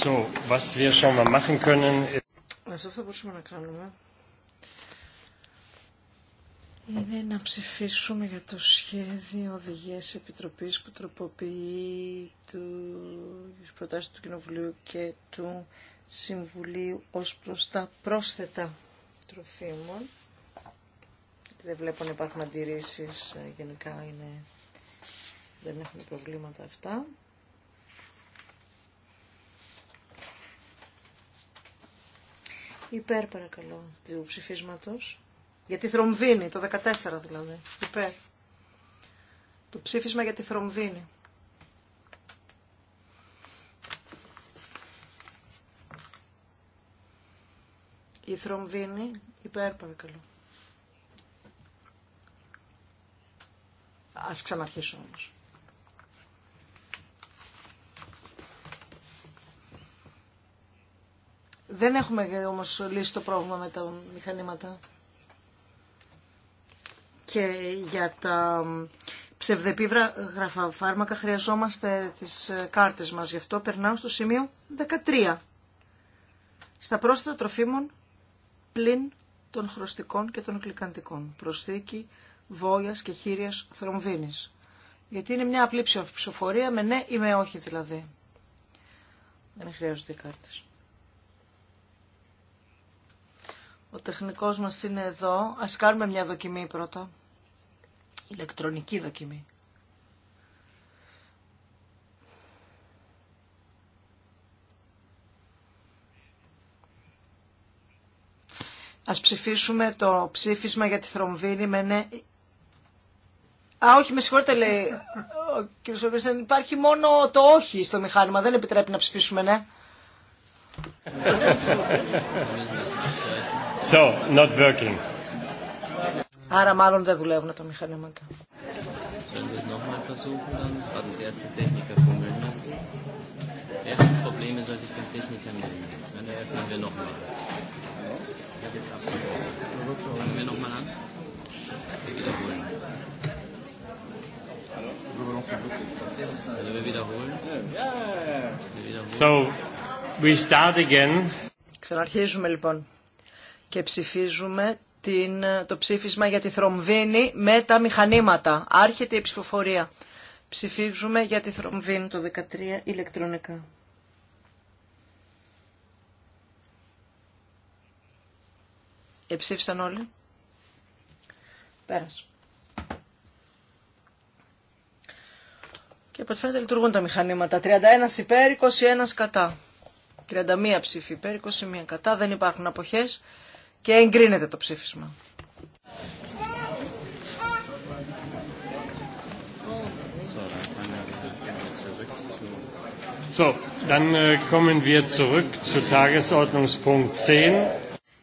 So, was wir schon mal machen können. Αυτό θα μπορούσαμε να κάνουμε είναι να ψηφίσουμε για το σχέδιο οδηγίες επιτροπής που τροποποιεί τις προτάσεις του Κοινοβουλίου και του Συμβουλίου ως προς τα πρόσθετα τροφίμων. Δεν βλέπω να υπάρχουν αντιρρήσεις, ε, γενικά είναι, δεν έχουμε προβλήματα αυτά. Υπέρ παρακαλώ του ψηφίσματος. Για τη θρομβίνη, το 14 δηλαδή. Υπέρ. Το ψήφισμα για τη θρομβίνη. Η θρομβίνη, υπέρ παρακαλώ. Ας ξαναρχίσω όμως. Δεν έχουμε όμως λύσει το πρόβλημα με τα μηχανήματα. Και για τα ψευδεπίβρα φάρμακα χρειαζόμαστε τις ε, κάρτες μας. Γι' αυτό περνάω στο σημείο 13. Στα πρόσθετα τροφίμων πλην των χρωστικών και των κλικαντικών. Προσθήκη βόγιας και χείριας θρομβίνης. Γιατί είναι μια απλή ψηφοφορία με ναι ή με όχι δηλαδή. Δεν χρειάζονται οι κάρτες. Ο τεχνικός μας είναι εδώ. Ας κάνουμε μια δοκιμή πρώτα. Ηλεκτρονική δοκιμή. Ας ψηφίσουμε το ψήφισμα για τη θρομβίνη με ναι... Α, όχι, με συγχωρείτε, λέει ο κ. Σοβίσεν, υπάρχει μόνο το όχι στο μηχάνημα, δεν επιτρέπει να ψηφίσουμε ναι. So, not working. Άρα μάλλον δεν δουλεύουν τα μηχανήματα. Er- so, we start again. Ξαναρχίζουμε λοιπόν και ψηφίζουμε την, το ψήφισμα για τη θρομβίνη με τα μηχανήματα. Άρχεται η ψηφοφορία. Ψηφίζουμε για τη θρομβίνη το 13 ηλεκτρονικά. Εψήφισαν όλοι. Πέρασε. Και από φαίνεται λειτουργούν τα μηχανήματα. 31 υπέρ, 21 κατά. 31 ψήφοι υπέρ, 21 κατά. Δεν υπάρχουν αποχές και εγκρίνεται το ψήφισμα. So, dann äh, kommen wir zurück zu Tagesordnungspunkt 10.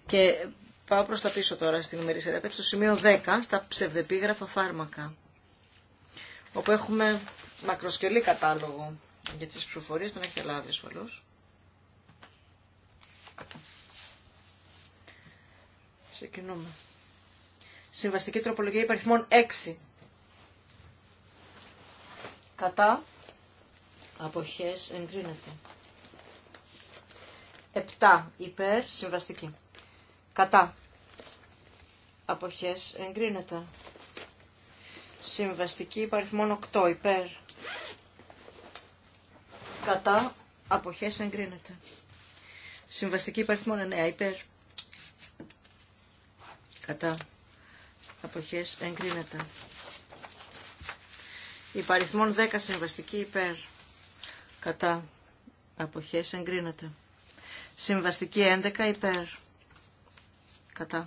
Και πάω προς τα πίσω τώρα στην ημερήσια διάταξη, στο σημείο 10, στα ψευδεπίγραφα φάρμακα, όπου έχουμε μακροσκελή κατάλογο για τις ψηφοφορίες, τον έχετε λάβει ασφαλώς. Ξεκινούμε. Συμβαστική τροπολογία υπαριθμών 6. Κατά. Αποχές εγκρίνεται. 7 υπέρ συμβαστική. Κατά. Αποχές εγκρίνεται. Συμβαστική υπαριθμών 8 υπέρ. Κατά. Αποχές εγκρίνεται. Συμβαστική υπαριθμών 9 υπέρ κατά αποχές εγκρίνεται. Υπαριθμών 10 συμβαστική υπέρ κατά αποχές εγκρίνεται. Συμβαστική 11 υπέρ κατά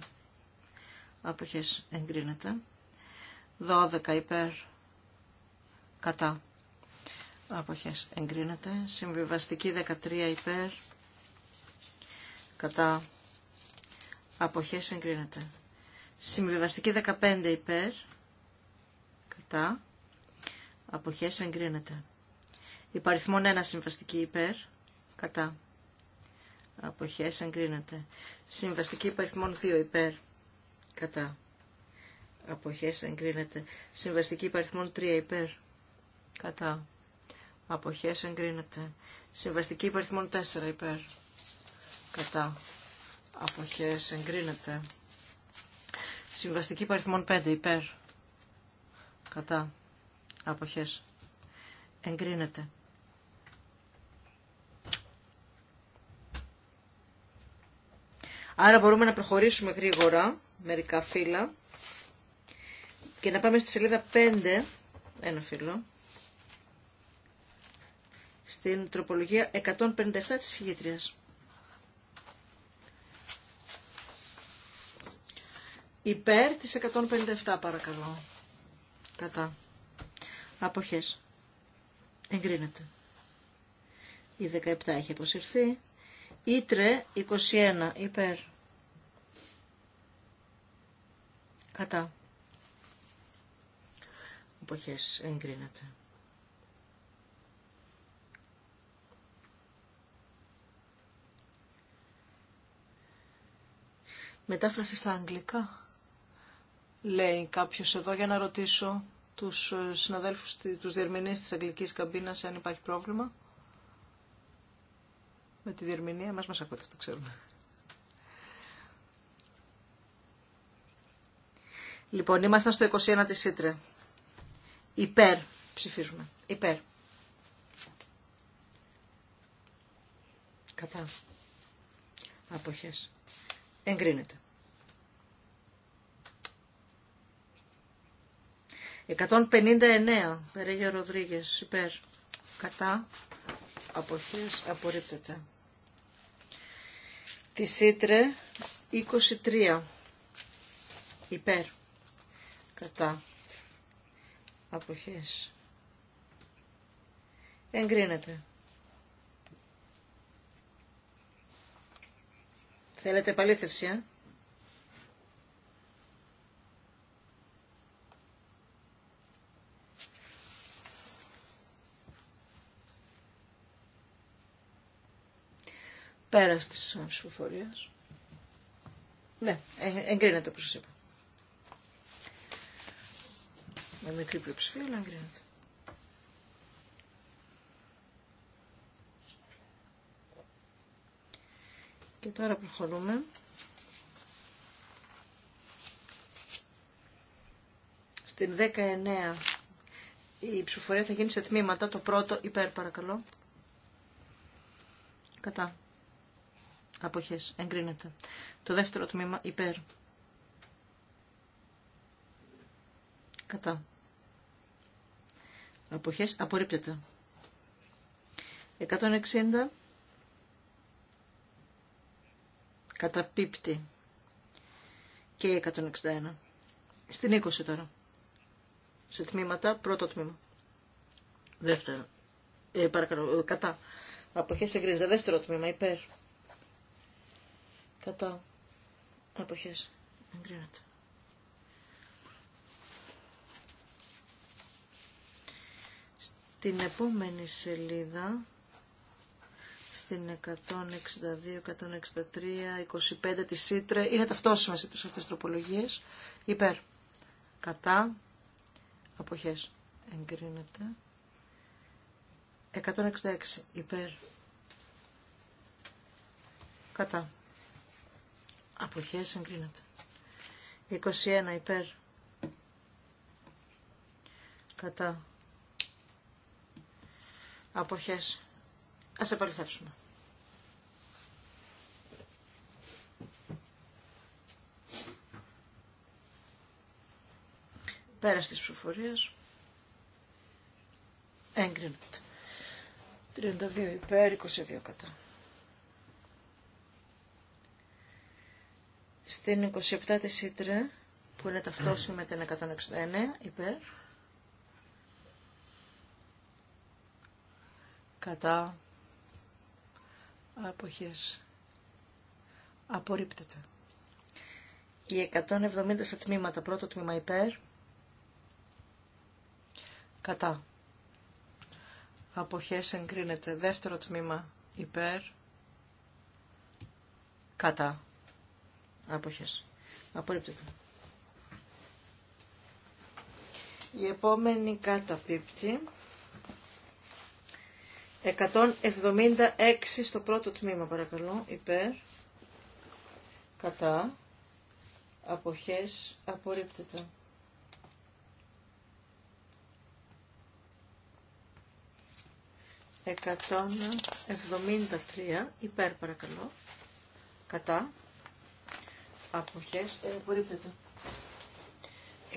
αποχές εγκρίνεται. 12 υπέρ κατά αποχές εγκρίνεται. Συμβιβαστική 13 υπέρ κατά αποχές εγκρίνεται. Συμβιβαστική 15 υπέρ. Κατά. Αποχές εγκρίνεται. Υπαριθμόν 1 συμβαστική υπέρ. Κατά. Αποχές εγκρίνεται. Συμβαστική υπαριθμόν 2 υπέρ. Κατά. Αποχές εγκρίνεται. Συμβαστική υπαριθμόν 3 υπέρ. Κατά. Αποχές εγκρίνεται. Συμβαστική υπαριθμόν 4 υπέρ. Κατά. Αποχές εγκρίνεται. Συμβαστική παριθμών 5 υπέρ. Κατά. Αποχές. Εγκρίνεται. Άρα μπορούμε να προχωρήσουμε γρήγορα μερικά φύλλα και να πάμε στη σελίδα 5, ένα φύλλο, στην τροπολογία 157 της Υπέρ της 157 παρακαλώ. Κατά. Αποχές. Εγκρίνεται. Η 17 έχει αποσυρθεί. Ήτρε 21. Υπέρ. Κατά. Αποχές. Εγκρίνεται. Μετάφραση στα αγγλικά λέει κάποιος εδώ για να ρωτήσω τους ε, συναδέλφους, τους διερμηνείς της αγγλικής καμπίνας αν υπάρχει πρόβλημα. Με τη διερμηνία μας μας ακούτε, το ξέρουμε. Λοιπόν, είμαστε στο 21 τη Ήτρε. Υπέρ ψηφίζουμε. Υπέρ. Κατά. Αποχές. Εγκρίνεται. 159. Περίγιο Ροδρίγε. Υπέρ. Κατά. αποχή, Απορρίπτεται. Τη Σίτρε 23. Υπέρ. Κατά. Αποχές. Εγκρίνεται. Θέλετε επαλήθευση, ε? Πέρα τη ψηφοφορία. Ναι, ε, εγκρίνεται όπω σα είπα. Με μικρή πλειοψηφία, αλλά εγκρίνεται. Και τώρα προχωρούμε. Στην 19 η ψηφοφορία θα γίνει σε τμήματα. Το πρώτο υπέρ παρακαλώ. Κατά. Αποχές. Εγκρίνεται. Το δεύτερο τμήμα υπέρ. Κατά. Αποχές. Απορρίπτεται. 160. Καταπίπτει. Και 161. Στην 20 τώρα. Σε τμήματα. Πρώτο τμήμα. Δεύτερο. Ε, παρακαλώ. Ε, κατά. Αποχές εγκρίνεται. Δεύτερο τμήμα υπέρ. Κατά. εποχές. Εγκρίνεται. Στην επόμενη σελίδα, στην 162, 163, 25 της Ήτρε, είναι ταυτόσιμα σε τρεις αυτές τροπολογίες, υπέρ, κατά, αποχές, εγκρίνεται, 166, υπέρ, κατά, Αποχές εγκρίνεται. 21 υπέρ. Κατά. Αποχές. Ας επαληθεύσουμε. Πέρα στις ψηφοφορίες. Έγκρινεται. 32 υπέρ, 22 κατά. Στην 27 η ΣΥΤΡΕ που είναι ταυτόσιμη με την 169, υπέρ. Κατά αποχές. Απορρίπτεται. Οι 170 σε τμήματα. Πρώτο τμήμα υπέρ. Κατά. Αποχές εγκρίνεται. Δεύτερο τμήμα υπέρ. Κατά. Αποχές. Απορρίπτεται. Η επόμενη καταπίπτη 176 στο πρώτο τμήμα παρακαλώ. Υπέρ. Κατά. Αποχές. Απορρίπτεται. Εκατόν εβδομήντα τρία. Υπέρ παρακαλώ. Κατά αποχές Επορρίπτεται.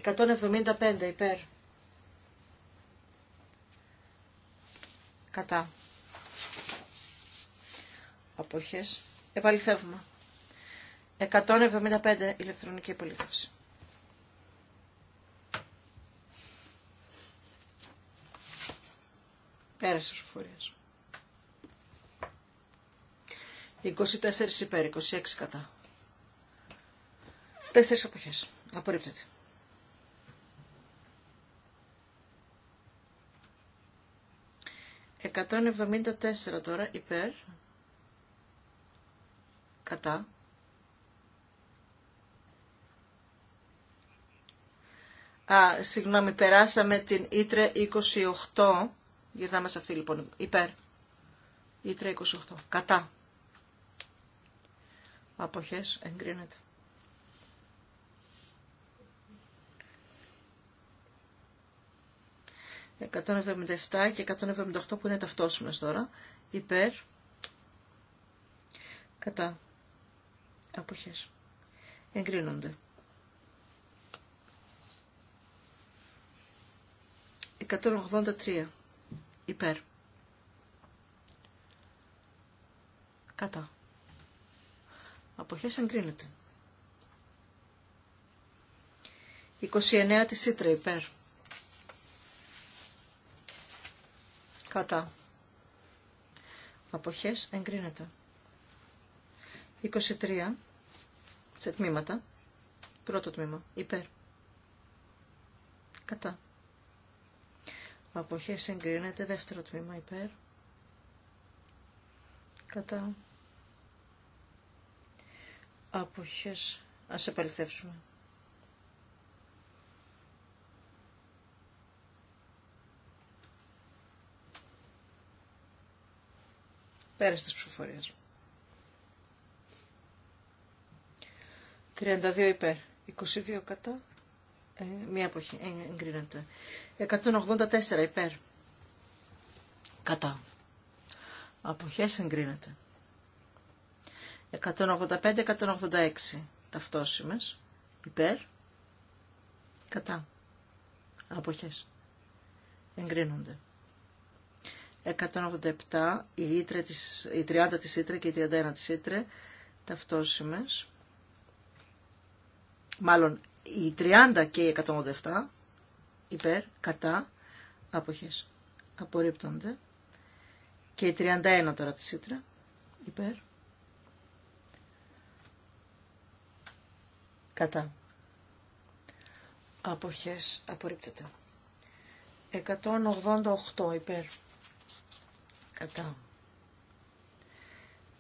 175 υπέρ. Κατά. Αποχές. Επαληθεύουμε. 175 ηλεκτρονική επαληθεύση. Πέρασε ο 24 υπέρ, 26 κατά. Τέσσερις αποχές. Απορρίπτεται. Εκατόν εβδομήντα τώρα υπέρ. Κατά. Α, συγγνώμη, περάσαμε την Ήτρε 28. Γυρνάμε σε αυτή λοιπόν. Υπέρ. Ήτρε 28. Κατά. Αποχές εγκρίνεται. 177 και 178 που είναι ταυτόσιμες τώρα, υπέρ, κατά, αποχές, εγκρίνονται. 183, υπέρ, κατά, αποχές εγκρίνεται. 29 της Ήτρα, υπέρ. Κατά. Αποχές εγκρίνεται. 23 σε τμήματα. Πρώτο τμήμα. Υπέρ. Κατά. Αποχές εγκρίνεται. Δεύτερο τμήμα. Υπέρ. Κατά. Αποχές. Ας επαληθεύσουμε. πέρα της ψηφοφορίας. 32 υπέρ, 22 κατά, ε, μία αποχή ε, εγκρίνεται. 184 υπέρ, κατά. Αποχές εγκρίνεται. 185-186 ταυτόσιμες, υπέρ, κατά. Αποχές εγκρίνονται. 187, η, η 30 της Ήτρε και η 31 της Ήτρε ταυτόσιμες. Μάλλον η 30 και η 187 υπέρ, κατά, άποχες απορρίπτονται. Και η 31 τώρα της Ήτρε υπέρ, κατά. Αποχές απορρίπτεται. 188 υπέρ. Κατά.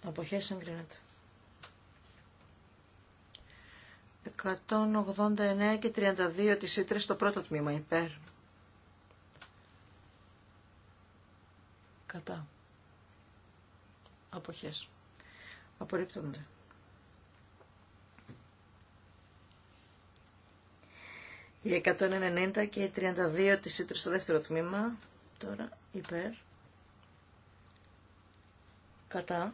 Αποχές εγκρίνεται. 189 και 32 της Ήτρες το πρώτο τμήμα υπέρ. Κατά. Αποχές. Απορρίπτονται. Η 190 και η 32 της Ήτρες στο δεύτερο τμήμα τώρα υπέρ κατά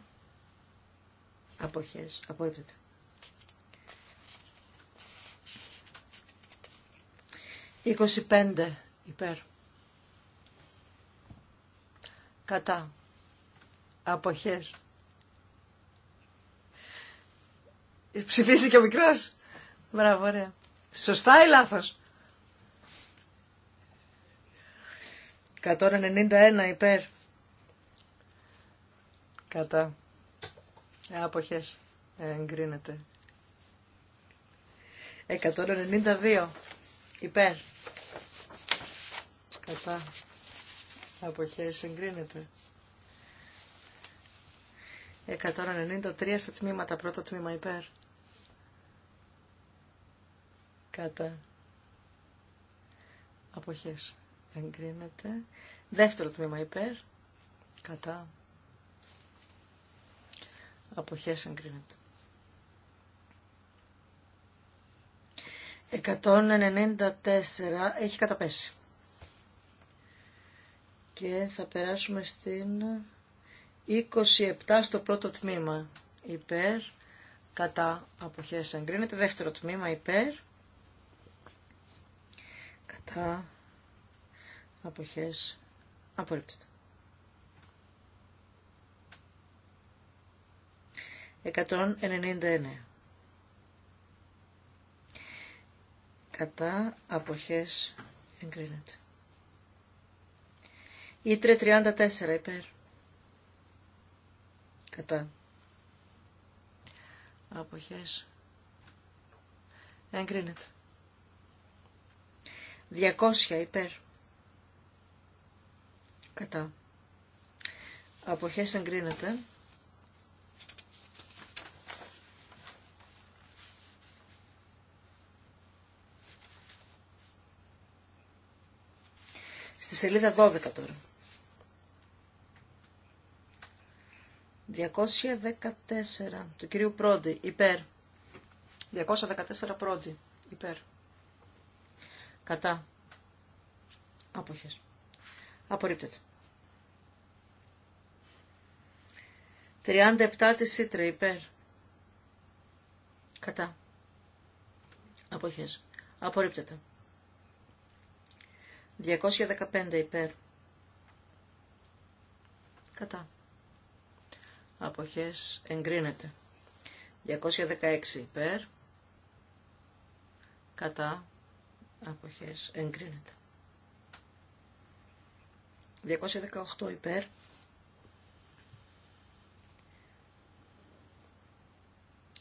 αποχές απορρίπτεται. 25. υπέρ. Κατά. Αποχές. Ψηφίσει και ο μικρός. Μπράβο, ωραία. Σωστά ή λάθος. 191 υπέρ. Κατά. Άποχες. Εγκρίνεται. 192. Υπέρ. Κατά. Αποχές εγκρίνεται. 193 σε τμήματα. Πρώτο τμήμα υπέρ. Κατά. Αποχές εγκρίνεται. Δεύτερο τμήμα υπέρ. Κατά αποχές εγκρίνεται. 194 έχει καταπέσει. Και θα περάσουμε στην 27 στο πρώτο τμήμα. Υπέρ, κατά αποχές εγκρίνεται. Δεύτερο τμήμα υπέρ, κατά αποχές απορρίπτεται. 199. Κατά αποχές εγκρίνεται. Ήτρε 34 υπέρ. Κατά. Αποχές. Εγκρίνεται. 200 υπέρ. Κατά. Αποχές εγκρίνεται. σελίδα 12 τώρα. 214 του κυρίου Πρόντι, υπέρ. 214 Πρόντι, υπέρ. Κατά. Αποχές. Απορρίπτεται. 37 Τη Σίτρε, υπέρ. Κατά. Αποχές. Απορρίπτεται. 215 υπέρ. Κατά. Αποχές εγκρίνεται. 216 υπέρ. Κατά. Αποχές εγκρίνεται. 218 υπέρ.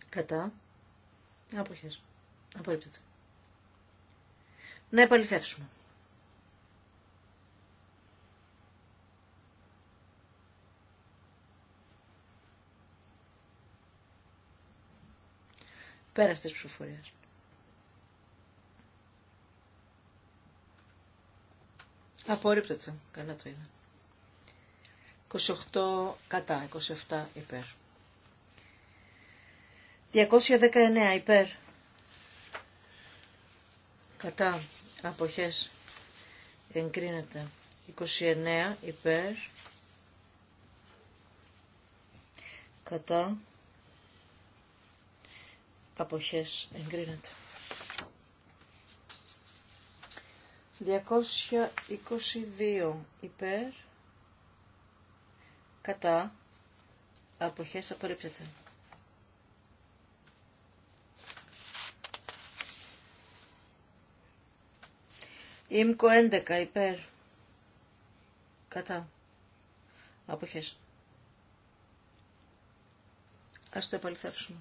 Κατά. Αποχές. Απορρίπτεται. Να επαληθεύσουμε. Πέρας της ψηφοφορίας. Απορρίπτεται. Καλά το είδα. 28 κατά, 27 υπέρ. 219 υπέρ. Κατά αποχές εγκρίνεται. 29 υπέρ. Κατά αποχές εγκρίνεται. 222 υπέρ κατά αποχές απορρίπτεται. 11 υπέρ κατά αποχές. Ας το επαληθεύσουμε.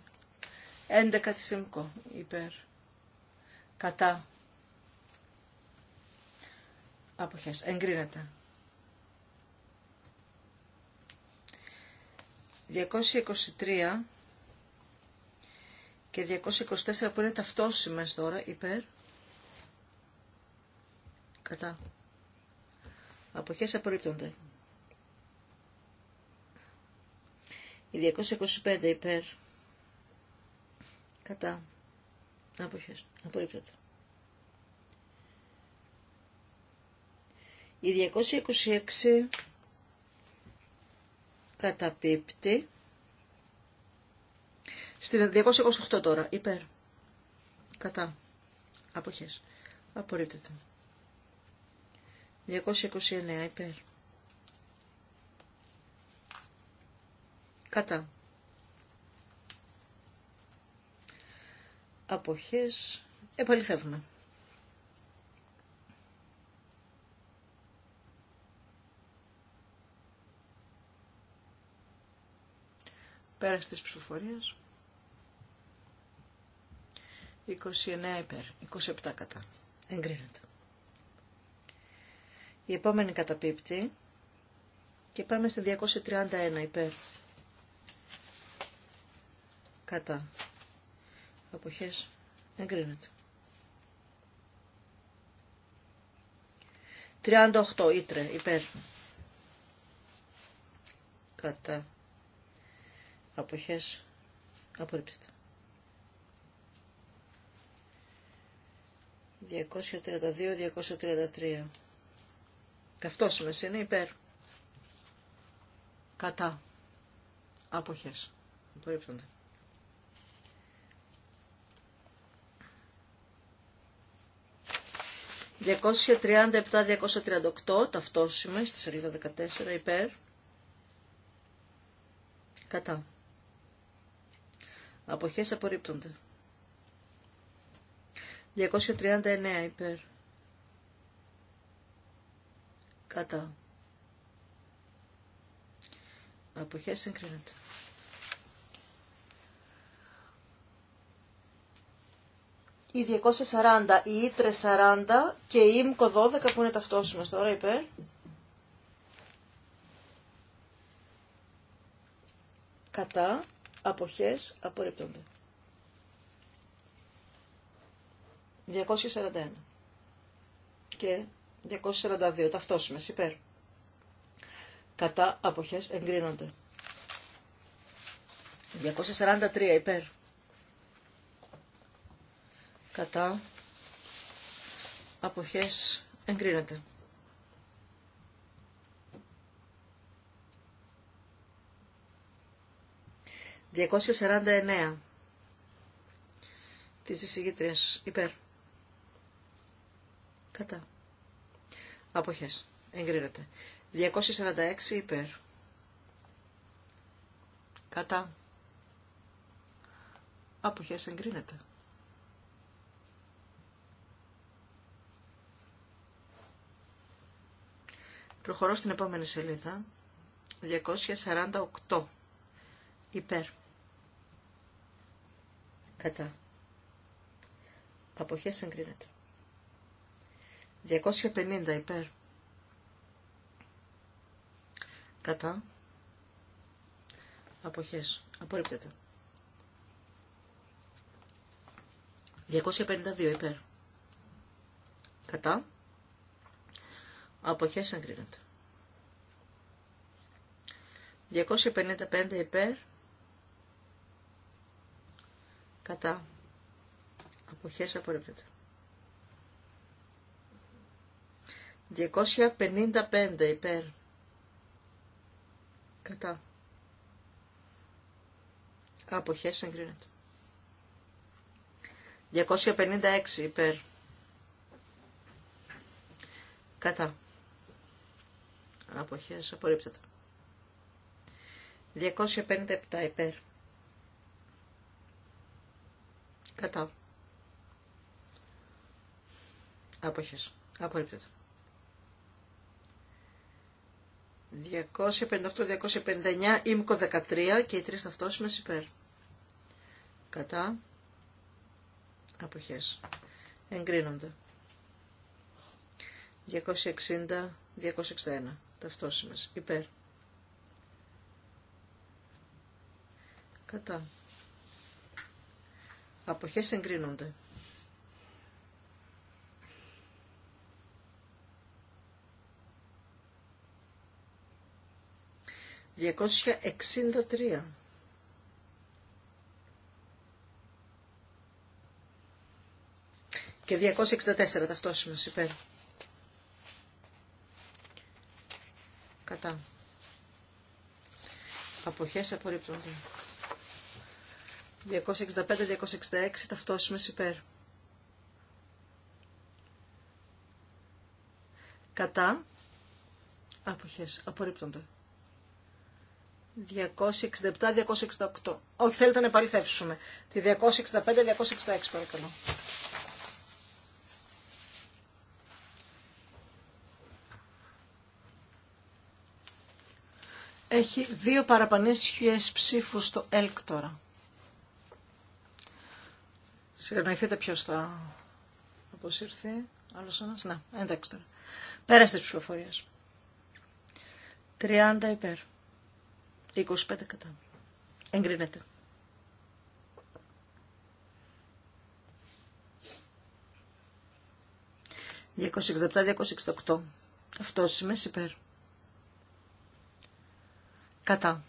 11 υπέρ κατά αποχές. Εγκρίνεται. 223 και 224 που είναι ταυτόσιμες τώρα υπέρ κατά αποχές απορρίπτονται. Η 225 υπέρ Κατά. Αποχές. Απορρίπτεται. Η 226 καταπίπτει. Στην 228 τώρα. Υπέρ. Κατά. Αποχές. Απορρίπτεται. 229 υπέρ. Κατά. αποχές επαληθεύουμε. Πέρας της ψηφοφορίας. 29 υπέρ, 27 κατά. Εγκρίνεται. Η επόμενη καταπίπτει και πάμε στη 231 υπέρ. Κατά αποχές εγκρίνεται. 38 ήτρε υπέρ κατά αποχές απορρίπτεται. 232-233 Ταυτόσιμες είναι υπέρ κατά αποχές απορρίπτονται. 237-238 ταυτόσιμε στη σελίδα 14 υπέρ. Κατά. Αποχές απορρίπτονται. 239 υπέρ. Κατά. Αποχές συγκρίνεται. η 240, η E340 και η ΙΜΚΟ 12 που είναι ταυτόσιμες τώρα υπέρ. Κατά αποχές απορρίπτονται. 241 και 242 ταυτόσιμες υπέρ. Κατά αποχές εγκρίνονται. 243 υπέρ κατά αποχές εγκρίνεται. «249» της εισηγήτριας υπέρ. Κατά. Αποχές. Εγκρίνεται. 246 υπέρ. Κατά. Αποχές εγκρίνεται. Προχωρώ στην επόμενη σελίδα. 248. Υπέρ. Κατά. Αποχές εγκρίνεται. 250 υπέρ. Κατά. Αποχές. Απορρίπτεται. 252 υπέρ. Κατά. Αποχές εγκρίνεται. 255 υπέρ. Κατά. Αποχές απορρίπτεται. 255 υπέρ. Κατά. Αποχές εγκρίνεται. 256 υπέρ. Κατά αποχές απορρίπτεται. 257 υπέρ. Κατά. Αποχές. Απορρίπτεται. 258-259, ΙΜΚΟ 13 και οι τρεις ταυτόσιμες υπέρ. Κατά. Αποχές. Εγκρίνονται. 260-261 ταυτόσιμες. Υπέρ. Κατά. Αποχές εγκρίνονται. Διακόσια εξήντα τρία. Και 264 ταυτόσιμες υπέρ. Κατά. Αποχές απορρίπτονται. 265-266 ταυτόσιμες υπέρ. Κατά. Αποχές απορρίπτονται. 267-268. Όχι, θέλετε να επαληθεύσουμε. Τη 265-266 παρακαλώ. έχει δύο παραπανήσιες ψήφους στο ΕΛΚ τώρα. Συγγνωηθείτε ποιος θα αποσυρθεί. Άλλος ένας. Να, εντάξει τώρα. Πέρασε τις ψηφοφορίες. 30 υπέρ. 25 κατά. Εγκρίνεται. Εγκρινέται. 268-268. Αυτό σημαίνει υπέρ. Κατά.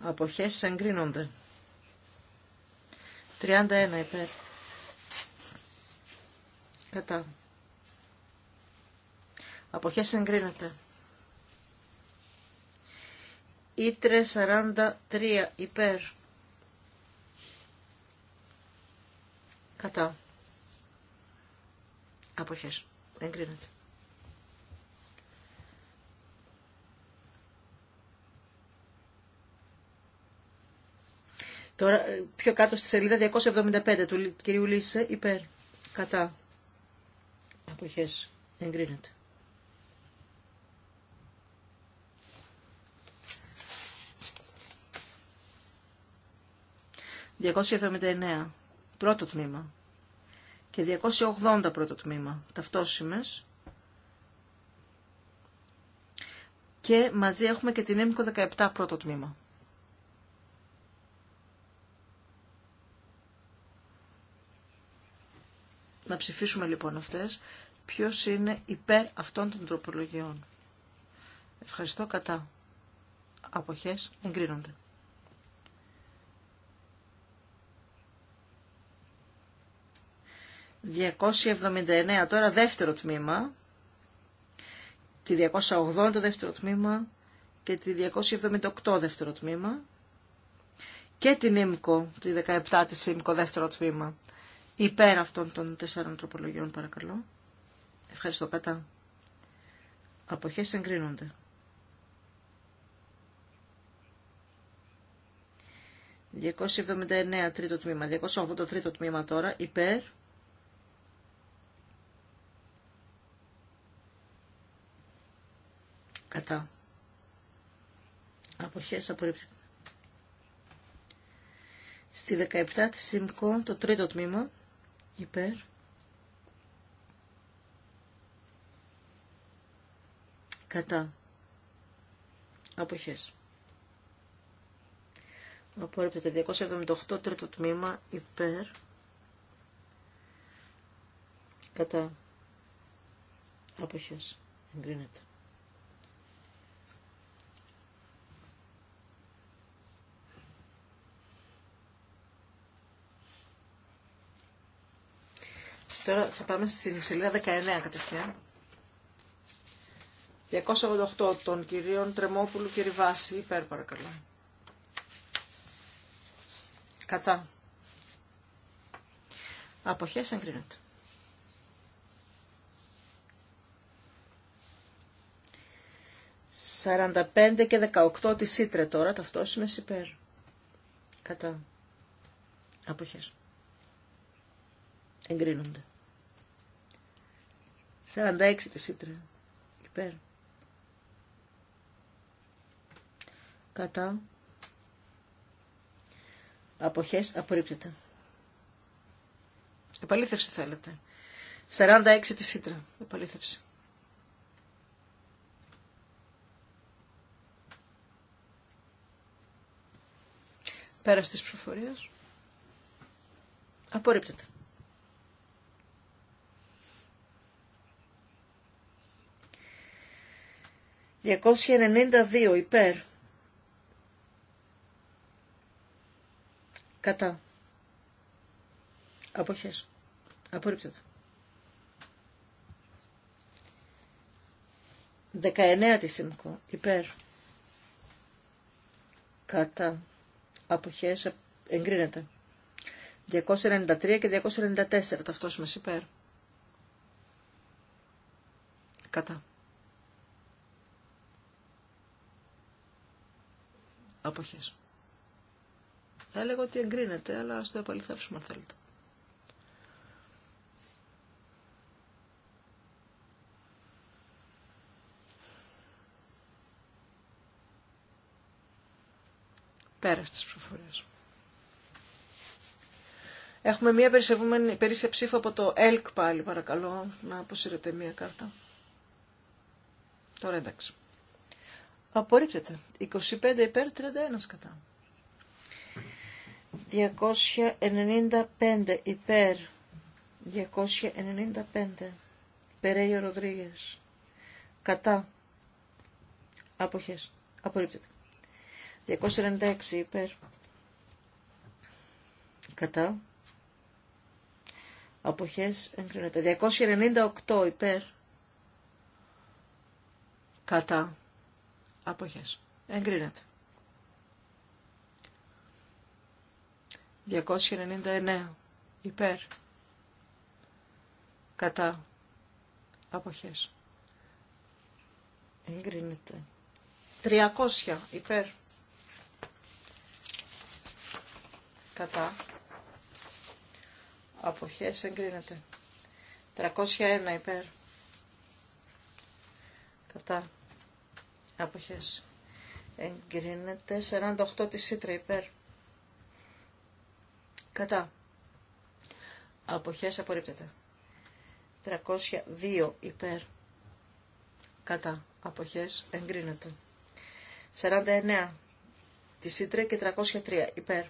Αποχές εγκρίνονται. 31 υπέρ. Κατά. Αποχές εγκρίνεται. Ήτρε 43 υπέρ. Κατά. Αποχές. Εγκρίνεται. Τώρα ε, πιο κάτω στη σελίδα 275 του κυρίου Λίσε υπέρ. Κατά. Αποχές. Εγκρίνεται. ...279 πρώτο τμήμα και 280 πρώτο τμήμα ταυτόσιμες και μαζί έχουμε και την έμικο 17 πρώτο τμήμα. Να ψηφίσουμε λοιπόν αυτές. Ποιος είναι υπέρ αυτών των τροπολογιών. Ευχαριστώ κατά. Αποχές εγκρίνονται. ...279 τώρα δεύτερο τμήμα... ...τη 280 δεύτερο τμήμα... ...και τη 278 δεύτερο τμήμα... ...και την ΙΜΚΟ... ...τη 17 της ΙΜΚΟ δεύτερο τμήμα... Υπέρ αυτών των τεσσάρων τροπολογιών παρακαλώ. Ευχαριστώ κατά. Αποχές εγκρίνονται. 279 τρίτο τμήμα, 283, τρίτο τμήμα τώρα, υπέρ. Κατά. Αποχές απορρίπτεται. Στη 17 της ΣΥΜΚΟ το τρίτο τμήμα, υπέρ κατά αποχές. Απόρριπτε 278 τρίτο τμήμα υπέρ κατά αποχές. Εγκρίνεται. Τώρα θα πάμε στην σελίδα 19 κατευθείαν. 288 των κυρίων Τρεμόπουλου και Ριβάση. Υπέρ παρακαλώ. Κατά. Αποχές εγκρίνεται. 45 και 18 τη Ήτρε τώρα, ταυτόσιμε υπέρ. Κατά. Αποχές. Εγκρίνονται. 46 τη Ήτρα. Υπέρ. Κατά. Αποχές απορρίπτεται. Επαλήθευση θέλετε. 46 τη Ήτρα. Επαλήθευση. Πέρας της ψηφοφορίας. Απορρίπτεται. 292 υπέρ. Κατά. Αποχές. Απορρίπτεται. 19 της ΣΥΜΚΟ υπέρ. Κατά. Αποχές εγκρίνεται. 293 και 294 μας υπέρ. Κατά. Αποχές. Θα έλεγα ότι εγκρίνεται, αλλά στο το επαληθεύσουμε αν θέλετε. Πέρα στις προφορές. Έχουμε μία περίσσια ψήφο από το ΕΛΚ πάλι, παρακαλώ, να αποσύρετε μία κάρτα. Τώρα εντάξει. Απορρίπτεται. 25 υπέρ, 31 κατά. 295 υπέρ. 295. Περέιο Ροδρίγε. Κατά. Αποχές. Απορρίπτεται. 296 υπέρ. Κατά. Αποχές εγκρίνεται. 298 υπέρ. Κατά. Αποχές. Εγκρίνεται. 299. Υπέρ. Κατά. Αποχές. Εγκρίνεται. 300. Υπέρ. Κατά. Αποχές. Εγκρίνεται. 301. Υπέρ. Κατά. Αποχές. Εγκρίνεται 48 της Ήτρα υπέρ. Κατά. Αποχές απορρίπτεται. 302 υπέρ. Κατά. Αποχές εγκρίνεται. 49 της Ήτρα και 303 υπέρ.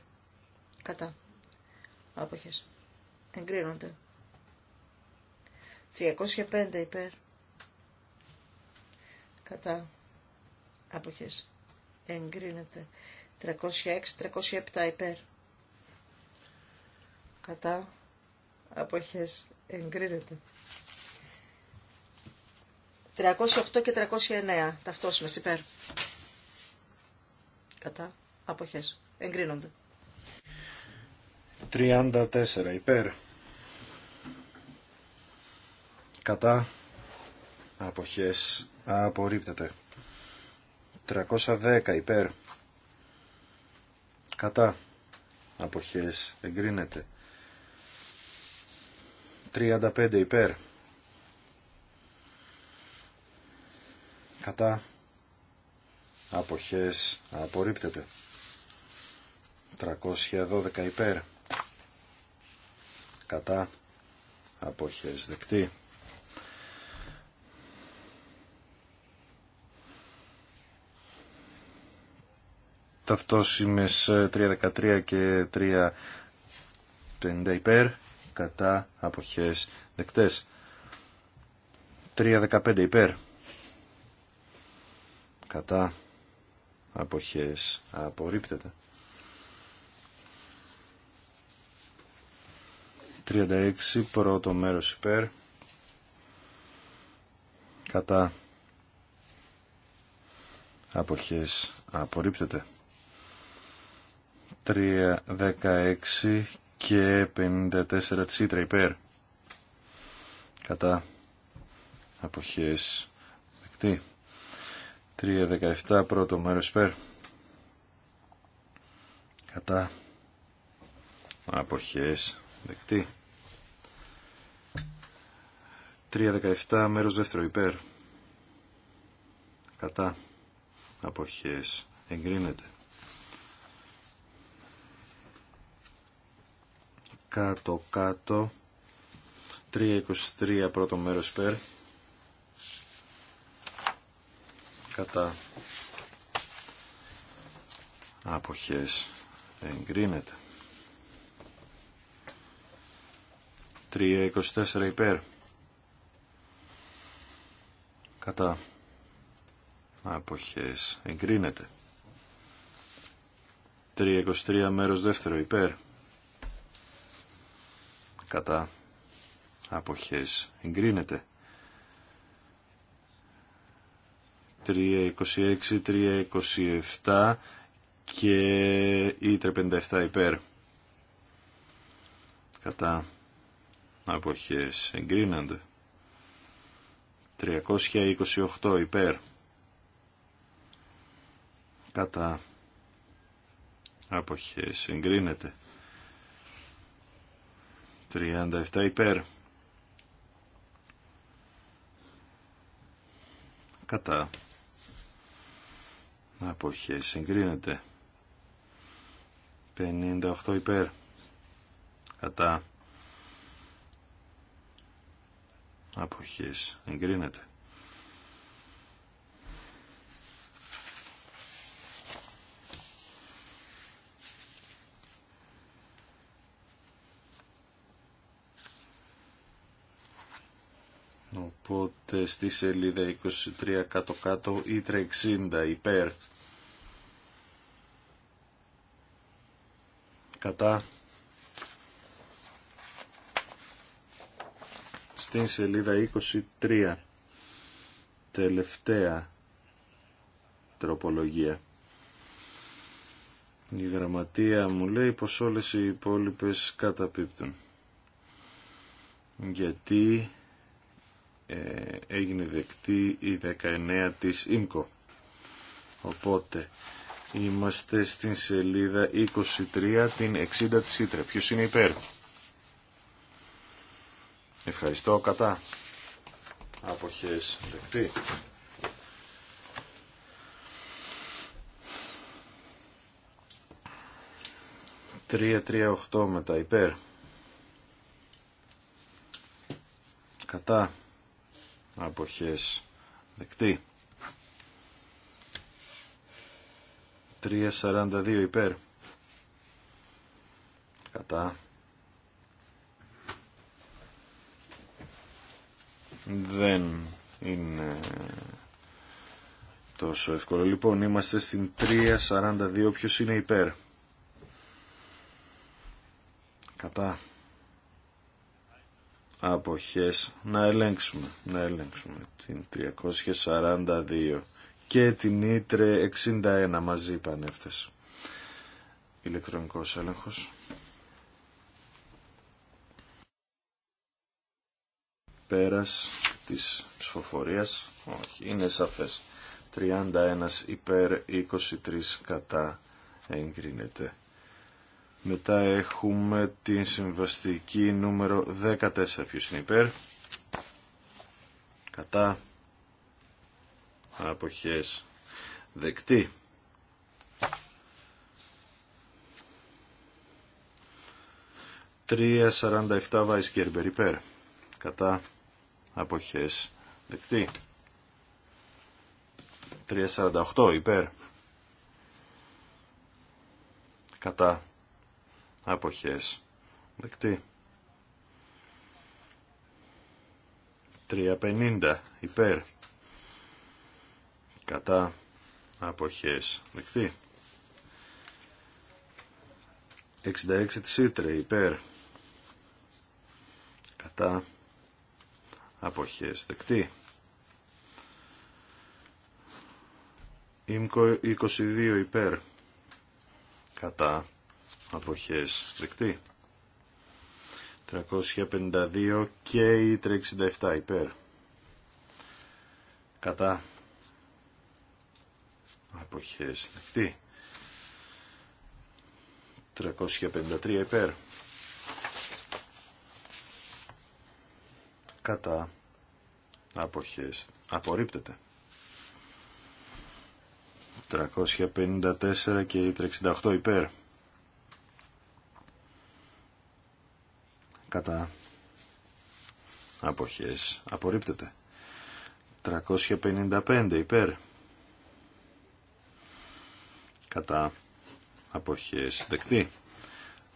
Κατά. Αποχές. Εγκρίνονται. 305 υπέρ. Κατά αποχές εγκρίνεται 306-307 υπέρ κατά αποχές εγκρίνεται 308 και 309 ταυτόσιμες υπέρ κατά αποχές εγκρίνονται 34 υπέρ κατά αποχές απορρίπτεται 310 υπέρ κατά αποχές εγκρίνεται 35 υπέρ κατά αποχές απορρίπτεται 312 υπέρ κατά αποχές δεκτή ταυτόσιμες 3.13 ε, και 3.50 υπέρ κατά αποχές δεκτές 3.15 υπέρ κατά αποχές απορρίπτεται 36 πρώτο μέρος υπέρ κατά αποχές απορρίπτεται 3.16 και 54 της υπέρ. Κατά αποχές δεκτή. 3.17 πρώτο μέρος υπέρ. Κατά αποχές δεκτή. 3.17 μέρος δεύτερο υπέρ. Κατά αποχές εγκρίνεται. κάτω-κάτω. 3.23 πρώτο μέρος υπέρ. Κατά αποχές εγκρίνεται. 3.24 υπέρ. Κατά αποχές εγκρίνεται. 3.23 μέρος δεύτερο υπέρ κατά αποχές εγκρίνεται 326, 327 και η 357 υπέρ κατά αποχές εγκρίνονται 328 υπέρ κατά αποχές εγκρίνεται 37 υπέρ. Κατά. Αποχέ συγκρίνεται. 58 υπέρ. Κατά. Αποχές εγκρίνεται. Οπότε στη σελίδα 23 κάτω κάτω Η 360 υπέρ. Κατά. Στην σελίδα 23 τελευταία τροπολογία. Η γραμματεία μου λέει πως όλες οι υπόλοιπες καταπίπτουν. Γιατί ε, έγινε δεκτή η 19 της ΙΜΚΟ. Οπότε είμαστε στην σελίδα 23 την 60 της ΙΤΡΕ. Ποιος είναι υπέρ. Ευχαριστώ κατά. Αποχές δεκτή. 338 τρία, οχτώ μετά, υπέρ. Κατά αποχές δεκτή 3.42 υπέρ κατά δεν είναι τόσο εύκολο λοιπόν είμαστε στην 3.42 ποιος είναι υπέρ κατά αποχές να ελέγξουμε, να ελέγξουμε την 342 και την Ήτρε 61 μαζί πανεύθες. Ηλεκτρονικός έλεγχος. Πέρας της ψηφοφορίας. Όχι, είναι σαφές. 31 υπέρ 23 κατά εγκρίνεται. Μετά έχουμε την συμβαστική νούμερο 14. Ποιος είναι υπέρ. Κατά. Αποχές. Δεκτή. Τρία σαράντα εφτά Κέρμπερ υπέρ. Κατά. Αποχές. Δεκτή. 3.48 υπέρ κατά αποχές δεκτή 350 υπέρ κατά αποχές δεκτή 66 της Ήτρε υπέρ κατά αποχές δεκτή μκο 22 υπέρ κατά αποχές δεκτή 352 και η 367 υπέρ κατά αποχές δεκτή 353 υπέρ κατά αποχές απορρίπτεται 354 και η 368 υπέρ κατά αποχές απορρίπτεται 355 υπέρ κατά αποχές δεκτή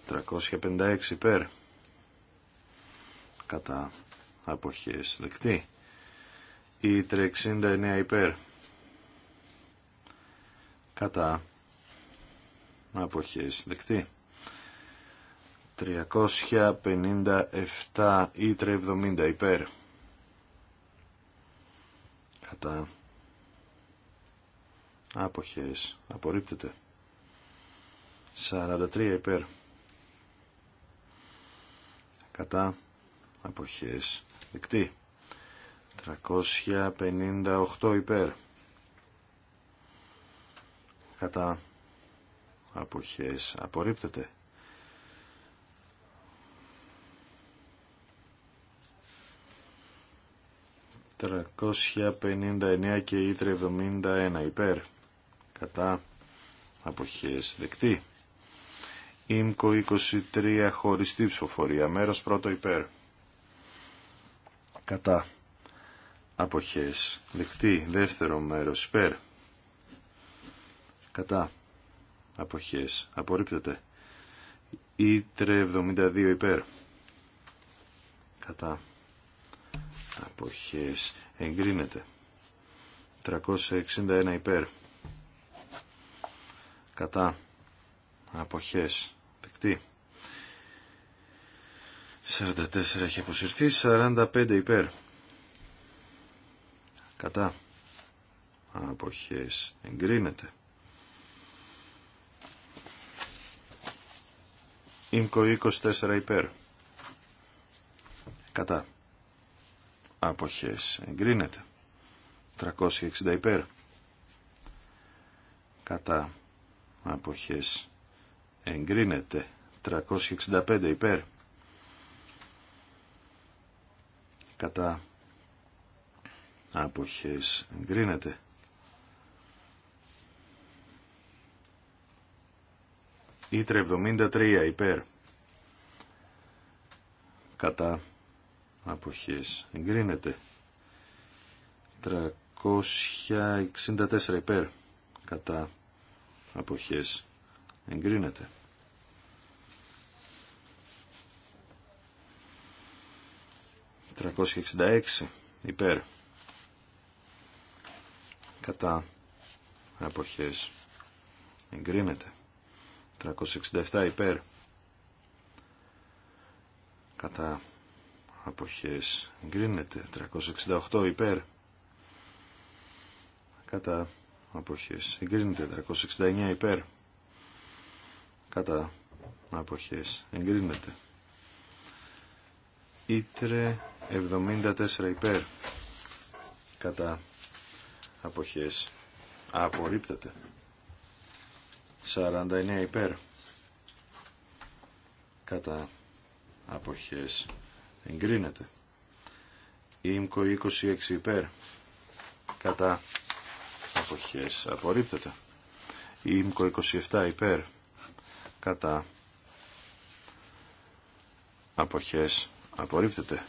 356 υπέρ κατά αποχές δεκτή ή 369 υπέρ κατά αποχές δεκτή 357 ή 370 υπέρ. Κατά. Άποχες. Απορρίπτεται. 43 υπέρ. Κατά. Αποχές. Δεκτή. 358 υπέρ. Κατά. Αποχές. Απορρίπτεται. 359 και η 371 υπέρ κατά αποχές δεκτή ΙΜΚΟ 23 χωριστή ψηφοφορία μέρος πρώτο υπέρ κατά αποχές δεκτή δεύτερο μέρος υπέρ κατά αποχές απορρίπτεται ΙΤΡΕ 72 υπέρ κατά αποχές εγκρίνεται 361 υπέρ κατά αποχές δεκτή 44 έχει αποσυρθεί 45 υπέρ κατά αποχές εγκρίνεται Ήμκο 24 υπέρ κατά αποχές εγκρίνεται 360 υπέρ κατά αποχές εγκρίνεται 365 υπέρ κατά αποχές εγκρίνεται Ήτρε 73 υπέρ κατά αποχές εγκρίνεται 364 υπέρ κατά αποχές εγκρίνεται ...366 υπέρ κατά αποχές εγκρίνεται 367 υπέρ κατά αποχές εγκρίνεται 368 υπέρ κατά αποχές εγκρίνεται 369 υπέρ κατά αποχές εγκρίνεται Ήτρε 74 υπέρ κατά αποχές απορρίπτεται 49 υπέρ κατά αποχές εγκρίνεται. Ήμκο 26 υπέρ κατά αποχές απορρίπτεται. Ήμκο 27 υπέρ κατά αποχές απορρίπτεται.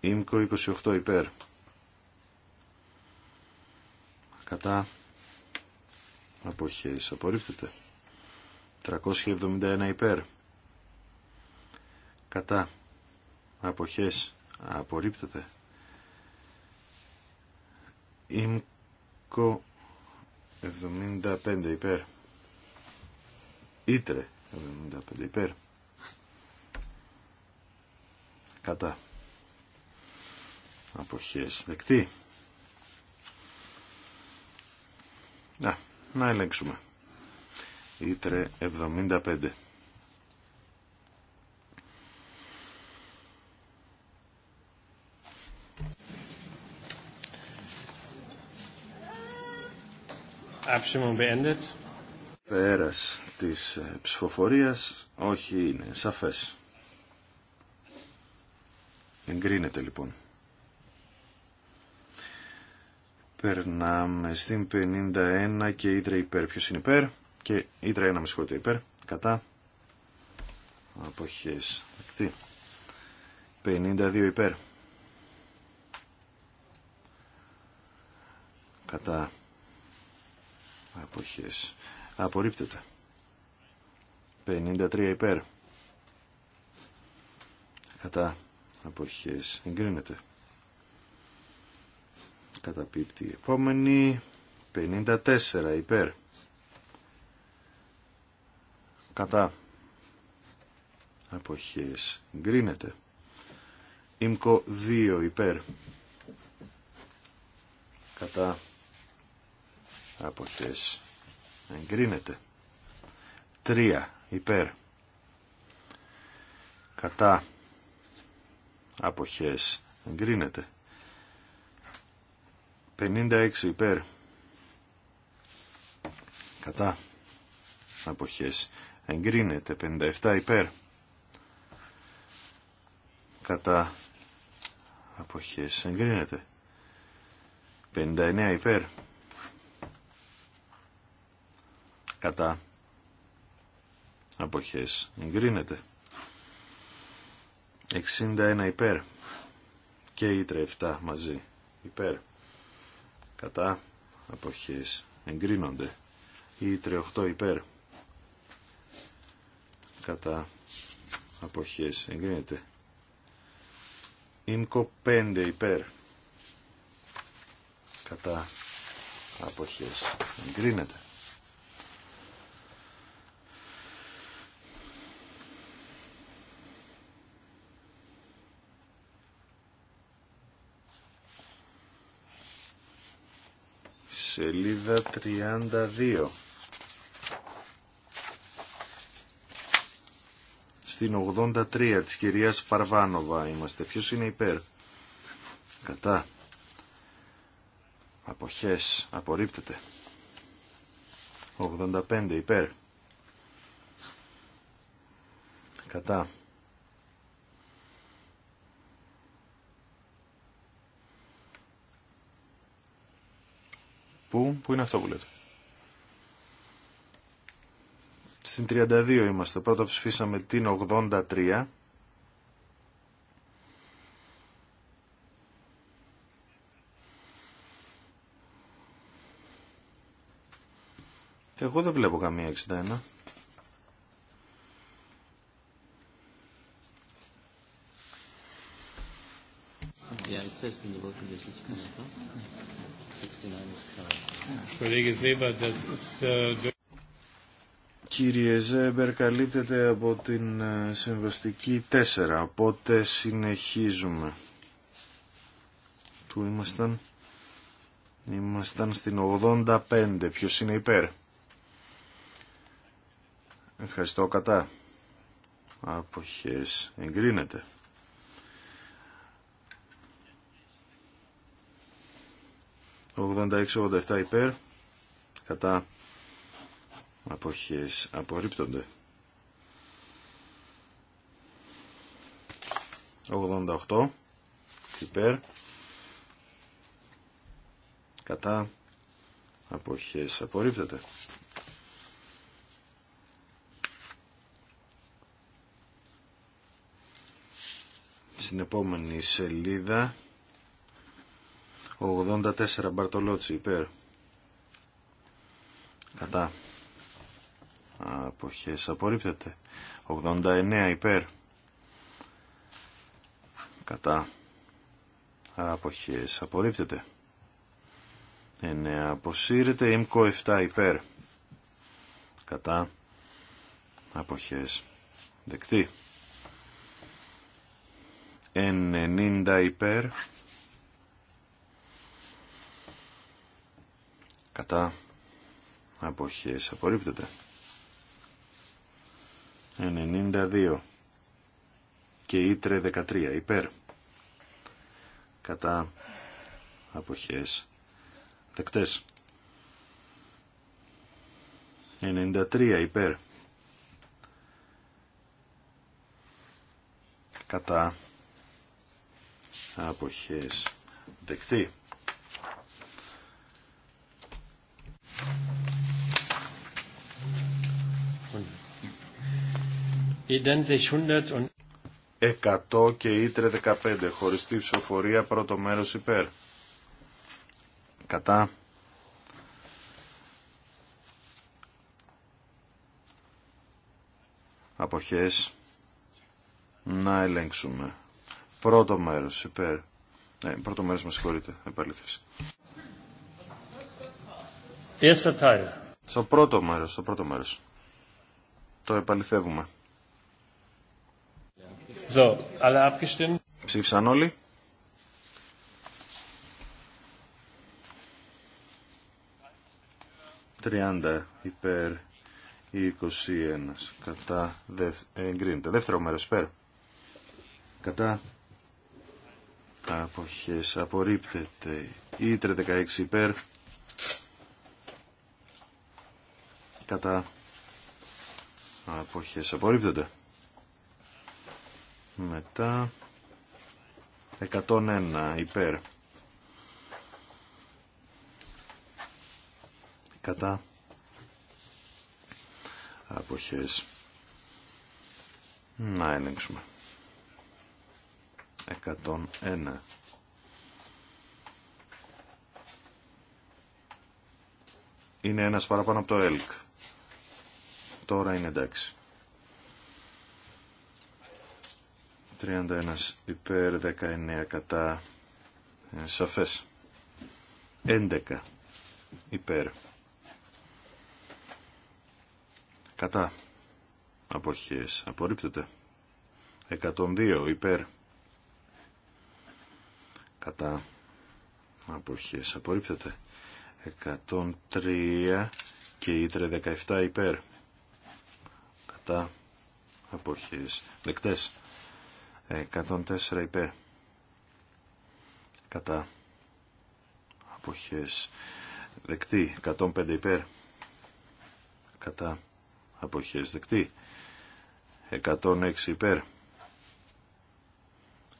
Ήμκο 28 υπέρ κατά αποχές απορρίπτεται. 371 υπέρ κατά αποχές απορρίπτεται ΙΜΚΟ 75 υπέρ Ήτρε 75 υπέρ κατά αποχές δεκτή να, να ελέγξουμε Ήτρε 75 Abstimmung beendet. Πέρας της ε, ψηφοφορίας, όχι είναι σαφές. Εγκρίνεται λοιπόν. Περνάμε στην 51 και ίδρα υπέρ. Ποιος είναι υπέρ και ίδρα ένα με συγχωρείτε υπέρ. Κατά. Αποχές. 52 υπέρ. Κατά αποχές απορρίπτεται 53 υπέρ κατά αποχές εγκρίνεται καταπίπτει επόμενη 54 υπέρ κατά αποχές εγκρίνεται Ήμκο 2 υπέρ κατά αποχές εγκρίνεται 3 υπέρ κατά αποχές εγκρίνεται 56 υπέρ κατά αποχές εγκρίνεται 57 υπέρ κατά αποχές εγκρίνεται 59 υπέρ κατά αποχές εγκρίνεται 61 υπέρ και η 7 μαζί υπέρ κατά αποχές εγκρίνονται η 8 υπέρ κατά αποχές εγκρίνεται ΙΜΚΟ 5 υπέρ κατά αποχές εγκρίνεται Σελίδα 32. Στην 83 της κυρίας Παρβάνοβα είμαστε. Ποιος είναι υπέρ. Κατά. Αποχές. Απορρίπτεται. 85 υπέρ. Κατά. Πού, πού είναι αυτό που λέτε. Στην 32 είμαστε. Πρώτα ψηφίσαμε την 83. Εγώ δεν βλέπω καμία 61. Äh, Κύριε Ζέμπερ, καλύπτεται από την ε, συμβαστική 4, οπότε συνεχίζουμε. Του ήμασταν... Ήμασταν στην 85. Ποιος είναι υπέρ. Ευχαριστώ κατά. Αποχές εγκρίνεται. 86-87 υπέρ κατά αποχές απορρίπτονται 88 υπέρ κατά αποχές απορρίπτονται. στην επόμενη σελίδα 84 Μπαρτολότσι υπέρ κατά αποχές απορρίπτεται 89 υπέρ κατά αποχές απορρίπτεται 9 αποσύρεται Ήμκο 7 υπέρ κατά αποχές δεκτή 90 υπέρ κατά αποχές απορρίπτεται 92 και ήτρε 13 υπέρ κατά αποχές δεκτές 93 υπέρ κατά αποχές δεκτή 100 και ήτρε 15 χωριστή ψηφοφορία πρώτο μέρος υπέρ κατά αποχές να ελέγξουμε πρώτο μέρος υπέρ ε, πρώτο μέρος με συγχωρείτε επαλήθευση στο πρώτο μέρος, στο πρώτο μέρος. Το επαληθεύουμε. So, alle abgestimmt. Ψήφισαν όλοι. Τριάντα υπέρ ή 21 κατά εγκρίνεται. Δεύτερο μέρος υπέρ. Κατά αποχές απορρίπτεται ή 36 υπέρ. Κατά αποχές απορρίπτεται. Μετά 101 υπέρ. Κατά αποχές. Να ελέγξουμε. 101. Είναι ένας παραπάνω από το ΕΛΚ. Τώρα είναι εντάξει. 31 υπέρ 19 κατά ε, σαφές 11 υπέρ κατά αποχές απορρίπτεται 102 υπέρ κατά αποχές απορρίπτεται 103 και ήτρε 17 υπέρ κατά αποχές δεκτές 104 υπέρ κατά αποχές δεκτή 105 υπέρ κατά αποχές δεκτή 106 υπέρ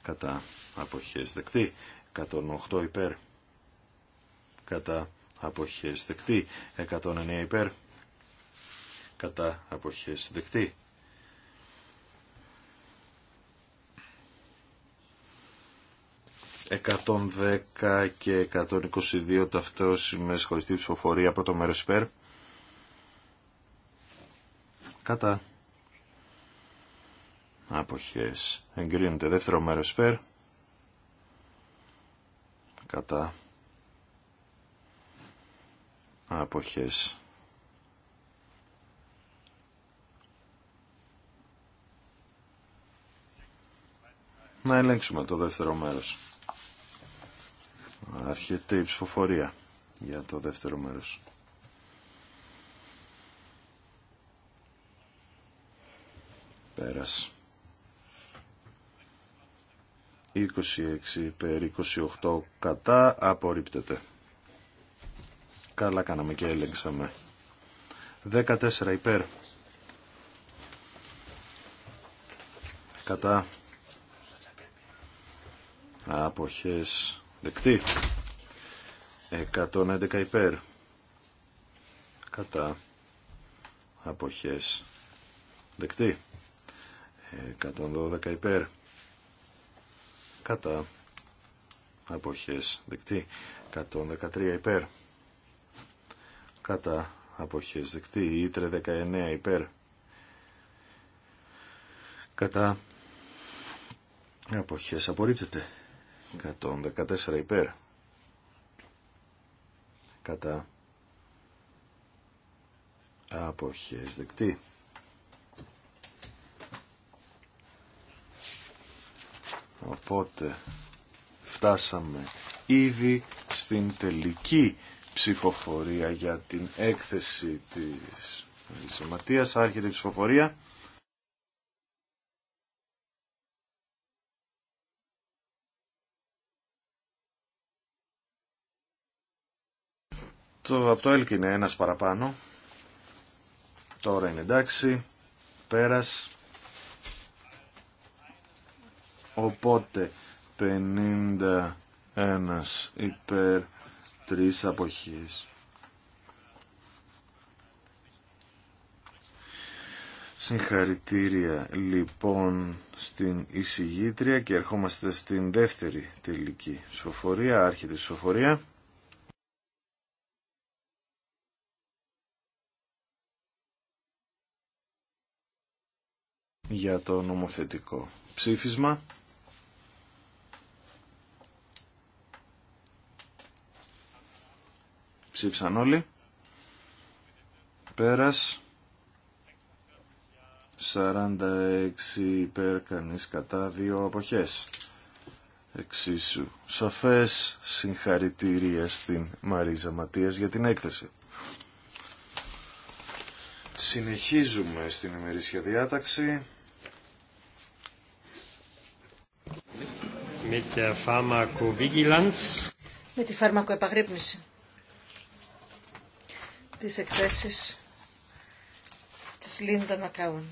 κατά αποχές δεκτή 108 υπέρ κατά αποχές δεκτή 109 υπέρ κατά αποχές δεκτή 110 και 122 ταυτόσιμες χωριστή ψηφοφορία από το μέρος υπέρ κατά αποχές εγκρίνεται δεύτερο μέρος υπέρ κατά αποχές να ελέγξουμε το δεύτερο μέρος Άρχεται η ψηφοφορία για το δεύτερο μέρος. Πέρας. 26 υπέρ 28 κατά απορρίπτεται. Καλά κάναμε και έλεγξαμε. 14 υπέρ. Κατά. Αποχές Δεκτή. 111 υπέρ. Κατά. Αποχές. Δεκτή. 112 υπέρ. Κατά. Αποχές. Δεκτή. 113 υπέρ. Κατά. Αποχές. Δεκτή. Ήτρε 19 υπέρ. Κατά. Αποχές. Απορρίπτεται. 114 υπέρ κατά αποχές δεκτή. Οπότε φτάσαμε ήδη στην τελική ψηφοφορία για την έκθεση της Ματίας Άρχεται η ψηφοφορία. Το, από το είναι ένας παραπάνω. Τώρα είναι εντάξει. Πέρας. Οπότε 51 υπέρ 3 αποχής Συγχαρητήρια λοιπόν στην εισηγήτρια και ερχόμαστε στην δεύτερη τελική σοφορία, άρχιτη σοφορία. για το νομοθετικό ψήφισμα. Ψήφισαν όλοι. Πέρας. 46 υπέρ κατά δύο αποχές. Εξίσου. Σαφές συγχαρητήρια στην Μαρίζα Ματίας για την έκθεση. Συνεχίζουμε στην ημερήσια διάταξη. Με τη φαρμακοεπαγρύπνηση τις εκθέσεις της Λίντα Μακάουν.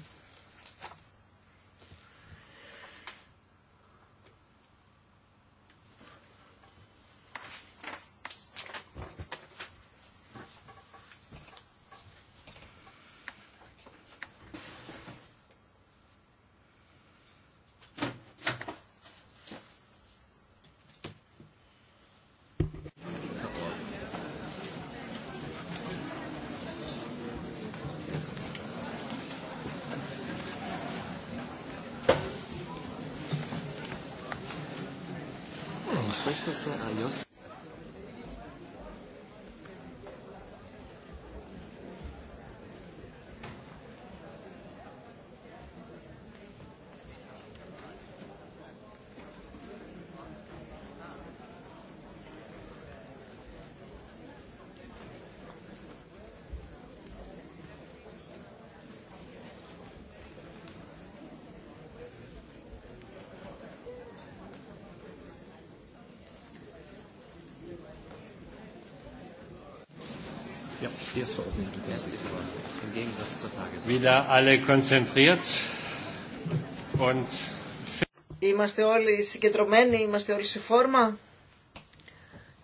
Είμαστε όλοι συγκεντρωμένοι, είμαστε όλοι σε φόρμα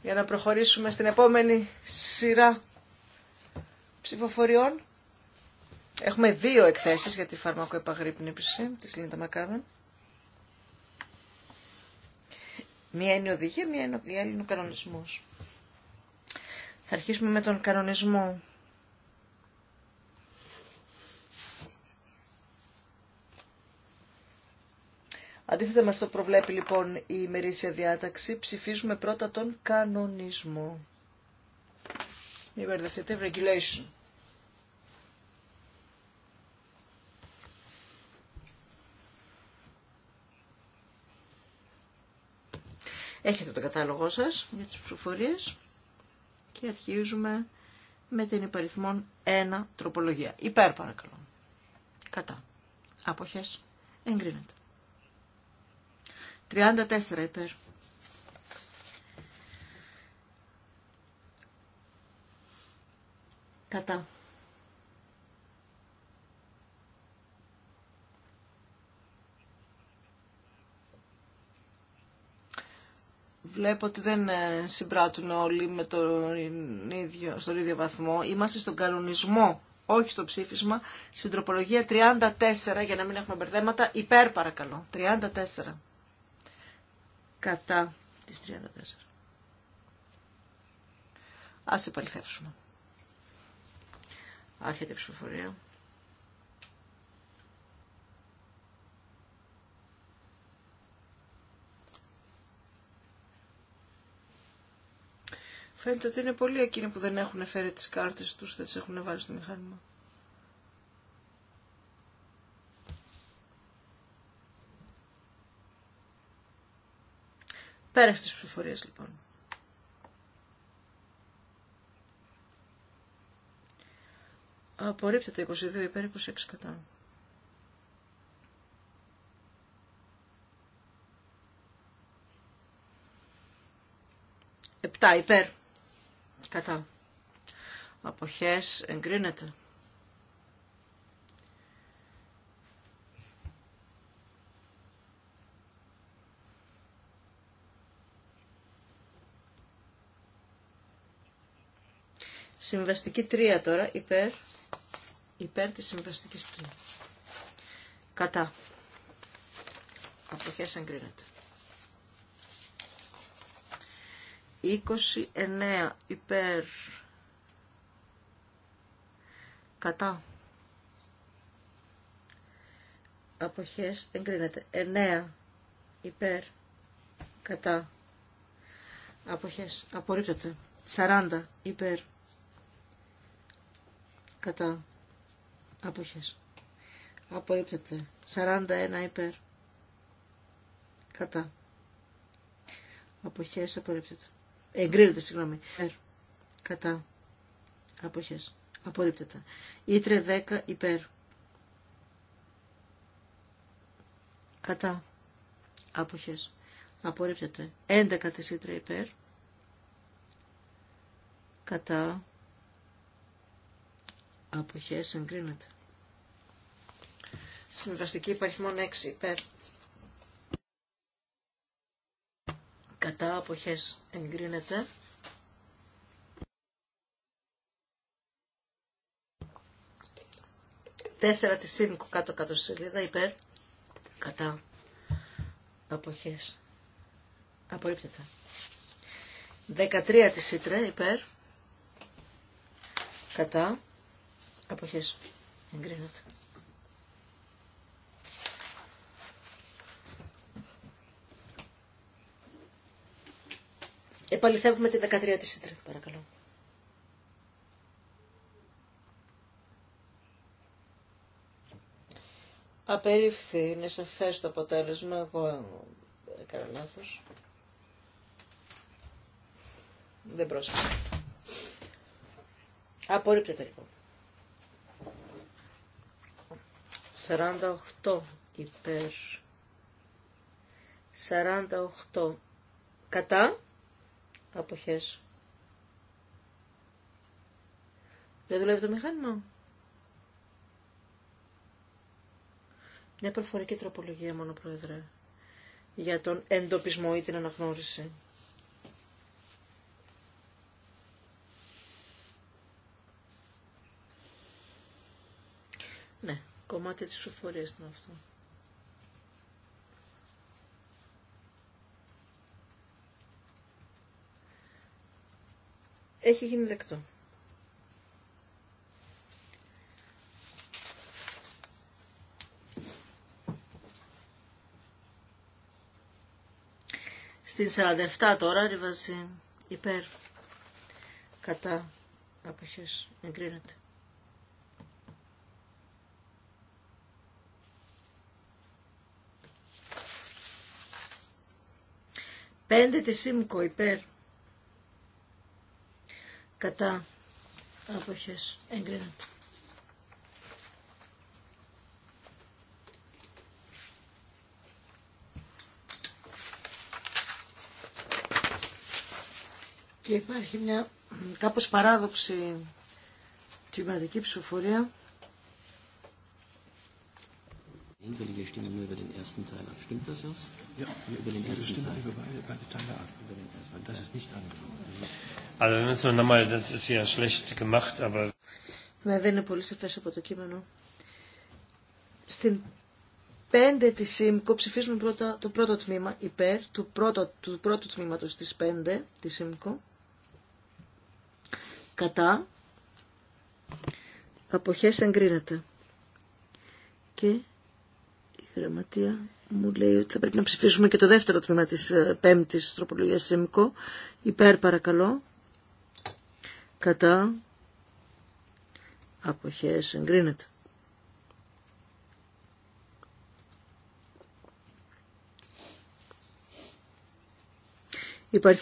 για να προχωρήσουμε στην επόμενη σειρά ψηφοφοριών. Έχουμε δύο εκθέσεις για τη φαρμακοεπαγρύπνηση της Λίντα Μακάβεν. Μία είναι η οδηγία, μία είναι η άλλη είναι ο κανονισμός. Θα αρχίσουμε με τον κανονισμό. Αντίθετα με αυτό προβλέπει λοιπόν η ημερήσια διάταξη, ψηφίζουμε πρώτα τον κανονισμό. Μην μπερδευτείτε, regulation. Έχετε τον κατάλογό σας για τις ψηφοφορίες και αρχίζουμε με την υπαριθμόν 1 τροπολογία. Υπέρ παρακαλώ. Κατά. Αποχές. Εγκρίνεται. 34 υπέρ. Κατά. Βλέπω ότι δεν ε, συμπράττουν όλοι με τον ίδιο, στον ίδιο βαθμό. Είμαστε στον κανονισμό, όχι στο ψήφισμα. Στην τροπολογία 34, για να μην έχουμε μπερδέματα, υπέρ παρακαλώ. 34 κατά τις 34. Ας επαληθεύσουμε. Άρχεται η ψηφοφορία. Φαίνεται ότι είναι πολλοί εκείνοι που δεν έχουν φέρει τις κάρτες τους, δεν τις έχουν βάλει στο μηχάνημα. Πέρασε τις ψηφοφορίες λοιπόν. Απορρίπτεται 22 υπέρ 26 κατά. Επτά υπέρ κατά. Αποχές εγκρίνεται. Συμβαστική 3 τώρα, υπέρ, υπέρ της συμβαστικής 3. Κατά. Αποχές εγκρίνεται. 29 υπέρ. Κατά. Αποχές εγκρίνεται. 9 υπέρ. Κατά. Αποχές απορρίπτεται. 40 υπέρ κατά αποχές απορρίπτεται 41 υπέρ κατά αποχές απορρίπτεται εγκρίνεται συγγνώμη κατά αποχές απορρίπτεται ήτρε 10 υπέρ κατά αποχές απορρίπτεται 11 της ήτρε υπέρ κατά αποχές εγκρίνεται. Συμβαστική υπαριθμών 6 υπέρ. Κατά αποχές εγκρίνεται. 4 τη ΣΥΜΚΟ κάτω κάτω στη σελίδα υπέρ. Κατά αποχές. Απορρίπτεται. 13 τη ΣΥΤΡΕ υπέρ. Κατά εποχές Εγκρίνεται. Επαληθεύουμε την 13 η σύντροφη, παρακαλώ. Απερίφθη, είναι σαφέ το αποτέλεσμα, εγώ έκανα λάθο. Δεν πρόσεχα. Απορρίπτεται λοιπόν. 48 υπέρ. 48 κατά αποχές. Δεν δουλεύει το μηχάνημα. Μια προφορική τροπολογία μόνο, Πρόεδρε, για τον εντοπισμό ή την αναγνώριση. κομμάτι της ψηφοφορίας ήταν αυτό. Έχει γίνει δεκτό. Στην 47 τώρα ριβάζει υπέρ κατά αποχές εγκρίνεται. Πέντε τη ΣΥΜΚΟ υπέρ κατά αποχές εγκρίνεται. Και υπάρχει μια κάπως παράδοξη τυματική ψηφοφορία. Einwillige stimmen nur über den ersten Teil ab. Stimmt das, Jos? Ja. wir Über den wir ersten stimmen Teil. über beide, beide Teile ab. Über den ersten das ist nicht angenommen. Also müssen wir nochmal, das ist ja schlecht gemacht, aber... Ναι, δεν είναι πολύ σαφές από το κείμενο. Στην 5 τη ΣΥΜΚΟ ψηφίζουμε πρώτα, το πρώτο τμήμα υπέρ του, πρώτο, του πρώτου τμήματος της 5 τη ΣΥΜΚΟ. Κατά. Αποχές εγκρίνεται. Και η γραμματεία μου λέει ότι θα πρέπει να ψηφίσουμε και το δεύτερο τμήμα της ε, πέμπτης τροπολογίας ΣΥΜΚΟ. Υπέρ παρακαλώ. Κατά. Αποχές εγκρίνεται.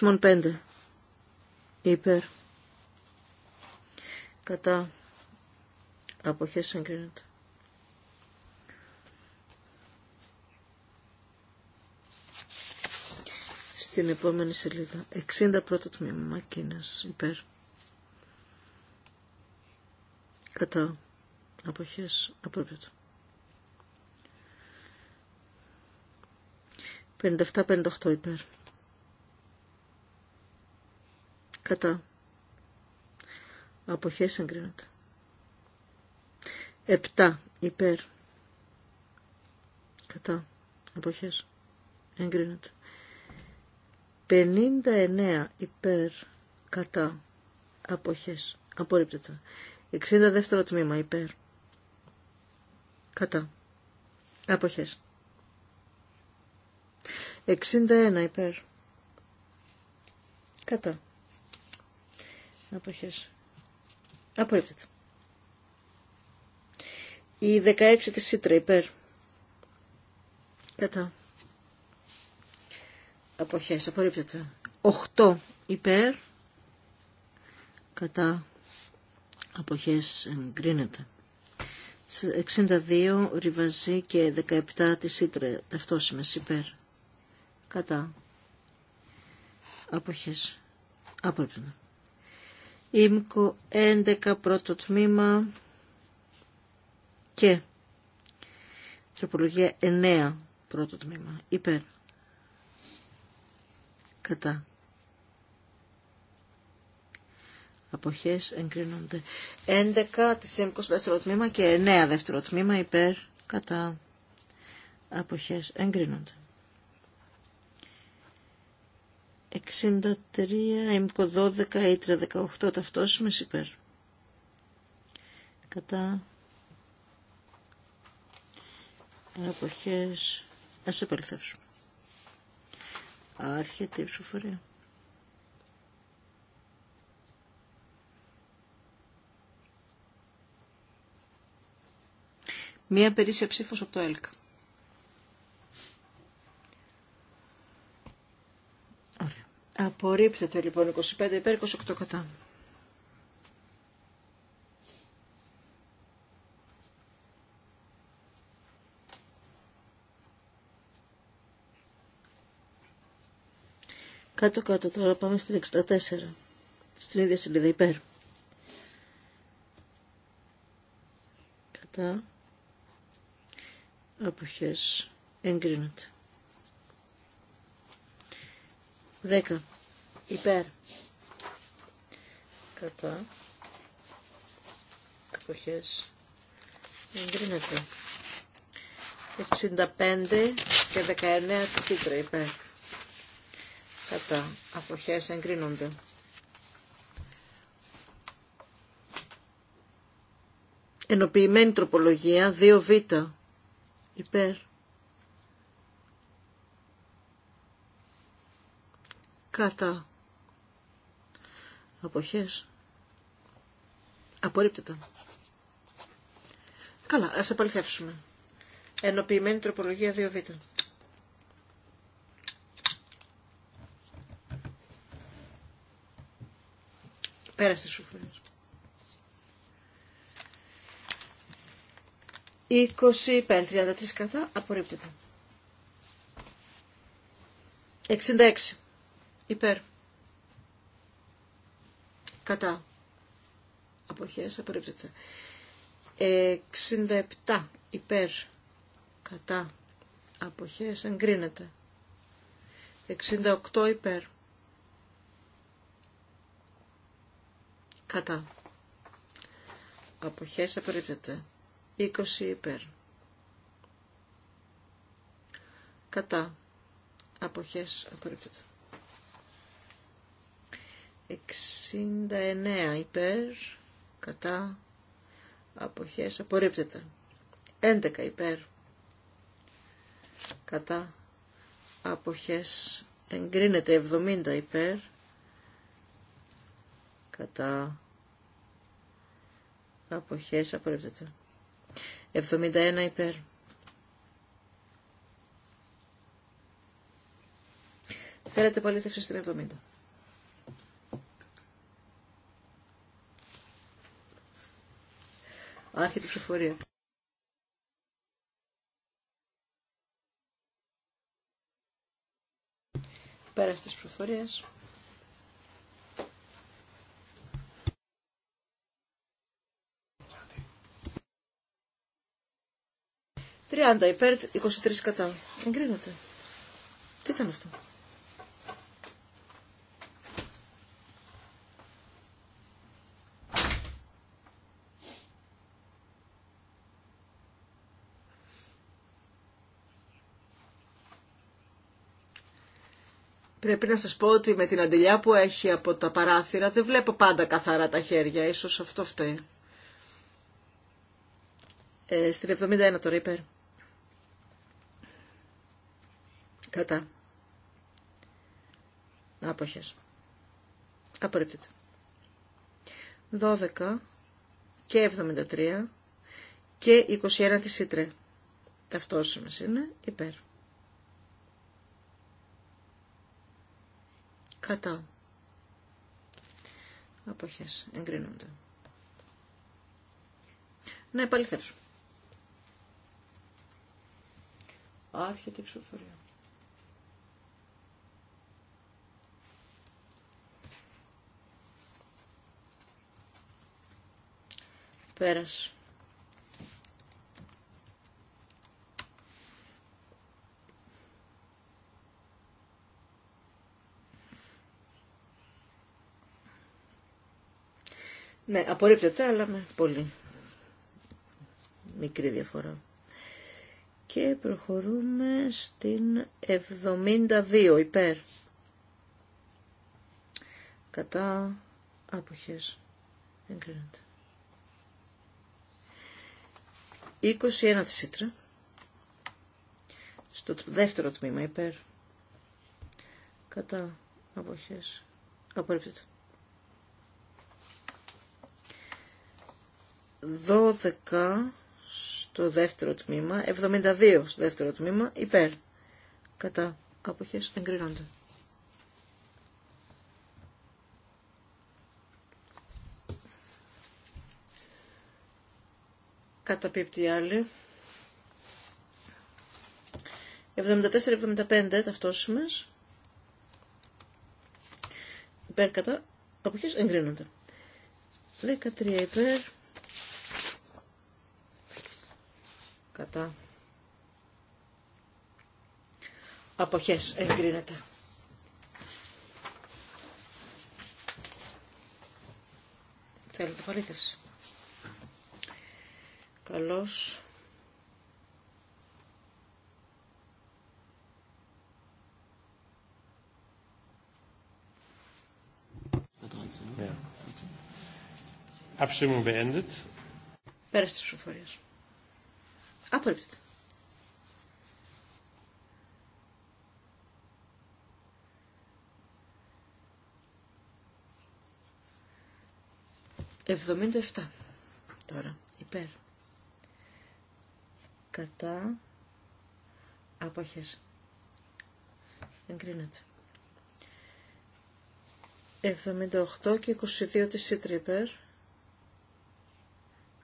μόνο 5. Υπέρ. Κατά. Αποχές εγκρίνεται. στην επόμενη σελίδα. 61ο τμήμα Μακίνας υπέρ. Κατά αποχές απορρίπτεται. 57-58 υπέρ. Κατά. Αποχές εγκρίνεται. 7 υπέρ. Κατά. Αποχές εγκρίνεται. 59 υπέρ κατά αποχές απορρίπτεται 62 τμήμα υπέρ κατά αποχές 61 υπέρ κατά αποχές απορρίπτεται η 16 της Σίτρα υπέρ κατά αποχές απορρίπτεται 8 υπέρ κατά αποχές εγκρίνεται 62 ριβαζή και 17 της Ήτρε ταυτόσιμες υπέρ κατά αποχές απορρίπτεται Ήμκο 11 πρώτο τμήμα και τροπολογία 9 πρώτο τμήμα υπέρ κατά. Αποχές εγκρίνονται. 11 της 20 δεύτερο τμήμα και 9 δεύτερο τμήμα υπέρ κατά. Αποχές εγκρίνονται. 63 ΕΜΚΟ 12 ή 18 ταυτόσιμες υπέρ. Κατά. Αποχές. Ας επαληθεύσουμε. Άρχεται η ψηφοφορία. Μία περίσσια ψήφος από το ΕΛΚ. Απορρίπτεται λοιπόν 25 υπέρ 28 κατά. Κάτω-κάτω τώρα πάμε στην 64. Στην ίδια σελίδα υπέρ. Κατά. Αποχές. Εγκρίνεται. 10. Υπέρ. Κατά. Αποχές. Εγκρίνεται. 65 και 19 τσίτρα υπέρ κατά αποχές εγκρίνονται. Ενοποιημένη τροπολογία 2β υπέρ κατά αποχές απορρίπτεται. Καλά, ας επαληθεύσουμε. Ενοποιημένη τροπολογία 2β. Πέρασε σου 20 υπέρ, 33 κατά, απορρίπτεται. 66 υπέρ. Κατά. Αποχές, απορρίπτεται. 67 υπέρ. Κατά. Αποχές, εγκρίνεται. 68 υπέρ. Κατά. Αποχές απορρίπτεται. 20 υπέρ. Κατά. Αποχές απορρίπτεται. 69 υπέρ. Κατά. Αποχές απορρίπτεται. 11 υπέρ. Κατά. Αποχές εγκρίνεται 70 υπέρ. Κατά αποχές απορρίπτεται. 71 υπέρ. Θέλετε παλήθευση στην 70. Άρχεται η ψηφορία. Πέρα στις 30 υπέρ, 23 κατά. Εγκρίνεται. Τι ήταν αυτό. Πρέπει να σας πω ότι με την αντιλιά που έχει από τα παράθυρα δεν βλέπω πάντα καθαρά τα χέρια. Ίσως αυτό φταίει. Ε, στην 71 τώρα υπέρ. Κατά. Άποχες. Απορρίπτεται. 12 και 73 και 21 της Ήτρε. Ταυτόσιμες είναι υπέρ. Κατά. Αποχές. Εγκρίνονται. Να επαληθεύσουμε. Άρχεται η ψηφοφορία. Πέρας. Ναι, απορρίπτεται, αλλά με πολύ μικρή διαφορά. Και προχωρούμε στην 72 υπέρ. Κατά άποχες. Εγκρίνεται. 21 της Στο δεύτερο τμήμα υπέρ. Κατά αποχές. Απορρίπτεται. 12 στο δεύτερο τμήμα, 72 στο δεύτερο τμήμα, υπέρ. Κατά αποχές εγκρίνονται. Καταπίπτει άλλη. 74-75 ταυτόσιμες. Υπέρ κατά. Από ποιες εγκρίνονται. 13 υπέρ. Κατά. Αποχές εγκρίνεται. Θέλετε παρήθευση. Καλώς. Abstimmung beendet. Πέρασε τις ψηφοφορίες. Απορρίπτεται. Εβδομήντα εφτά. Τώρα. Υπέρ κατά άποχες εγκρίνεται 78 και 22 της Σίτριπερ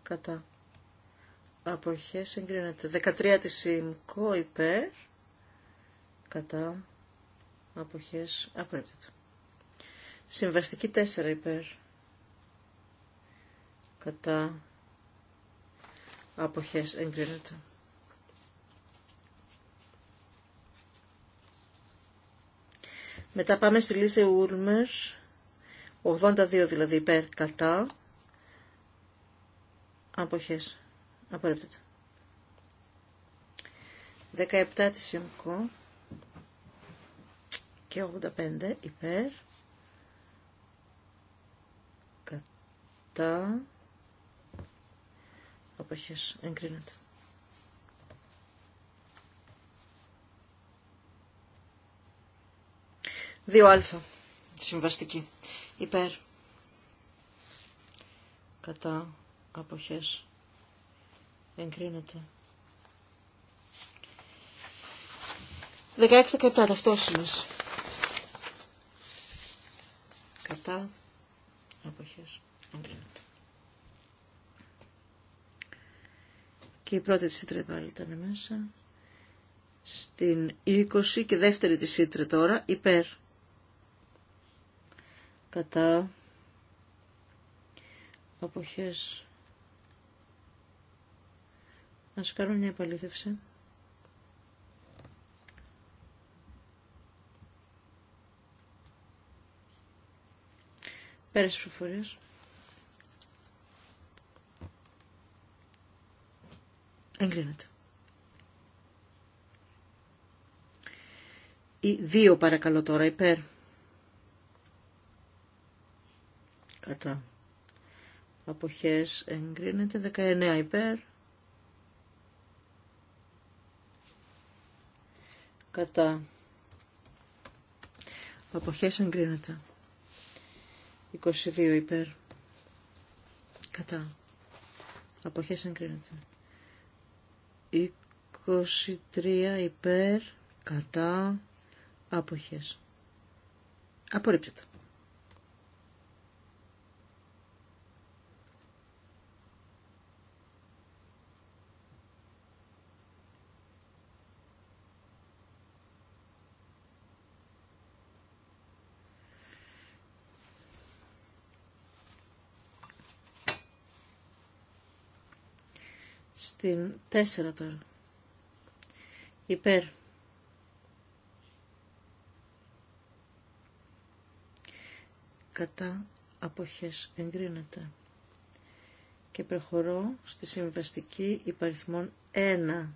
κατά αποχές εγκρίνεται 13 της ΣΥΜΚΟ υπέρ κατά αποχές απρέπτεται συμβαστική 4 υπέρ κατά αποχές εγκρίνεται Μετά πάμε στη λύση Ούλμερ, 82 δηλαδή υπέρ κατά. Αποχές. Απορρέπτεται. 17 της ΣΥΜΚΟ και 85 υπέρ κατά αποχές εγκρίνεται. Δύο αλφα Συμβαστική. Υπέρ. Κατά. Αποχές. Εγκρίνεται. 16-17 ταυτόσιμες. Κατά. Αποχές. Εγκρίνεται. Και η πρώτη της ήτρε ήταν μέσα. Στην 20 και δεύτερη της ήτρε τώρα. Υπέρ κατά αποχές ας κάνω μια επαλήθευση Πέρα τις εγκρίνεται ή δύο παρακαλώ τώρα υπέρ κατά αποχές εγκρίνεται 19 υπέρ κατά αποχές εγκρίνεται 22 υπέρ κατά αποχές εγκρίνεται 23 υπέρ κατά αποχές απορρίπτεται Στην τέσσερα τώρα. Υπέρ. Κατά αποχές εγκρίνεται. Και προχωρώ στη συμβαστική υπαριθμών 1.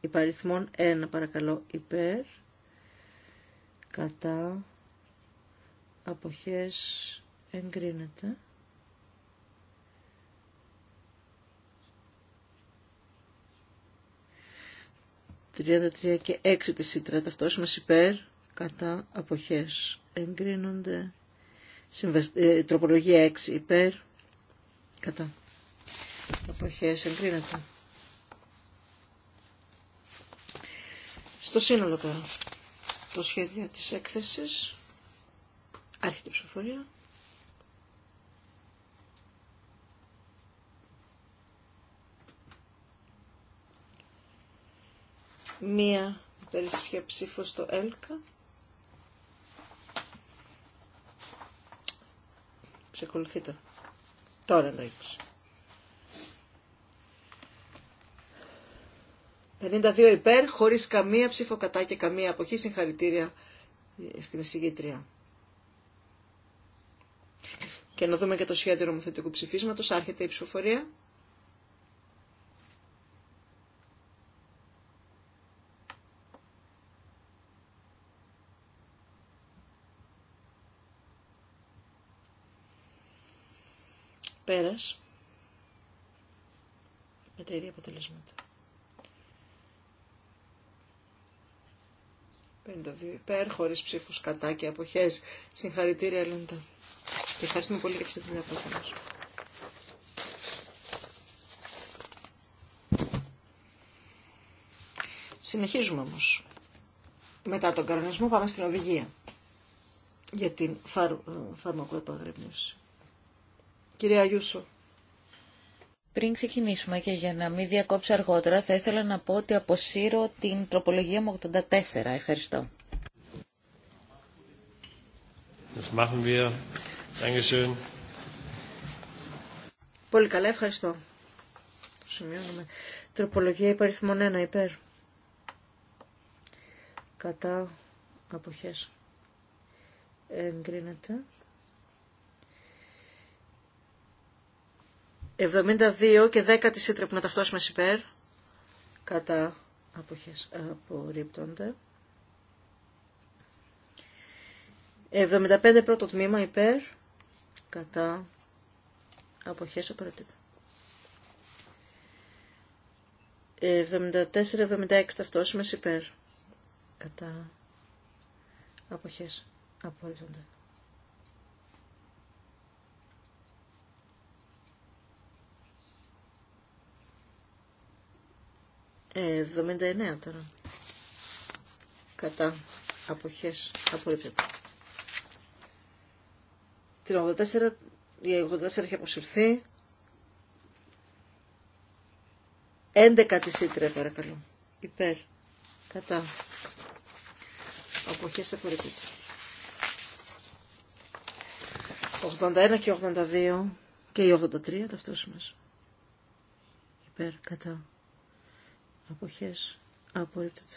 Υπαριθμών 1 παρακαλώ υπέρ. Κατά αποχές εγκρίνεται. 33 και 6 της ΣΥΤΡΑ μας υπέρ κατά αποχές εγκρίνονται. Συμβασ... Ε, τροπολογία 6 υπέρ κατά αποχές εγκρίνονται Στο σύνολο τώρα το σχέδιο της έκθεσης άρχεται η μία περισσία ψήφο στο ΕΛΚΑ. Ξεκολουθείτε τώρα. Τώρα εντάξει. 52 υπέρ, χωρίς καμία ψήφο κατά και καμία αποχή. Συγχαρητήρια στην εισηγήτρια. Και να δούμε και το σχέδιο νομοθετικού ψηφίσματος. Άρχεται η ψηφοφορία. Πέρας. Με τα ίδια αποτελέσματα. 52 υπέρ, χωρίς ψήφους κατά και αποχές. Συγχαρητήρια, Λέντα. Και ευχαριστούμε πολύ για αυτή τη Συνεχίζουμε όμως. Μετά τον κανονισμό πάμε στην οδηγία για την φαρ... Κυρία Γιούσο. Πριν ξεκινήσουμε και για να μην διακόψω αργότερα, θα ήθελα να πω ότι αποσύρω την τροπολογία μου 84. Ευχαριστώ. Πολύ καλά, ευχαριστώ. Τροπολογία υπαριθμών 1, υπέρ. Κατά αποχές. Εγκρίνεται. 72 και 10 της ΣΥΤΡΕ που είναι ταυτώσουμε Κατά αποχές απορρίπτονται. 75 πρώτο τμήμα υπέρ. Κατά απορρίπτονται. απορρίπτεται. 74-76 ταυτόσιμες υπέρ. Κατά αποχές απορρίπτονται. 79 τώρα. Κατά. Αποχές. το. Την 84, η 84 έχει αποσυρθεί. 11 της ήτρε παρακαλώ. Υπέρ. Κατά. Αποχές απορρίπτεται. 81 και 82 και η 83 ταυτόσιμες. Υπέρ. Κατά αποχές απορρίπτεται.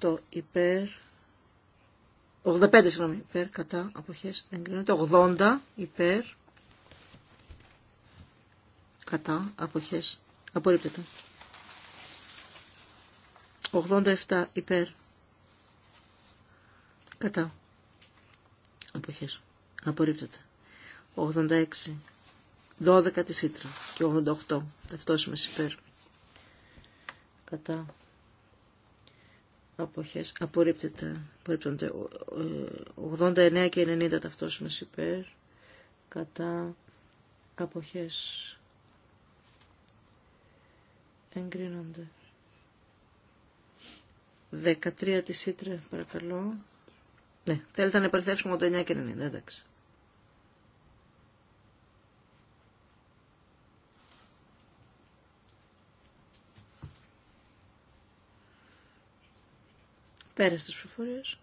88 υπέρ, 85 συγγνώμη υπέρ, κατά, αποχές εγκρίνεται, 80 υπέρ, κατά, αποχές απορρίπτεται. 87 υπέρ, κατά, αποχές απορρίπτεται. 86 12 της Ήτρα και 88 ταυτόσιμες υπέρ κατά αποχές απορρίπτεται απορρίπτονται 89 ε, και 90 ταυτόσιμες υπέρ κατά αποχές εγκρίνονται 13 της Ήτρα παρακαλώ ναι, θέλετε να το 9 και 90 εντάξει Πέρας τις προφορίας.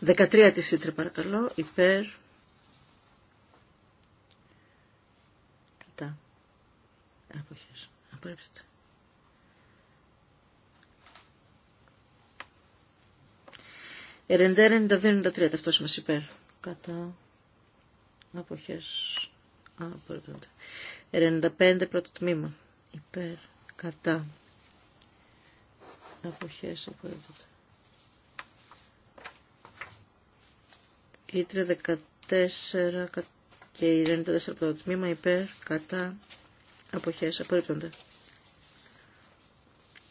Δεκατρία της ήτρε παρακαλώ, υπέρ, κατά, αποχές, απορρίψτε. Ερεντέ, 92, 93, μας υπέρ, κατά, αποχές απορρίπτονται. 95 πρώτο τμήμα υπέρ κατά αποχές απορρίπτονται. Ήτρε 14 και 94 πρώτο τμήμα υπέρ κατά αποχές απορρίπτονται.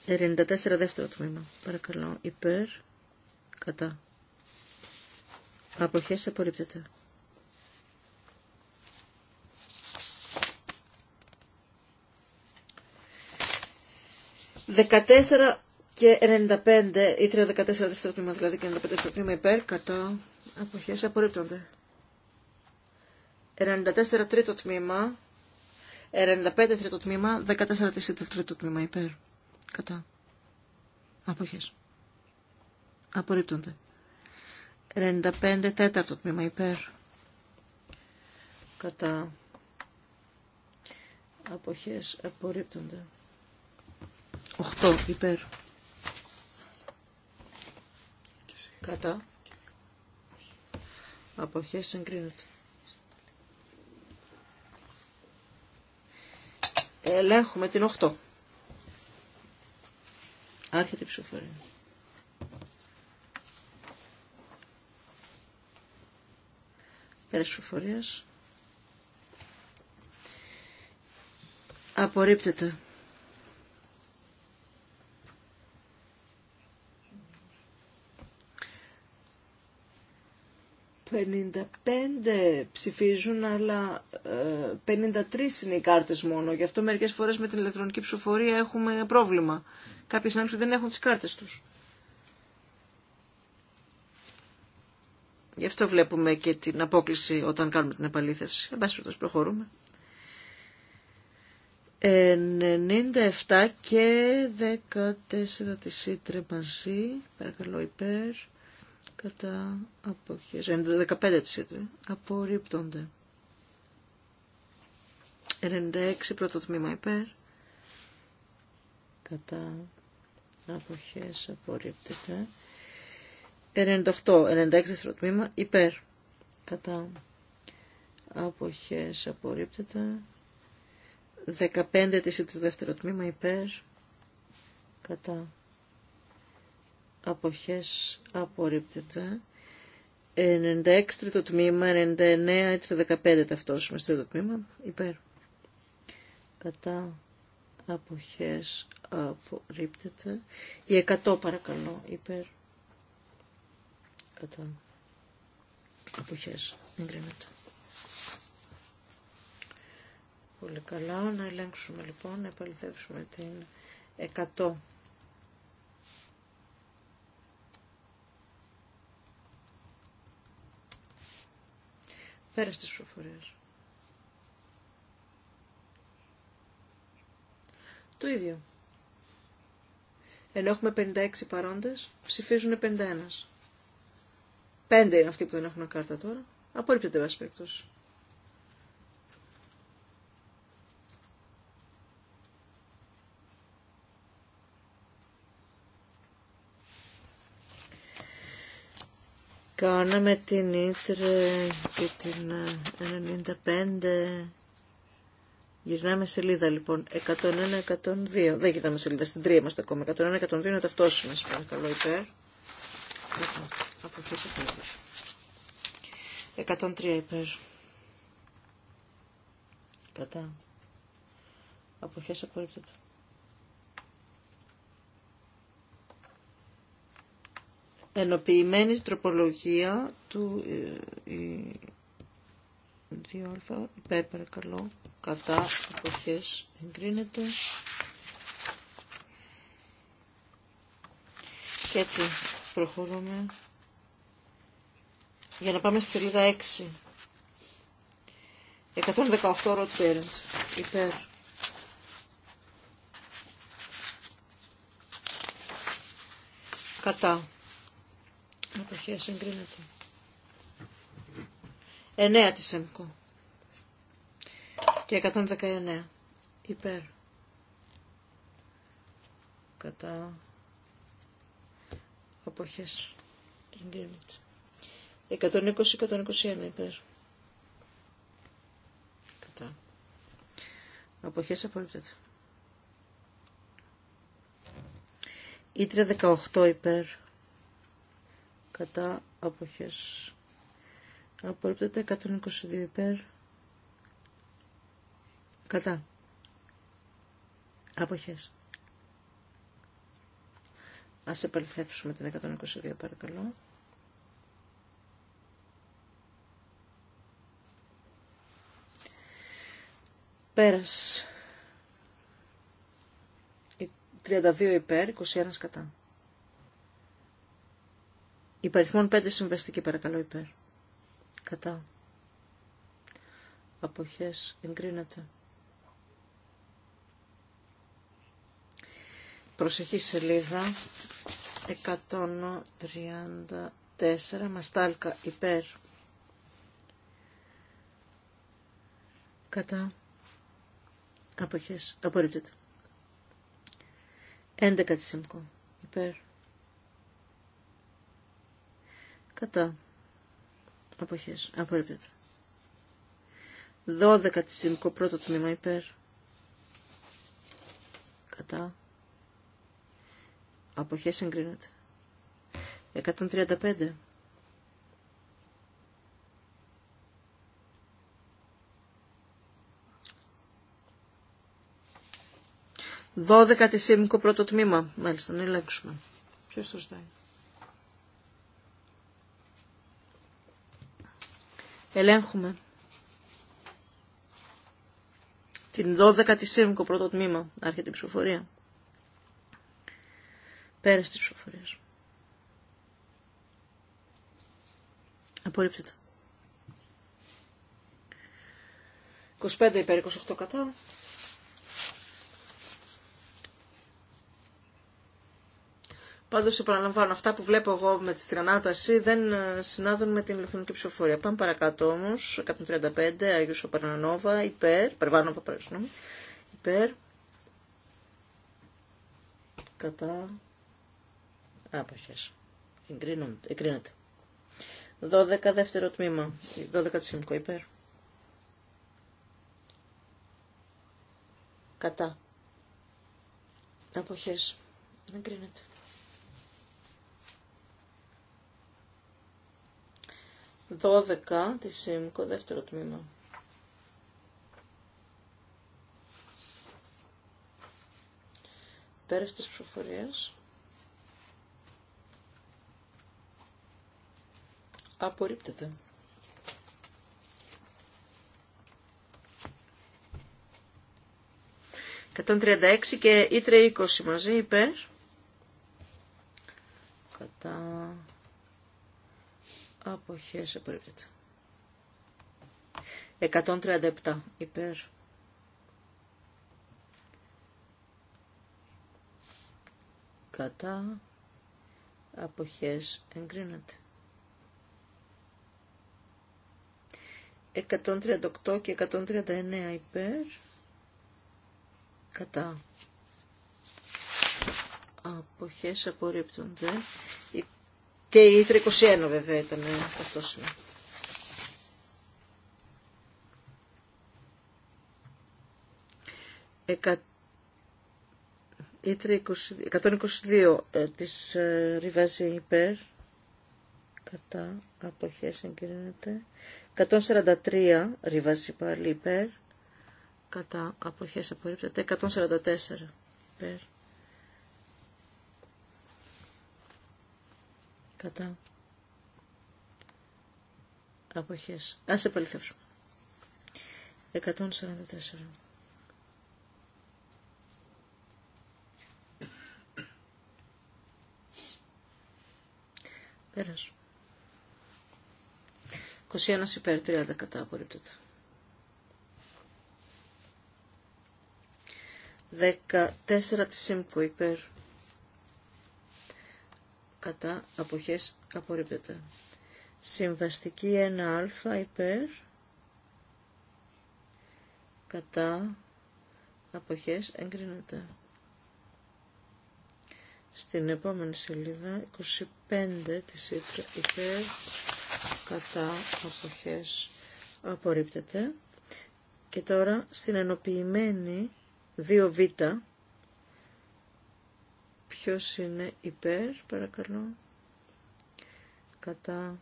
94 δεύτερο τμήμα. Παρακαλώ. Υπέρ. Κατά. Αποχές απορρίπτεται. 14 και 95, ή 13-14 δεύτερο τμήμα, δηλαδή και 95 δεύτερο τμήμα υπέρ, κατά, αποχές, απορρίπτονται. 94 τρίτο τμήμα, 95 τρίτο τμήμα, 14 τρίτο τμήμα υπέρ, κατά, αποχές, απορρίπτονται. 95 τέταρτο τμήμα υπέρ, κατά, αποχές, απορρίπτονται. Οχτώ υπέρ. Κατά. Αποχές εγκρίνεται. Ελέγχουμε την 8. Άρχεται η ψηφοφορία. Πέρα ψηφοφορίας. Απορρίπτεται. 55 ψηφίζουν, αλλά 53 ε, είναι οι κάρτε μόνο. Γι' αυτό μερικέ φορέ με την ηλεκτρονική ψηφοφορία έχουμε πρόβλημα. Κάποιοι συνάδελφοι δεν έχουν τι κάρτε του. Γι' αυτό βλέπουμε και την απόκληση όταν κάνουμε την επαλήθευση. Εν πάση προχωρούμε. 97 και 14 τη παρακαλώ υπέρ κατά αποχές. 15 Απορρίπτονται. 96 πρώτο τμήμα υπέρ. Κατά αποχές απορρίπτεται. 98, 96 δεύτερο τμήμα υπέρ. Κατά αποχές απορρίπτεται. 15 τη δεύτερο τμήμα υπέρ. Κατά αποχές απορρίπτεται. 96 τρίτο τμήμα, 99 έτσι 15 ταυτόσουμε στο τρίτο τμήμα, υπέρ. Κατά αποχές απορρίπτεται. Η 100 παρακαλώ, υπέρ. Κατά αποχές εγκρίνεται. Πολύ καλά. Να ελέγξουμε λοιπόν, να επαληθεύσουμε την 100. Πέρα στις ψηφοφορίες. Το ίδιο. Ενώ έχουμε 56 παρόντες, ψηφίζουν 51. Πέντε είναι αυτοί που δεν έχουν κάρτα τώρα. Απορρίπτεται, βάση περιπτώσει. Κάναμε την Ήτρε και την 95. Ε, γυρνάμε σελίδα λοιπόν. 101-102. Δεν γυρνάμε σελίδα. Στην 3 είμαστε ακόμα. 101-102 είναι ταυτόσιμες. Παρακαλώ υπέρ. υπέρ. 103 υπέρ. Κατά. Αποχές απορρίπτεται. ενοποιημένη τροπολογία του 2α, ε, υπέρ παρακαλώ, κατά εποχές εγκρίνεται. Και έτσι προχωρούμε για να πάμε στη σελίδα 6. 118 ροτ parent, υπέρ. Κατά χέρι εγκρίνεται. Εννέα της ΕΜΚΟ. Και 119. Υπέρ. Κατά. Αποχές. Εγκρίνεται. 120-121 υπέρ. Κατά. Αποχές απορρίπτεται. Ήτρε 18 υπέρ κατά αποχές. Απορρίπτεται 122 υπέρ κατά αποχές. Ας επαληθεύσουμε την 122 παρακαλώ. Πέρας. 32 υπέρ, 21 κατά. Υπαριθμών 5 συμβαστική παρακαλώ υπέρ. Κατά. Αποχές εγκρίνεται. Προσεχή σελίδα 134 μαστάλκα υπέρ. Κατά. Αποχές. Απορρίπτεται. 11 τη ΣΥΜΚΟ. Υπέρ. κατά αποχές απορρίπτεται 12 της ΙΜΚΟ πρώτο τμήμα υπέρ κατά αποχές εγκρίνεται 135 12 της ΕΜΚΟ πρώτο τμήμα. Μάλιστα, να ελέγξουμε. Ποιος το ζητάει. Ελέγχουμε. Την 12η ΣΥΡΜΚΟ πρώτο τμήμα. Άρχεται η ψηφοφορία. Πέρασε τη ψηφοφορία. Απορρίπτεται. 25 υπέρ 28 κατά. Πάντω επαναλαμβάνω, αυτά που βλέπω εγώ με τη στρανάταση δεν ε, συνάδουν με την ηλεκτρονική ψηφοφορία. Πάμε παρακάτω όμω 135, Αγίου Παρανόβα, υπέρ, Περβάνοβα, παρασύνομαι, υπέρ, κατά, Αποχε. εγκρίνεται. 12 δεύτερο τμήμα, 12 τη υπέρ. Κατά. Αποχές. Δεν κρίνεται. 12 τη ΣΥΜΚΟ, δεύτερο τμήμα. Πέρας της ψηφοφορίας. Απορρίπτεται. 136 και ήτρε 20 μαζί υπέρ. Κατά Αποχές απορρίπτεται. 137 υπέρ. Κατά. Αποχές εγκρίνεται. 138 και 139 υπέρ. Κατά. Αποχές απορρίπτονται. Και η 321 βέβαια ήταν αυτό Η 122 ε, της ε, Ριβάζη υπέρ κατά αποχές εγκρίνεται 143 Ριβάζη πάλι υπέρ κατά αποχές απορρίπτεται 144 υπέρ Κατά. Αποχές. Ας επαληθεύσουμε. 144. Πέρας. 21 υπέρ 30 κατά απορρίπτεται. 14 τη ΣΥΜΚΟ υπέρ κατά αποχές απορρίπτεται. Συμβαστική 1α υπέρ κατά αποχές εγκρίνεται. Στην επόμενη σελίδα 25 της ήτρα υπέρ κατά αποχές απορρίπτεται. Και τώρα στην ενοποιημένη 2β Ποιος είναι υπέρ, παρακαλώ. Κατά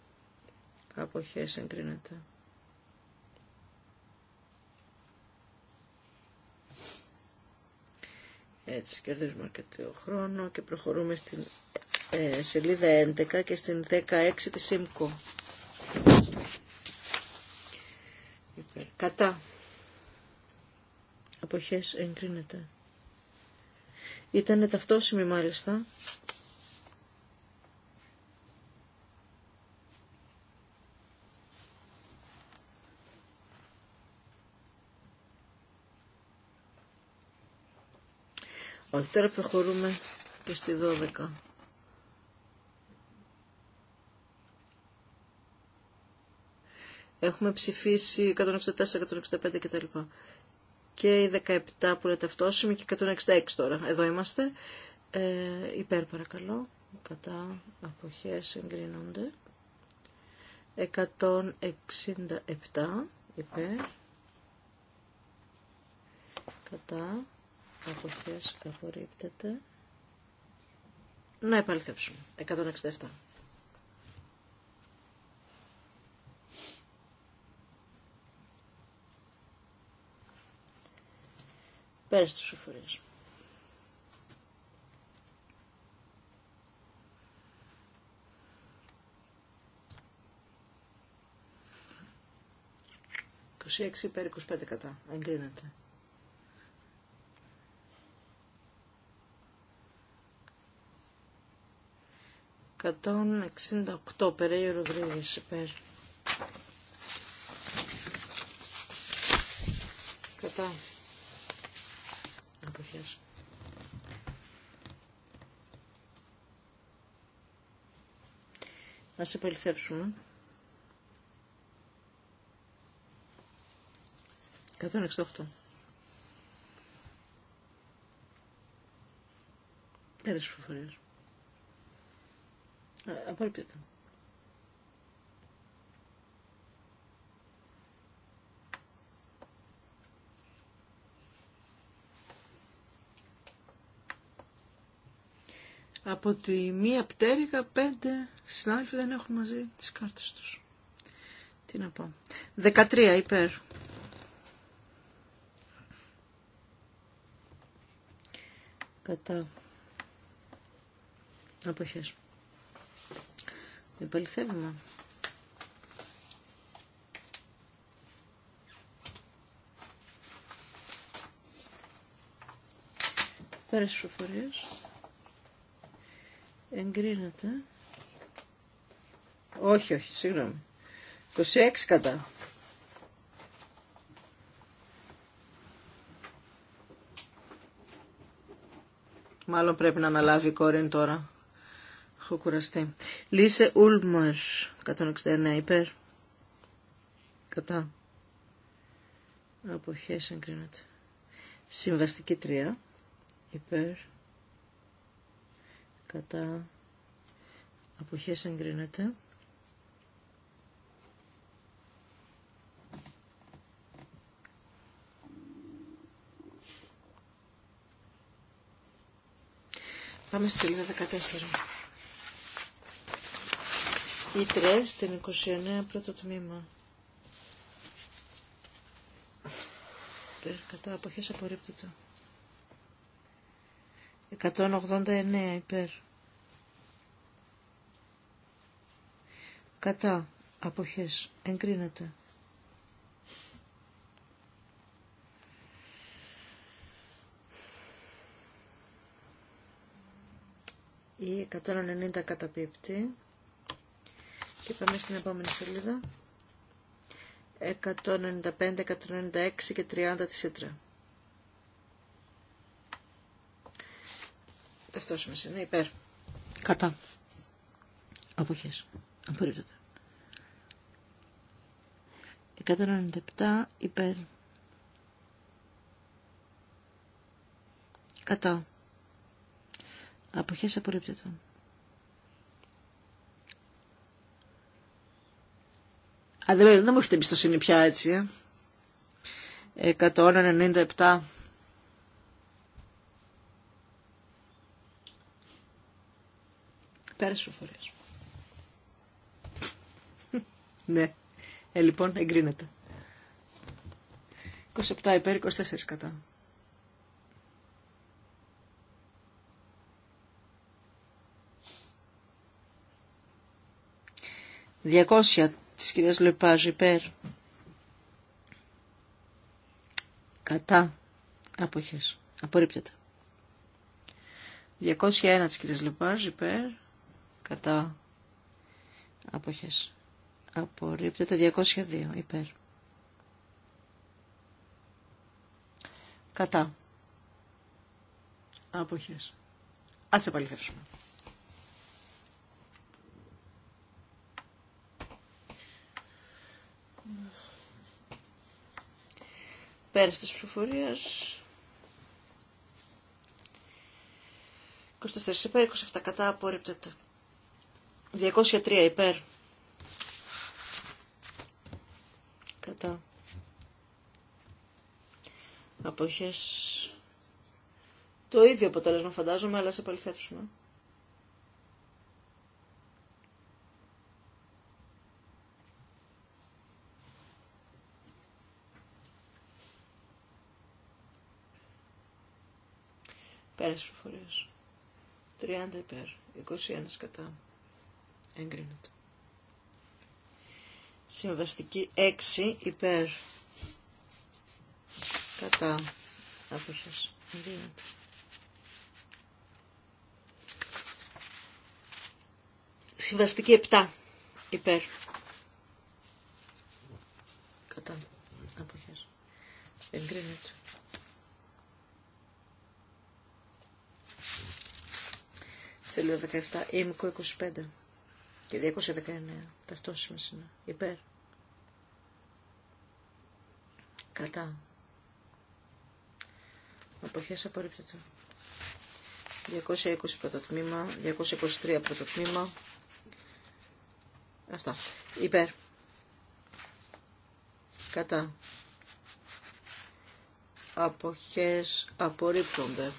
αποχές εγκρίνεται. Έτσι, κερδίζουμε αρκετό χρόνο και προχωρούμε στην ε, σελίδα 11 και στην 16 της ΣΥΜΚΟ. Κατά. Αποχές εγκρίνεται. Ήταν ταυτόσιμη μάλιστα. Όχι, τώρα προχωρούμε και στη 12. Έχουμε ψηφίσει 164, 165 κτλ και οι 17 που είναι ταυτόσιμοι και 166 τώρα. Εδώ είμαστε. Ε, υπέρ παρακαλώ. Κατά αποχές εγκρίνονται. 167 υπέρ. Κατά αποχές απορρίπτεται. Να επαληθεύσουμε. 167. Πέρας της 6 υπέρ 25 κατά. Εγκρίνεται. Κατόν 68 η Ροδρίγης υπέρ. Κατά αποχές. Ας επαληθεύσουμε. 168. Πέρασε φοφορίες. Απόλυπτεται. Από τη μία πτέρυγα πέντε συνάδελφοι δεν έχουν μαζί τις κάρτες τους. Τι να πω. Δεκατρία υπέρ. Κατά. Αποχές. Επαληθεύουμε. Πέρασε τις προφορίες. Εγκρίνεται. Όχι, όχι, συγγνώμη. 26 κατά. Μάλλον πρέπει να αναλάβει η κόρη τώρα. Έχω κουραστεί. Λίσε Ούλμαρ, 169 υπέρ. Κατά. Αποχές εγκρίνεται. Συμβαστική 3 υπέρ κατά αποχές εγκρίνεται. Πάμε στη σελίδα 14. Η στην 29 πρώτο τμήμα. Κατά αποχές απορρίπτωται. 189 υπέρ. Κατά. Αποχές. Εγκρίνεται. 190 καταπίπτει. Και πάμε στην επόμενη σελίδα. 195, 196 και 30 της σύντρα. ταυτόσιμες είναι υπέρ. Κατά. Αποχές. Απορρίπτωτα. 197 υπέρ. Κατά. Αποχές απορρίπτεται. Α, δεν, δεν μου έχετε εμπιστοσύνη πια έτσι, ε. 197 Πέρασε προφορίες. ναι. Ε, λοιπόν, εγκρίνεται. 27 υπέρ, 24 κατά. 200 της κυρίας Λεπάζ υπέρ. Κατά. Αποχές. Απορρίπτεται. 201 της κυρίας Λεπάζ υπέρ κατά αποχές απορρίπτεται 202 υπέρ κατά αποχές ας επαληθεύσουμε πέρας της πληροφορίας. 24 υπέρ 27 κατά απορρίπτεται 203 υπέρ. Κατά. Αποχές. Το ίδιο αποτέλεσμα φαντάζομαι, αλλά σε παληθεύσουμε. Πέρασε 30 υπέρ, 21 κατά. Εγκρίνεται. Συμβαστική 6 υπέρ. Κατά. Αποχές. Εγκρίνεται. Συμβαστική 7 υπέρ. Κατά. Αποχές. Εγκρίνεται. Σελίδα 17, ημικο 25. Και 219. μας είναι. Υπέρ. Κατά. Αποχές απορρίπτεται. 220 πρώτο τμήμα. 223 πρώτο τμήμα. Αυτά. Υπέρ. Κατά. Αποχές απορρίπτονται.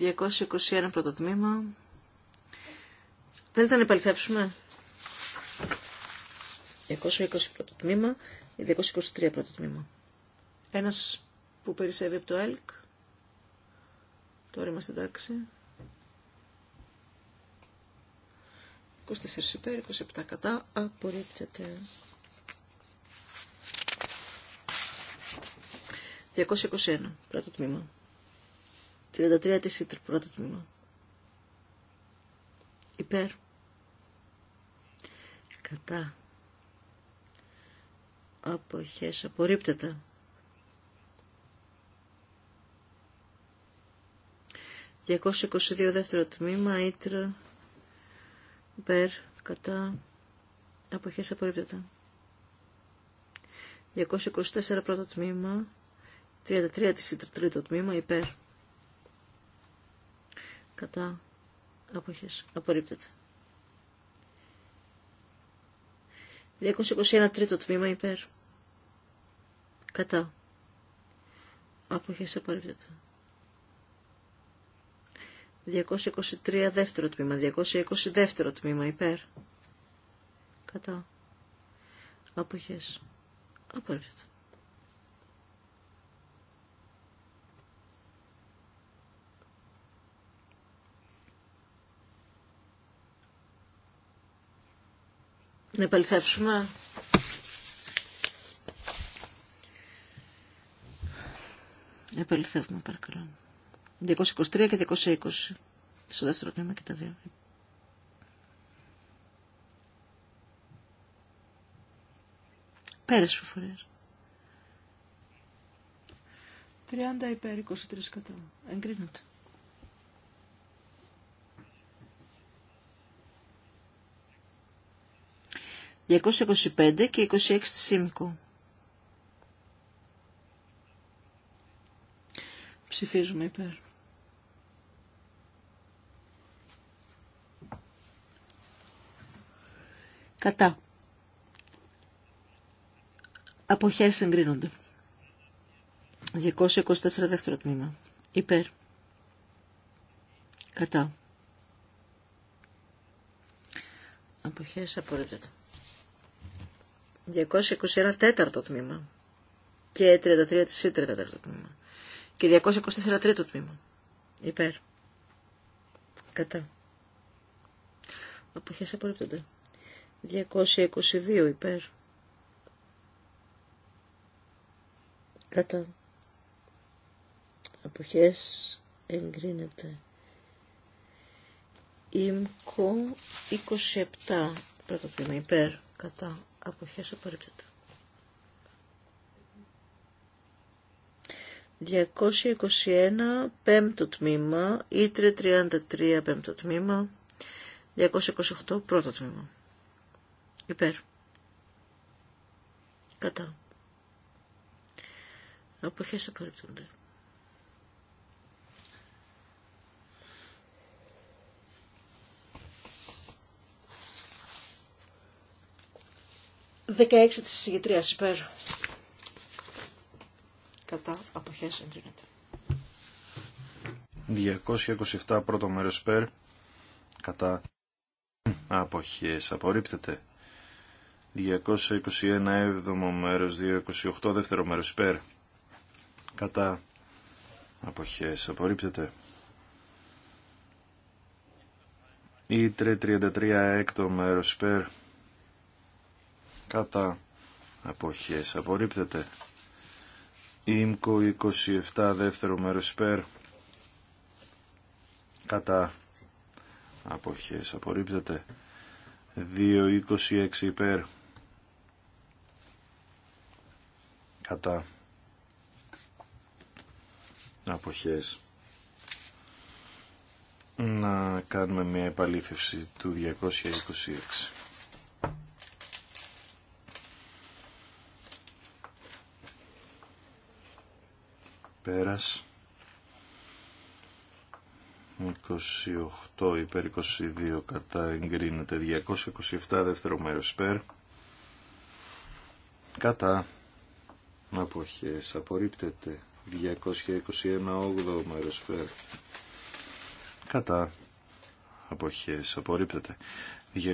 221 πρώτο τμήμα. Θέλετε να επαληθεύσουμε. 220 πρώτο τμήμα 223 πρώτο τμήμα. Ένας που περισσεύει από το ΕΛΚ. Τώρα είμαστε εντάξει. 24 υπέρ, 27 κατά, απορρίπτεται. 221, πρώτο τμήμα. 33 της ΙΤΡ, πρώτο τμήμα. Υπέρ. Κατά. Αποχές απορρίπτεται. «222 δεύτερο τμήμα, ήτρα, υπέρ, κατά, αποχές απορρίπτεται». «224 πρώτο τμήμα, 33 της τρίτο τμήμα, υπέρ, κατά αποχές απορρίπτεται. 221 τρίτο τμήμα υπέρ κατά αποχές απορρίπτεται. 223 δεύτερο τμήμα, 220 δεύτερο τμήμα υπέρ κατά αποχές απορρίπτεται. Να επαληθεύσουμε. Επαληθεύουμε παρακαλώ. 223 και 220. Στο δεύτερο τμήμα και τα δύο. Πέρες φορές. 30 υπέρ 23 κατά. Εγκρίνεται. 225 και 26 της ΣΥΜΚΟ. Ψηφίζουμε υπέρ. Κατά. Αποχές εγκρίνονται. 224 δεύτερο τμήμα. Υπέρ. Κατά. Αποχές απορρίπτεται. 221 τέταρτο τμήμα και 33 της τέταρτο τμήμα και 224 τρίτο τμήμα. Υπέρ. Κατά. Αποχές απορρίπτονται. 222 υπέρ. Κατά. Αποχές εγκρίνεται. Ήμκο 27 πρώτο τμήμα υπέρ. Κατά αποχές απορρίπτεται. 221 πέμπτο τμήμα, ήτρε 33 πέμπτο τμήμα, 228 πρώτο τμήμα. Υπέρ. Κατά. Αποχές απορρίπτονται. 16 της ηγετρίας υπέρ. Κατά αποχές εγκρίνεται. 227 πρώτο μέρος υπέρ. Κατά αποχές απορρίπτεται. 221 έβδομο μέρος, 228 δεύτερο μέρος υπέρ. Κατά αποχές απορρίπτεται. Ήτρε 33 έκτο μέρος υπέρ κατά αποχές απορρίπτεται ΙΜΚΟ 27 δεύτερο μέρος υπέρ κατά αποχές απορρίπτεται 2.26 υπέρ κατά αποχές να κάνουμε μια επαλήθευση του 226 Πέρας. 28 υπέρ 22 κατά εγκρίνεται 227 δεύτερο μέρος υπέρ κατά αποχές απορρίπτεται 221 8 μέρος υπέρ κατά αποχές απορρίπτεται 221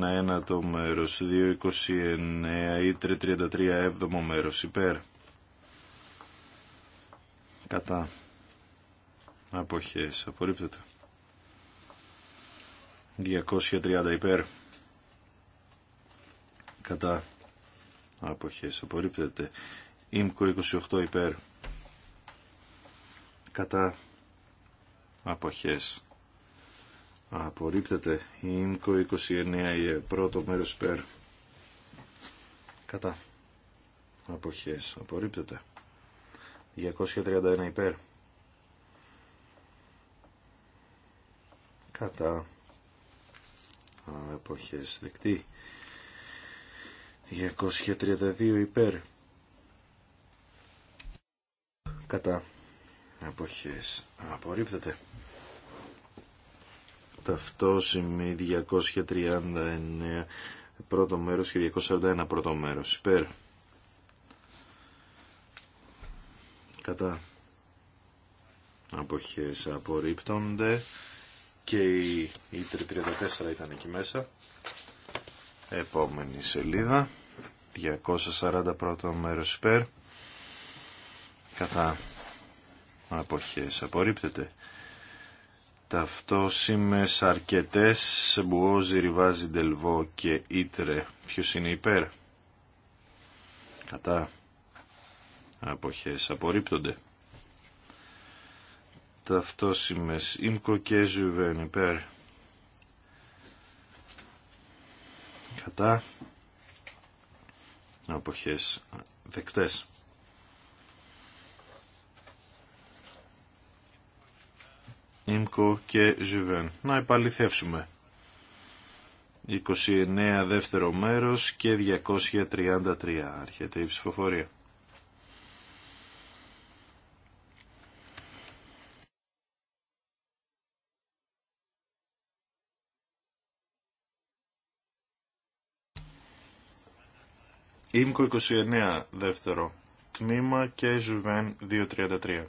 ένατο μέρος 229 ή 33 έβδομο μέρος υπέρ κατά αποχές απορρίπτεται 230 υπέρ κατά αποχές απορρίπτεται ΙΜΚΟ 28 υπέρ κατά αποχές απορρίπτεται ΙΜΚΟ 29 πρώτο μέρος υπέρ κατά αποχές απορρίπτεται 231 υπέρ. Κατά εποχές δεκτή. 232 υπέρ. Κατά εποχές απορρίπτεται. Ταυτόσημη 239 πρώτο μέρος και 241 πρώτο μέρος υπέρ. κατά αποχές απορρίπτονται και η, η 34 ήταν εκεί μέσα επόμενη σελίδα 241 μέρος υπέρ κατά αποχές απορρίπτεται ταυτόσιμες αρκετές Μπουόζι, Ριβάζι, Ντελβό και Ήτρε ποιος είναι υπέρ κατά αποχές απορρίπτονται. Ταυτόσημες ΙΜΚΟ και ΖΟΥΒΕΝ υπέρ κατά αποχές δεκτές. Ήμκο και ΖΥΒΕΝ. Να επαληθεύσουμε. 29 δεύτερο μέρος και 233 αρχεται η ψηφοφορία. Ήμκο 29 δεύτερο τμήμα και Ζουβέν 233.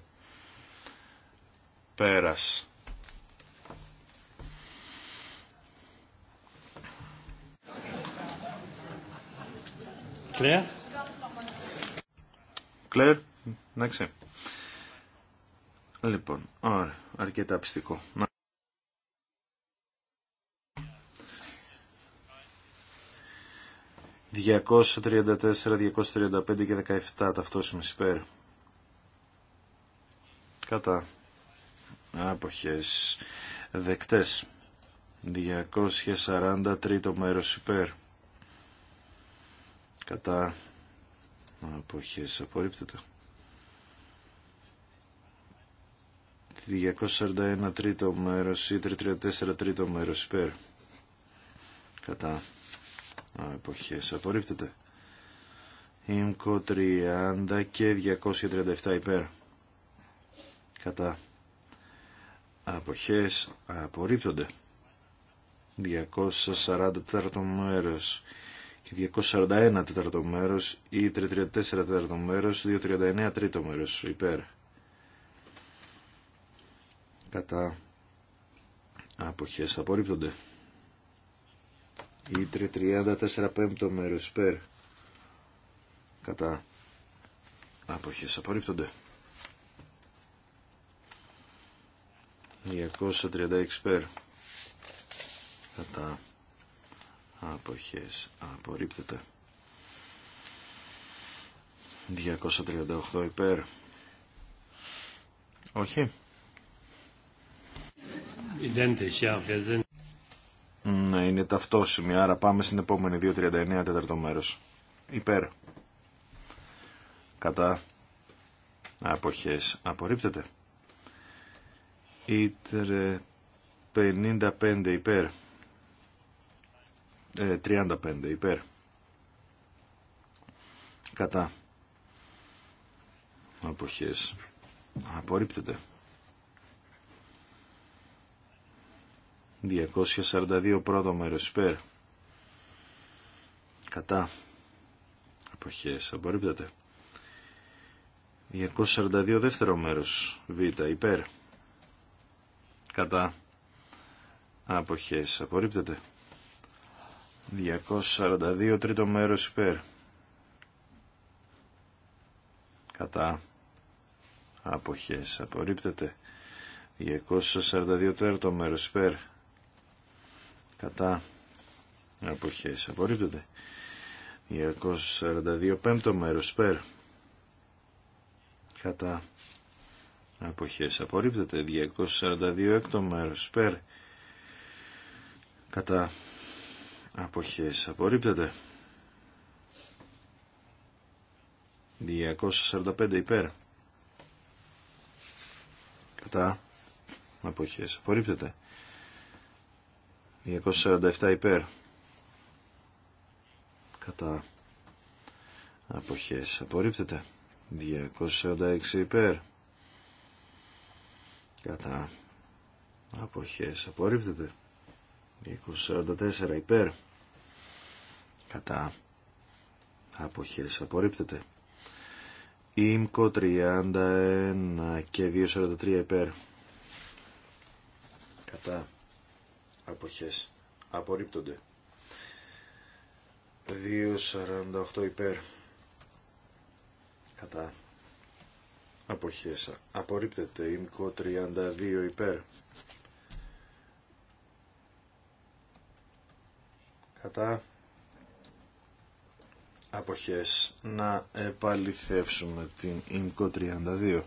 Πέρας. Κλέρ. Κλέρ, εντάξει. Λοιπόν, ωραία, αρκετά πιστικό. 234, 235 και 17 ταυτόσιμες υπέρ. Κατά. Άποχες. Δεκτές. 243 τρίτο μέρος υπέρ. Κατά. Άποχες. Απορρίπτεται. 241 τρίτο μέρος ή 334 τρίτο μέρος υπέρ. Κατά εποχές απορρίπτεται. Ήμκο 30 και 237 υπέρ. Κατά. Αποχές απορρίπτονται. 240 τέταρτο μέρος και 241 τέταρτο μέρος ή 334 τέταρτο μέρος, 239 τρίτο μέρος υπέρ. Κατά. Αποχές απορρίπτονται. Ήτρε 34 πέμπτο μέρο υπέρ. Κατά. Αποχές απορρίπτονται. 236 πέρ. Κατά. άποχε απορρίπτεται. 238 υπέρ. Όχι. Identisch, ja, να είναι ταυτόσιμη. Άρα πάμε στην επόμενη 2.39 τέταρτο μέρος. Υπέρ. Κατά. Αποχές. Απορρίπτεται. Ήτρε 55 υπέρ. 35 ε, υπέρ. Κατά. Αποχές. Απορρίπτεται. 242 πρώτο μέρος υπέρ κατά αποχές απορρίπτεται 242 δεύτερο μέρος β υπέρ κατά αποχές απορρίπτεται 242 τρίτο μέρος υπέρ κατά αποχές απορρίπτεται 242 τέταρτο μέρος υπέρ κατά εποχές. απορρίπτεται 242 πέμπτο μέρος πέρ. κατά εποχές. απορρίπτεται 242 έκτο μέρος πέρ. κατά εποχές. απορρίπτεται 245 υπέρ κατά εποχές. απορρίπτεται 247 υπέρ. Κατά αποχές απορρίπτεται. 246 υπέρ. Κατά αποχές απορρίπτεται. 244 υπέρ. Κατά αποχές απορρίπτεται. ΙΜΚΟ 31 και 243 υπέρ. Κατά αποχές απορρίπτονται. 2.48 υπέρ κατά αποχές απορρίπτεται. Ήμκο 32 υπέρ κατά αποχές να επαληθεύσουμε την ΙΜΚΟ 32.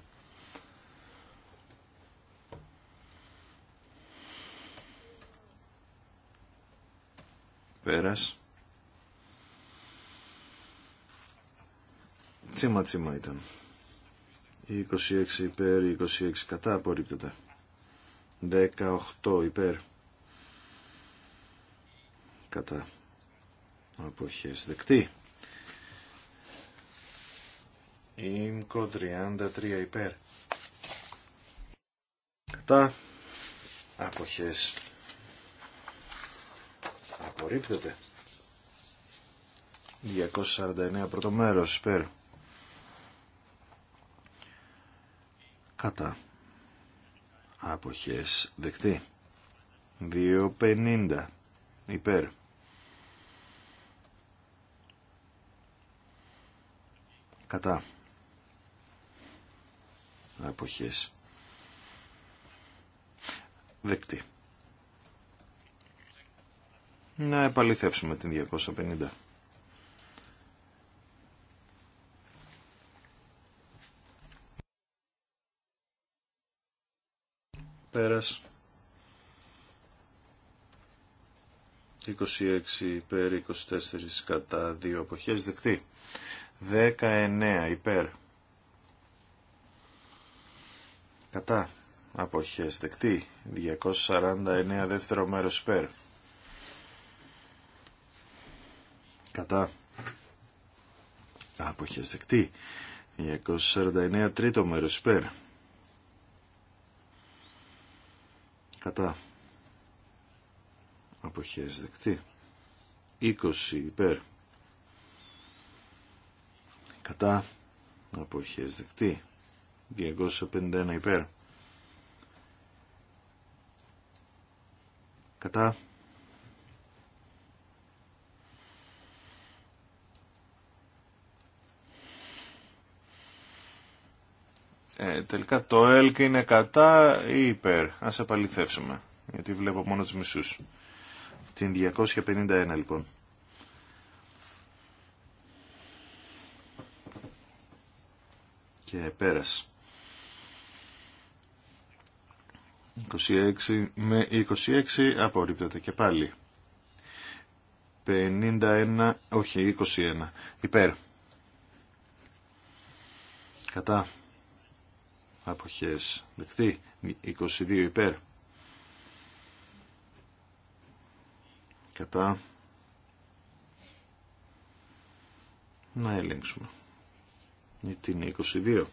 Πέρας. Τσίμα τσίμα ήταν. 26 υπέρ, 26 κατά απορρίπτεται. 18 υπέρ. Κατά. Αποχές δεκτή. Ήμκο 33 υπέρ. Κατά. Αποχές Απορρίπτεται. 249 πρώτο μέρος υπέρ. Κατά. Αποχές δεκτή. 250 υπέρ. Κατά. Αποχές. Δεκτή να επαληθεύσουμε την 250. Πέρας. 26 υπέρ, 24 κατά, 2 αποχές δεκτή. 19 υπέρ. Κατά. Αποχές δεκτή. 249 δεύτερο μέρος υπέρ. κατά άποχες δεκτή 249 τρίτο μέρος υπέρ κατά αποχές δεκτή 20 υπέρ κατά αποχές δεκτή 251 υπέρ κατά Ε, τελικά το ΕΛΚ είναι κατά ή υπέρ. Ας επαληθεύσουμε, γιατί βλέπω μόνο τους μισούς. Την 251 λοιπόν. Και πέρασε. 26 με 26 απορρίπτεται και πάλι. 51, όχι 21, υπέρ. Κατά αποχές δεκτή 22 υπέρ κατά να ελέγξουμε γιατί είναι 22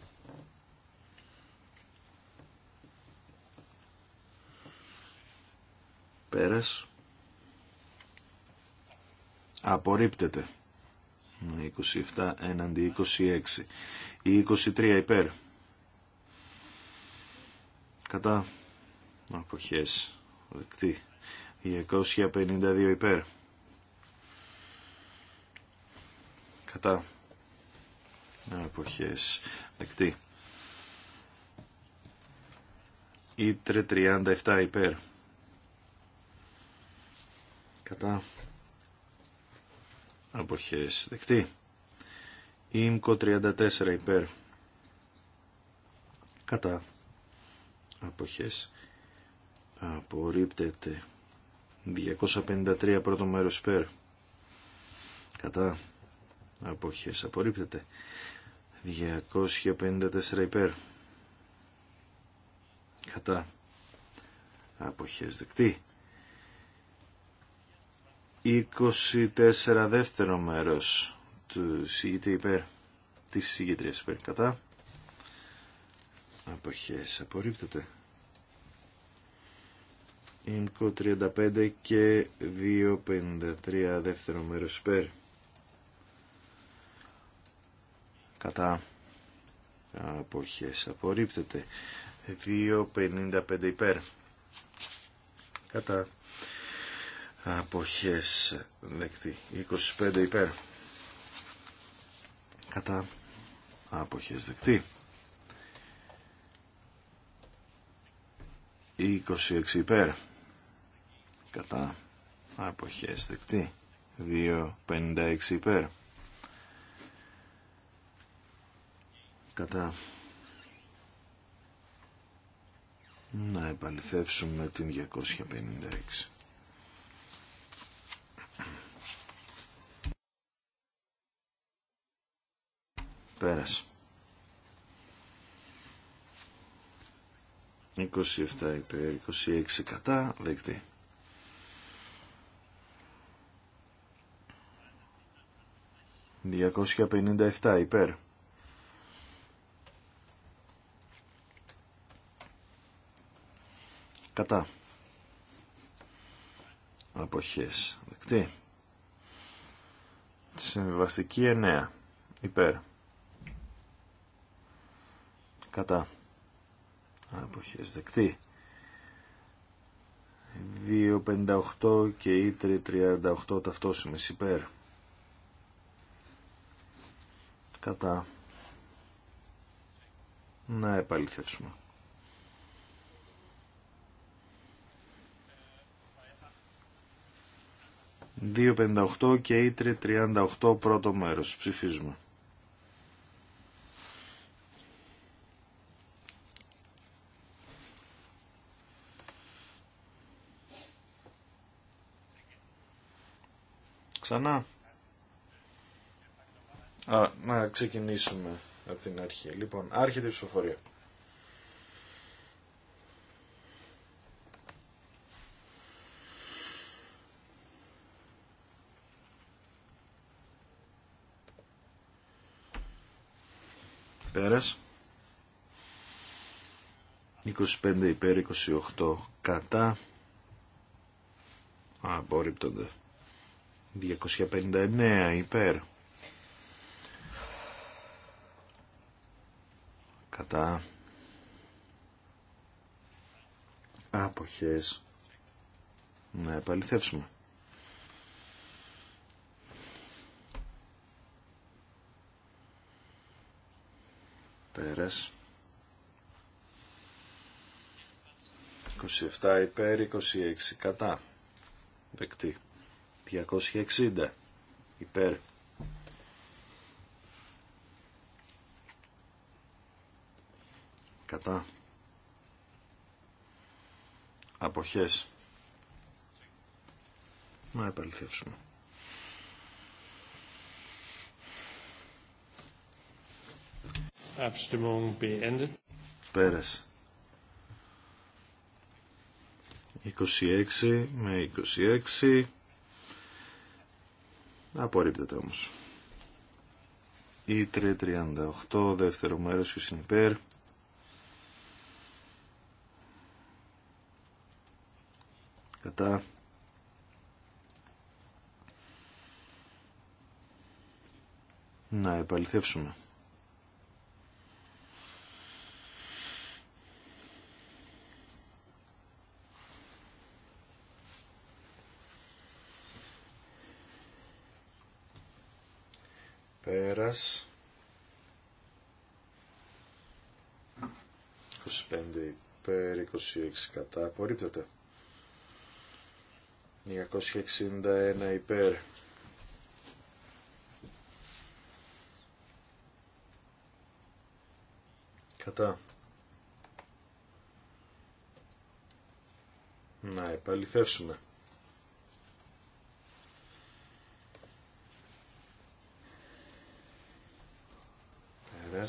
πέρας απορρίπτεται 27 έναντι 26 ή 23 υπέρ κατά αποχές δεκτή 252 υπέρ κατά αποχές δεκτή Ήτρε 37 υπέρ κατά αποχές δεκτή Ήμκο 34 υπέρ κατά αποχές απορρίπτεται 253 πρώτο μέρος υπέρ κατά αποχές απορρίπτεται 254 υπέρ κατά αποχές δεκτή 24 δεύτερο μέρος του συγγητή υπέρ της συγγητρίας υπέρ κατά αποχές απορρίπτεται ΙΜΚΟ 35 και 253 δεύτερο μέρος υπέρ κατά αποχές απορρίπτεται 255 υπέρ κατά αποχές δεκτή 25 υπέρ κατά αποχές δεκτή 26 υπέρ κατά αποχές δεκτεί, 2.56 υπέρ κατά να επαληθεύσουμε την 256 πέρασε 27 υπέρ 26 κατά δεκτή. 257 υπέρ. Κατά. Αποχές. Δεκτή. Συμβιβαστική 9. Υπέρ. Κατά. Αποχέ δεκτή 2.58 και ήτρε 38 ταυτόσημες υπέρ κατά να επαληθεύσουμε. ...2.58 και ήτρε 38 πρώτο μέρος. Ψηφίζουμε. ξανά. Α, να ξεκινήσουμε από την αρχή. Λοιπόν, άρχεται η ψηφοφορία. Πέρας. 25 υπέρ 28 κατά. Απορρίπτονται. 259 υπέρ. Κατά. Άποχες. Να επαληθεύσουμε. Πέρας. 27 υπέρ, 26 κατά. Δεκτή. 260 υπέρ κατά αποχές να επαληθεύσουμε. Abstimmung beendet. Πέρασε. 26 με 26 Απορρίπτεται όμως. Ή 338 δεύτερο μέρος και συνυπέρ. Κατά. Να επαληθεύσουμε. 25 υπέρ, 26 κατά, απορρίπτεται. 261 υπέρ. Κατά. Να επαληθεύσουμε. 25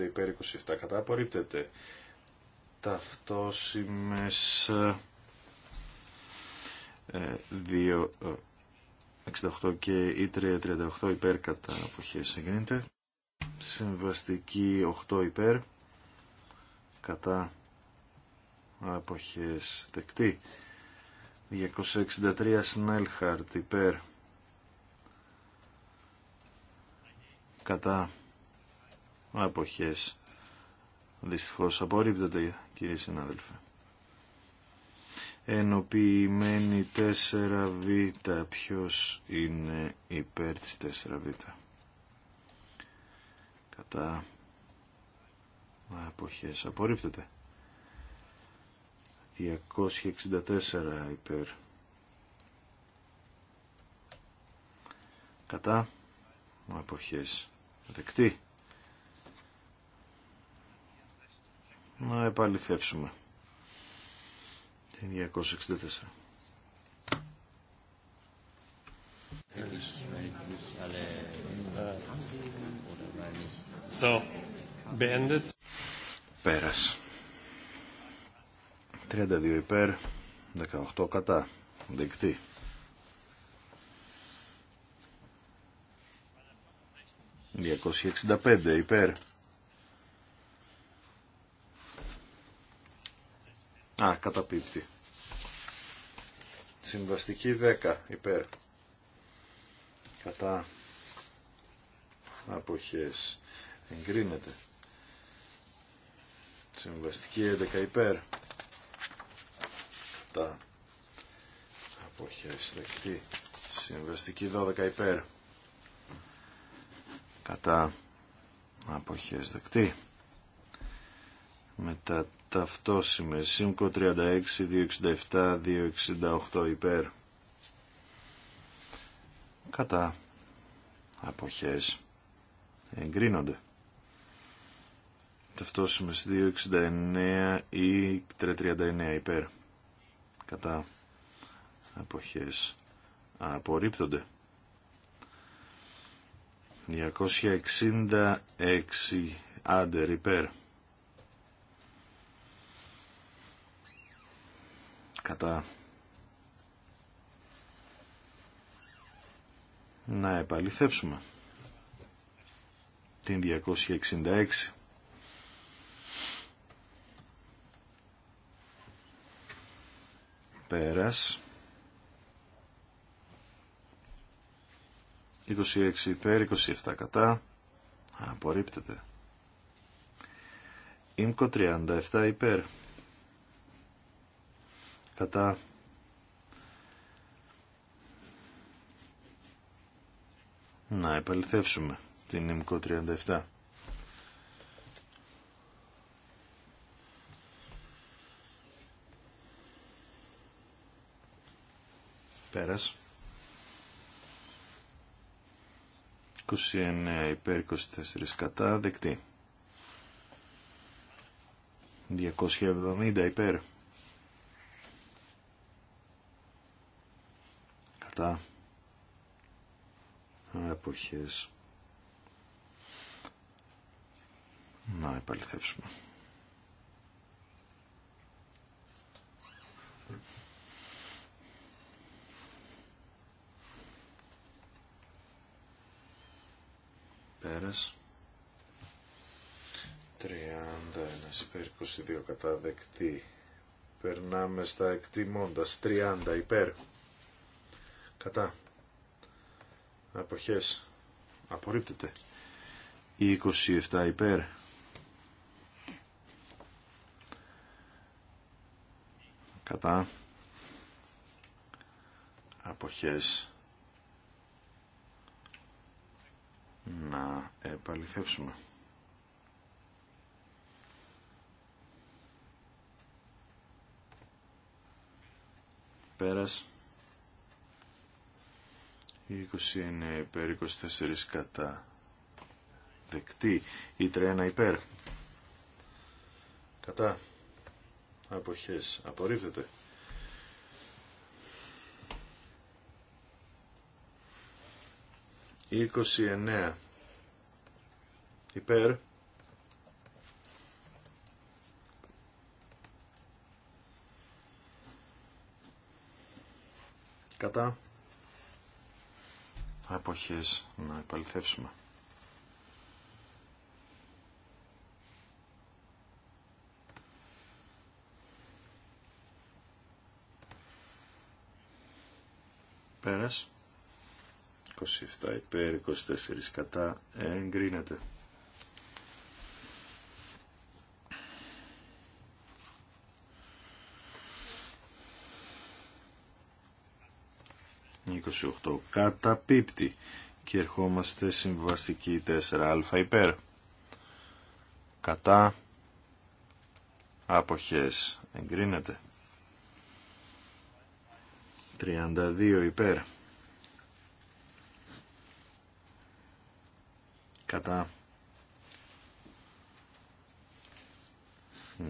υπέρ 27 κατά απορρίπτεται. Ταυτόσιμες 2 68 και η 338 υπέρ κατά αποχές εγκρίνεται. Συμβαστική 8 υπέρ κατά αποχές δεκτή. 263 Σνέλχαρτ υπέρ κατά αποχές δυστυχώς απορρίπτονται κύριε συνάδελφε ενοποιημένη 4β ποιος είναι υπέρ της 4β κατά αποχές απορρίπτεται 264 υπέρ κατά αποχές Δεκτή. Να επαληθεύσουμε. Την 264. So, 32 υπέρ, 18 κατά. Δεκτή. 265 υπέρ. Α, καταπίπτει. Συμβαστική 10 υπέρ. Κατά αποχές εγκρίνεται. Συμβαστική 11 υπέρ. Κατά αποχές δεκτή. Συμβαστική 12 υπέρ κατά αποχές δεκτή. Μετά ταυτόσημες ΣΥΜΚΟ 36, 267, 268 υπέρ κατά αποχές εγκρίνονται. Ταυτόσημες 269 ή 339 υπέρ κατά αποχές απορρίπτονται. 266 άντε repair Κατά. Να επαληθεύσουμε. Την 266. Πέρας. 26 υπέρ, 27 κατά. Απορρίπτεται. Ήμκο 37 υπέρ. Κατά. Να επαληθεύσουμε την Ήμκο 37. Πέρας. 29 υπέρ 24 κατά δεκτή. 270 υπέρ. Κατά. Αποχές. Να επαληθεύσουμε. πέρας 31 υπέρ 22 κατά δεκτή περνάμε στα εκτιμώντας 30 υπέρ κατά αποχές απορρίπτεται 27 υπέρ κατά αποχές να επαληθεύσουμε. Πέρας είναι υπέρ 24 κατά δεκτή ή τρένα υπέρ κατά αποχές απορρίφεται. 29 υπέρ κατά αποχές να επαληθεύσουμε. Πέρασε. 27 υπέρ 24 κατά εγκρίνεται. 28 κατά καταπίπτει και ερχόμαστε συμβαστική 4α υπέρ. Κατά αποχές εγκρίνεται. 32 υπέρ κατά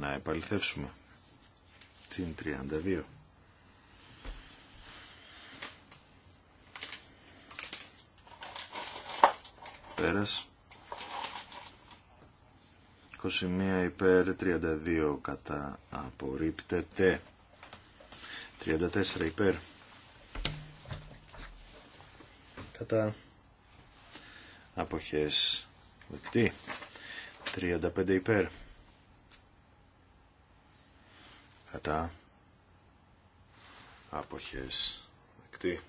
να επαληθεύσουμε την 32 πέρας 21 υπέρ 32 κατά απορρίπτεται 34 υπέρ κατά αποχές δεκτή 35 υπέρ κατά αποχές δεκτή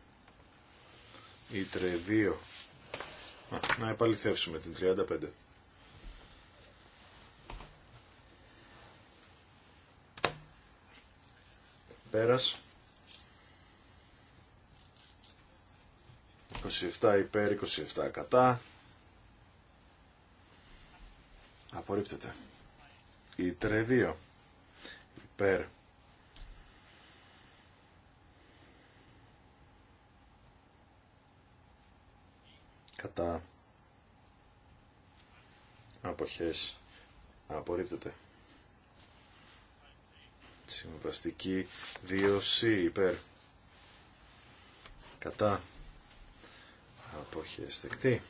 ήτρε 2 να επαληθεύσουμε την 35 πέρας 27 υπέρ 27 κατά Απορρίπτεται. Η δύο υπερ Υπέρ. Κατά. Αποχές. Απορρίπτεται. Συμβαστική 2C υπέρ. Κατά. Αποχές δεκτή.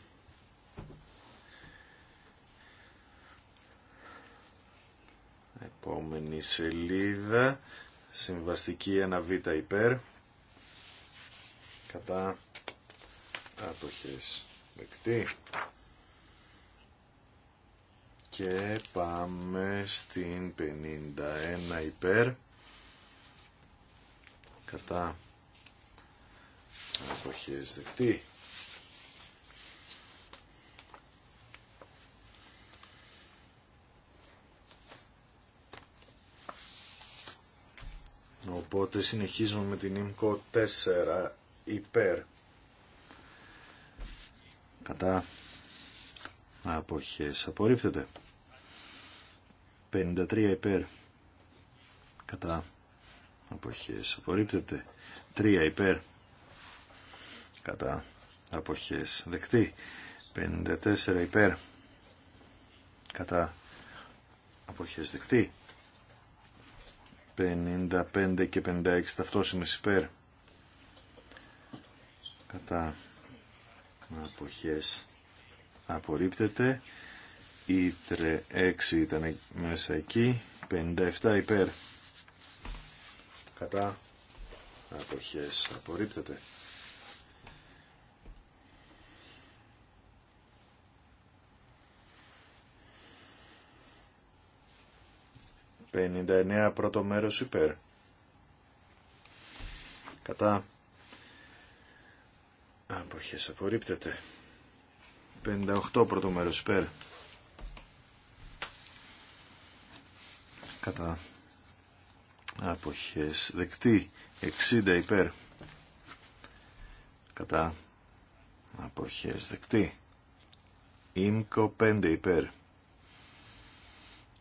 Επόμενη σελίδα. Συμβαστική 1β υπέρ. Κατά άποχες δεκτή. Και πάμε στην 51 υπέρ. Κατά άποχες δεκτή. Οπότε συνεχίζουμε με την ΙΜΚΟ 4 υπέρ. Κατά αποχές απορρίπτεται. 53 υπέρ. Κατά αποχές απορρίπτεται. 3 υπέρ. Κατά αποχές δεκτή. 54 υπέρ. Κατά αποχές δεκτή. 55 και 56 ταυτόσημες υπέρ κατά αποχές απορρίπτεται ήτρε 6 ήταν μέσα εκεί 57 υπέρ κατά αποχές απορρίπτεται 59 πρώτο μέρος υπέρ. Κατά αποχές απορρίπτεται. 58 πρώτο μέρος υπέρ. Κατά αποχές δεκτή. 60 υπέρ. Κατά αποχές δεκτή. Ήμκο 5 υπέρ.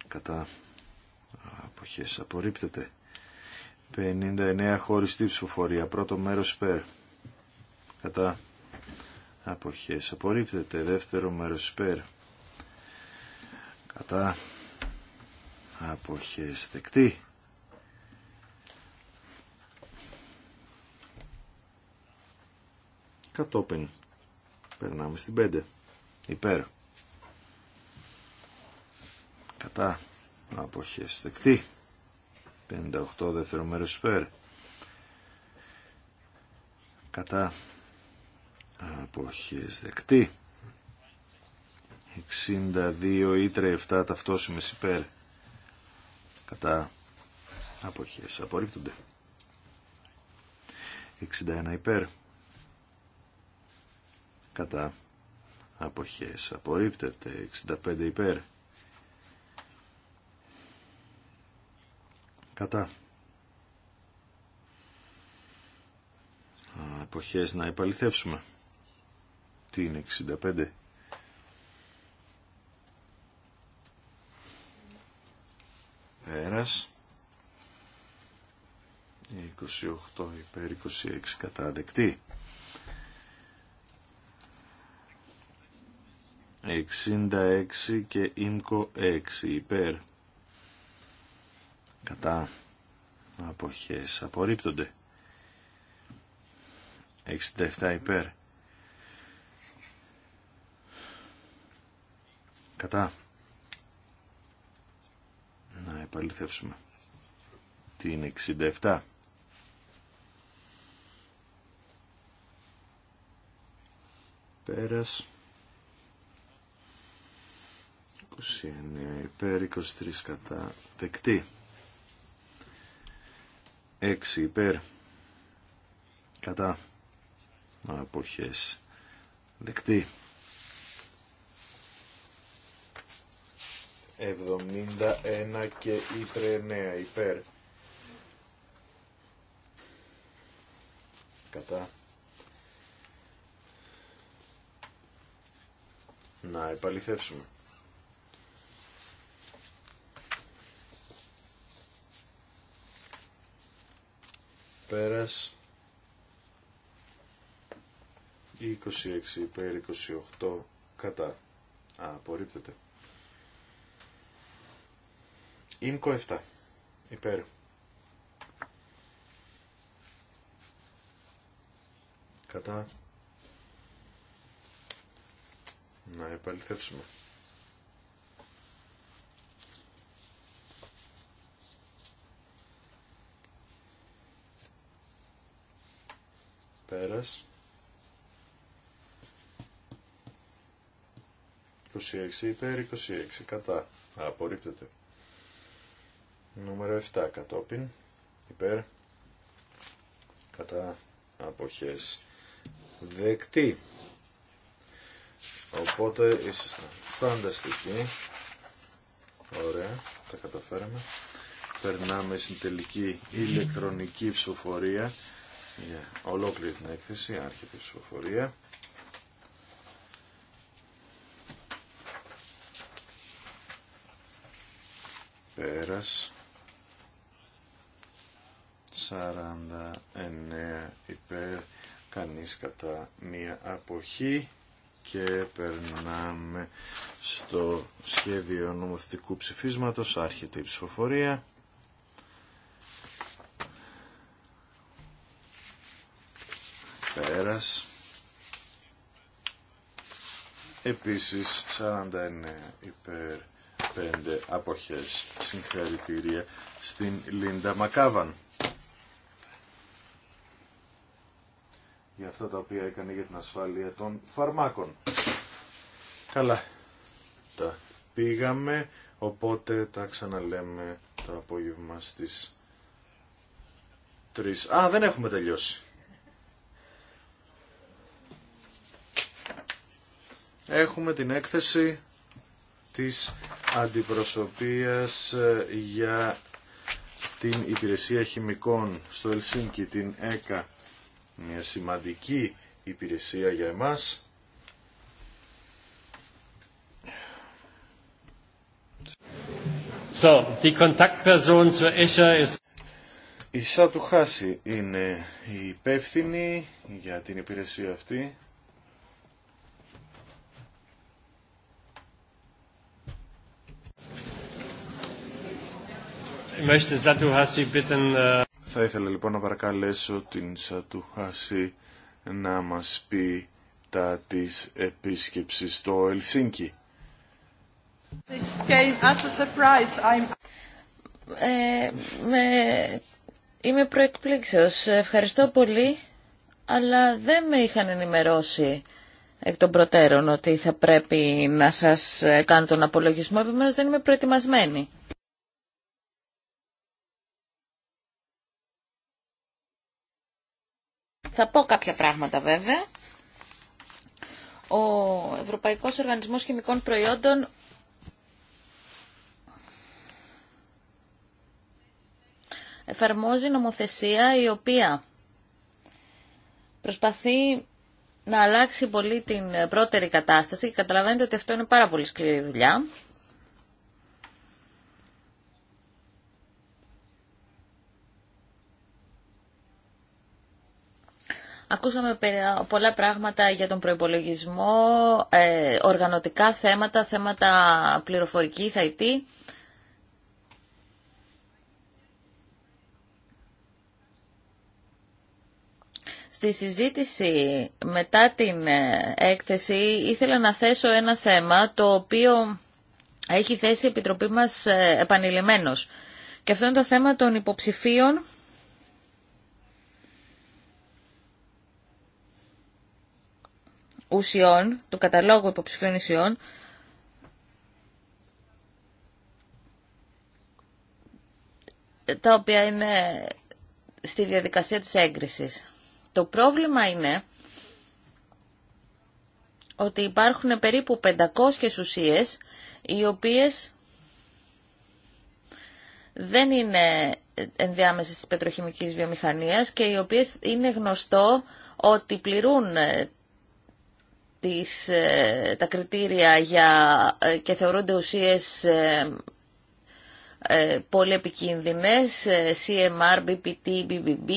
Κατά αποχές απορρίπτεται 59 χωριστή ψηφοφορία πρώτο μέρος υπέρ κατά αποχές απορρίπτεται δεύτερο μέρος υπέρ κατά αποχές δεκτή κατόπιν περνάμε στην 5 υπέρ κατά αποχές δεκτή 58 δεύτερο μέρο υπέρ κατά αποχές δεκτή 62 ή 7 ταυτόσιμε υπέρ κατά αποχές απορρίπτονται 61 υπέρ κατά αποχές απορρίπτεται 65 υπέρ κατά εποχές να επαληθεύσουμε είναι 65 πέρας 28 υπέρ 26 κατά δεκτή 66 και ΙΜΚΟ 6 υπέρ κατά αποχές απορρίπτονται 67 υπέρ κατά να επαληθεύσουμε την 67 πέρας 29 υπέρ 23 κατά δεκτή 6 υπέρ κατά αποχές δεκτή 71 και ήτρε 9 υπέρ κατά να επαληθεύσουμε πέρας 26 υπέρ 28 κατά Α, απορρίπτεται Ήμκο 7 υπέρ κατά να επαληθεύσουμε πέρας. 26 υπέρ, 26 κατά. Απορρίπτεται. Νούμερο 7 κατόπιν. Υπέρ. Κατά αποχές. Δεκτή. Οπότε ήσασταν φανταστική. Ωραία. Τα καταφέραμε. Περνάμε στην τελική ηλεκτρονική ψηφοφορία για ολόκληρη την έκθεση, άρχεται η ψηφοφορία. Πέρας. 49 υπέρ, κανείς κατά μία αποχή και περνάμε στο σχέδιο νομοθετικού ψηφίσματος, άρχεται η ψηφοφορία. Πέρας. Επίσης 49 υπέρ 5 αποχές. Συγχαρητήρια στην Λίντα Μακάβαν. Για αυτά τα οποία έκανε για την ασφάλεια των φαρμάκων. Καλά. Τα πήγαμε, οπότε τα ξαναλέμε το απόγευμα στις 3. Α, δεν έχουμε τελειώσει. έχουμε την έκθεση της αντιπροσωπείας ε, για την υπηρεσία χημικών στο Ελσίνκι, την ΕΚΑ, μια σημαντική υπηρεσία για εμάς. So, die Kontaktperson zur ist η Σάτου Χάση είναι η υπεύθυνη για την υπηρεσία αυτή. Äh, θα ήθελα λοιπόν να παρακαλέσω την Σατουχάση να μας πει τα της επίσκεψης στο Ελσίνκι. This came as ε, Είμαι προεκπλήξεως. Ευχαριστώ πολύ, αλλά δεν με είχαν ενημερώσει εκ των προτέρων ότι θα πρέπει να σας κάνω τον απολογισμό, επομένως δεν είμαι προετοιμασμένη. Θα πω κάποια πράγματα βέβαια. Ο Ευρωπαϊκός Οργανισμός Χημικών Προϊόντων εφαρμόζει νομοθεσία η οποία προσπαθεί να αλλάξει πολύ την πρώτερη κατάσταση και καταλαβαίνετε ότι αυτό είναι πάρα πολύ σκληρή δουλειά. Ακούσαμε πολλά πράγματα για τον προϋπολογισμό, ε, οργανωτικά θέματα, θέματα πληροφορικής, IT. Στη συζήτηση μετά την ε, έκθεση ήθελα να θέσω ένα θέμα το οποίο έχει θέσει η Επιτροπή μας ε, επανειλημμένος. Και αυτό είναι το θέμα των υποψηφίων ουσιών, του καταλόγου υποψηφίων ουσιών, τα οποία είναι στη διαδικασία της έγκρισης. Το πρόβλημα είναι ότι υπάρχουν περίπου 500 ουσίες οι οποίες δεν είναι ενδιάμεσες της πετροχημικής βιομηχανίας και οι οποίες είναι γνωστό ότι πληρούν ε, τα κριτήρια για, ε, και θεωρούνται ουσίες ε, πολύ επικίνδυνες, CMR, BPT, BBB.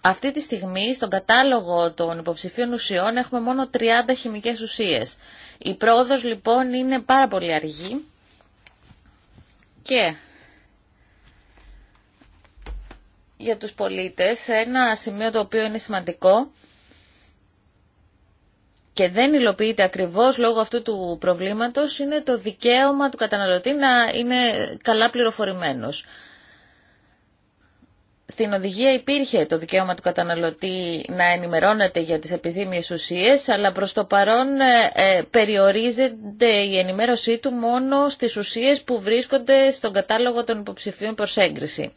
Αυτή τη στιγμή στον κατάλογο των υποψηφίων ουσιών έχουμε μόνο 30 χημικές ουσίες. Η πρόοδος λοιπόν είναι πάρα πολύ αργή και για τους πολίτες ένα σημείο το οποίο είναι σημαντικό και δεν υλοποιείται ακριβώς λόγω αυτού του προβλήματος είναι το δικαίωμα του καταναλωτή να είναι καλά πληροφορημένος στην οδηγία υπήρχε το δικαίωμα του καταναλωτή να ενημερώνεται για τις επιζήμιες ουσίες, αλλά προς το παρόν ε, ε, περιορίζεται η ενημέρωσή του μόνο στις ουσίες που βρίσκονται στον κατάλογο των υποψηφίων προς έγκριση.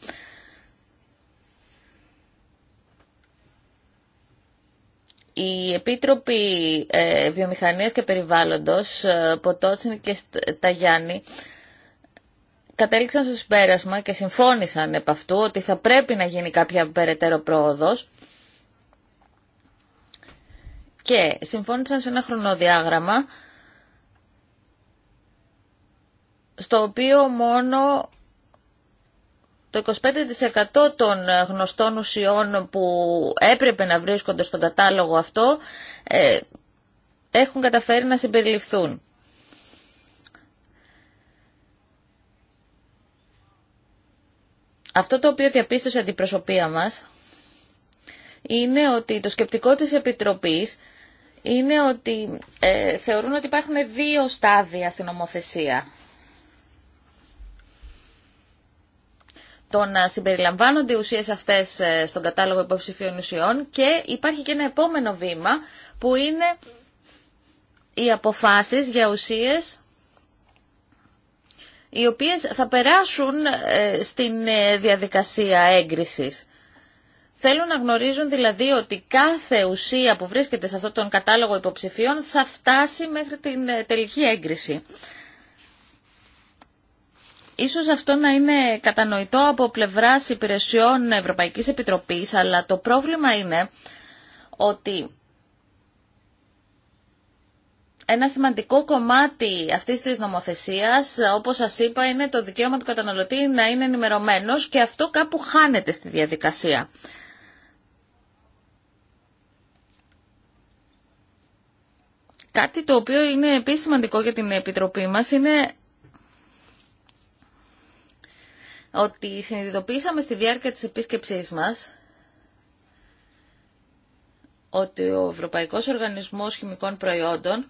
Οι Επίτροποι ε, Βιομηχανίας και Περιβάλλοντος, Ποτότσιν και Ταγιάννη, κατέληξαν στο συμπέρασμα και συμφώνησαν επ' αυτού ότι θα πρέπει να γίνει κάποια περαιτέρω πρόοδος και συμφώνησαν σε ένα χρονοδιάγραμμα στο οποίο μόνο το 25% των γνωστών ουσιών που έπρεπε να βρίσκονται στον κατάλογο αυτό ε, έχουν καταφέρει να συμπεριληφθούν. αυτό το οποίο διαπίστωσε η αντιπροσωπεία μας είναι ότι το σκεπτικό της Επιτροπής είναι ότι ε, θεωρούν ότι υπάρχουν δύο στάδια στην ομοθεσία. Το να συμπεριλαμβάνονται οι ουσίες αυτές ε, στον κατάλογο υποψηφίων ουσιών και υπάρχει και ένα επόμενο βήμα που είναι οι αποφάσεις για ουσίες οι οποίες θα περάσουν ε, στην ε, διαδικασία έγκρισης. Θέλουν να γνωρίζουν δηλαδή ότι κάθε ουσία που βρίσκεται σε αυτόν τον κατάλογο υποψηφίων θα φτάσει μέχρι την ε, τελική έγκριση. Ίσως αυτό να είναι κατανοητό από πλευράς υπηρεσιών Ευρωπαϊκής Επιτροπής, αλλά το πρόβλημα είναι ότι ένα σημαντικό κομμάτι αυτής της νομοθεσίας, όπως σας είπα, είναι το δικαίωμα του καταναλωτή να είναι ενημερωμένος και αυτό κάπου χάνεται στη διαδικασία. Κάτι το οποίο είναι επίση σημαντικό για την Επιτροπή μας είναι ότι συνειδητοποίησαμε στη διάρκεια της επίσκεψής μας ότι ο Ευρωπαϊκός Οργανισμός Χημικών Προϊόντων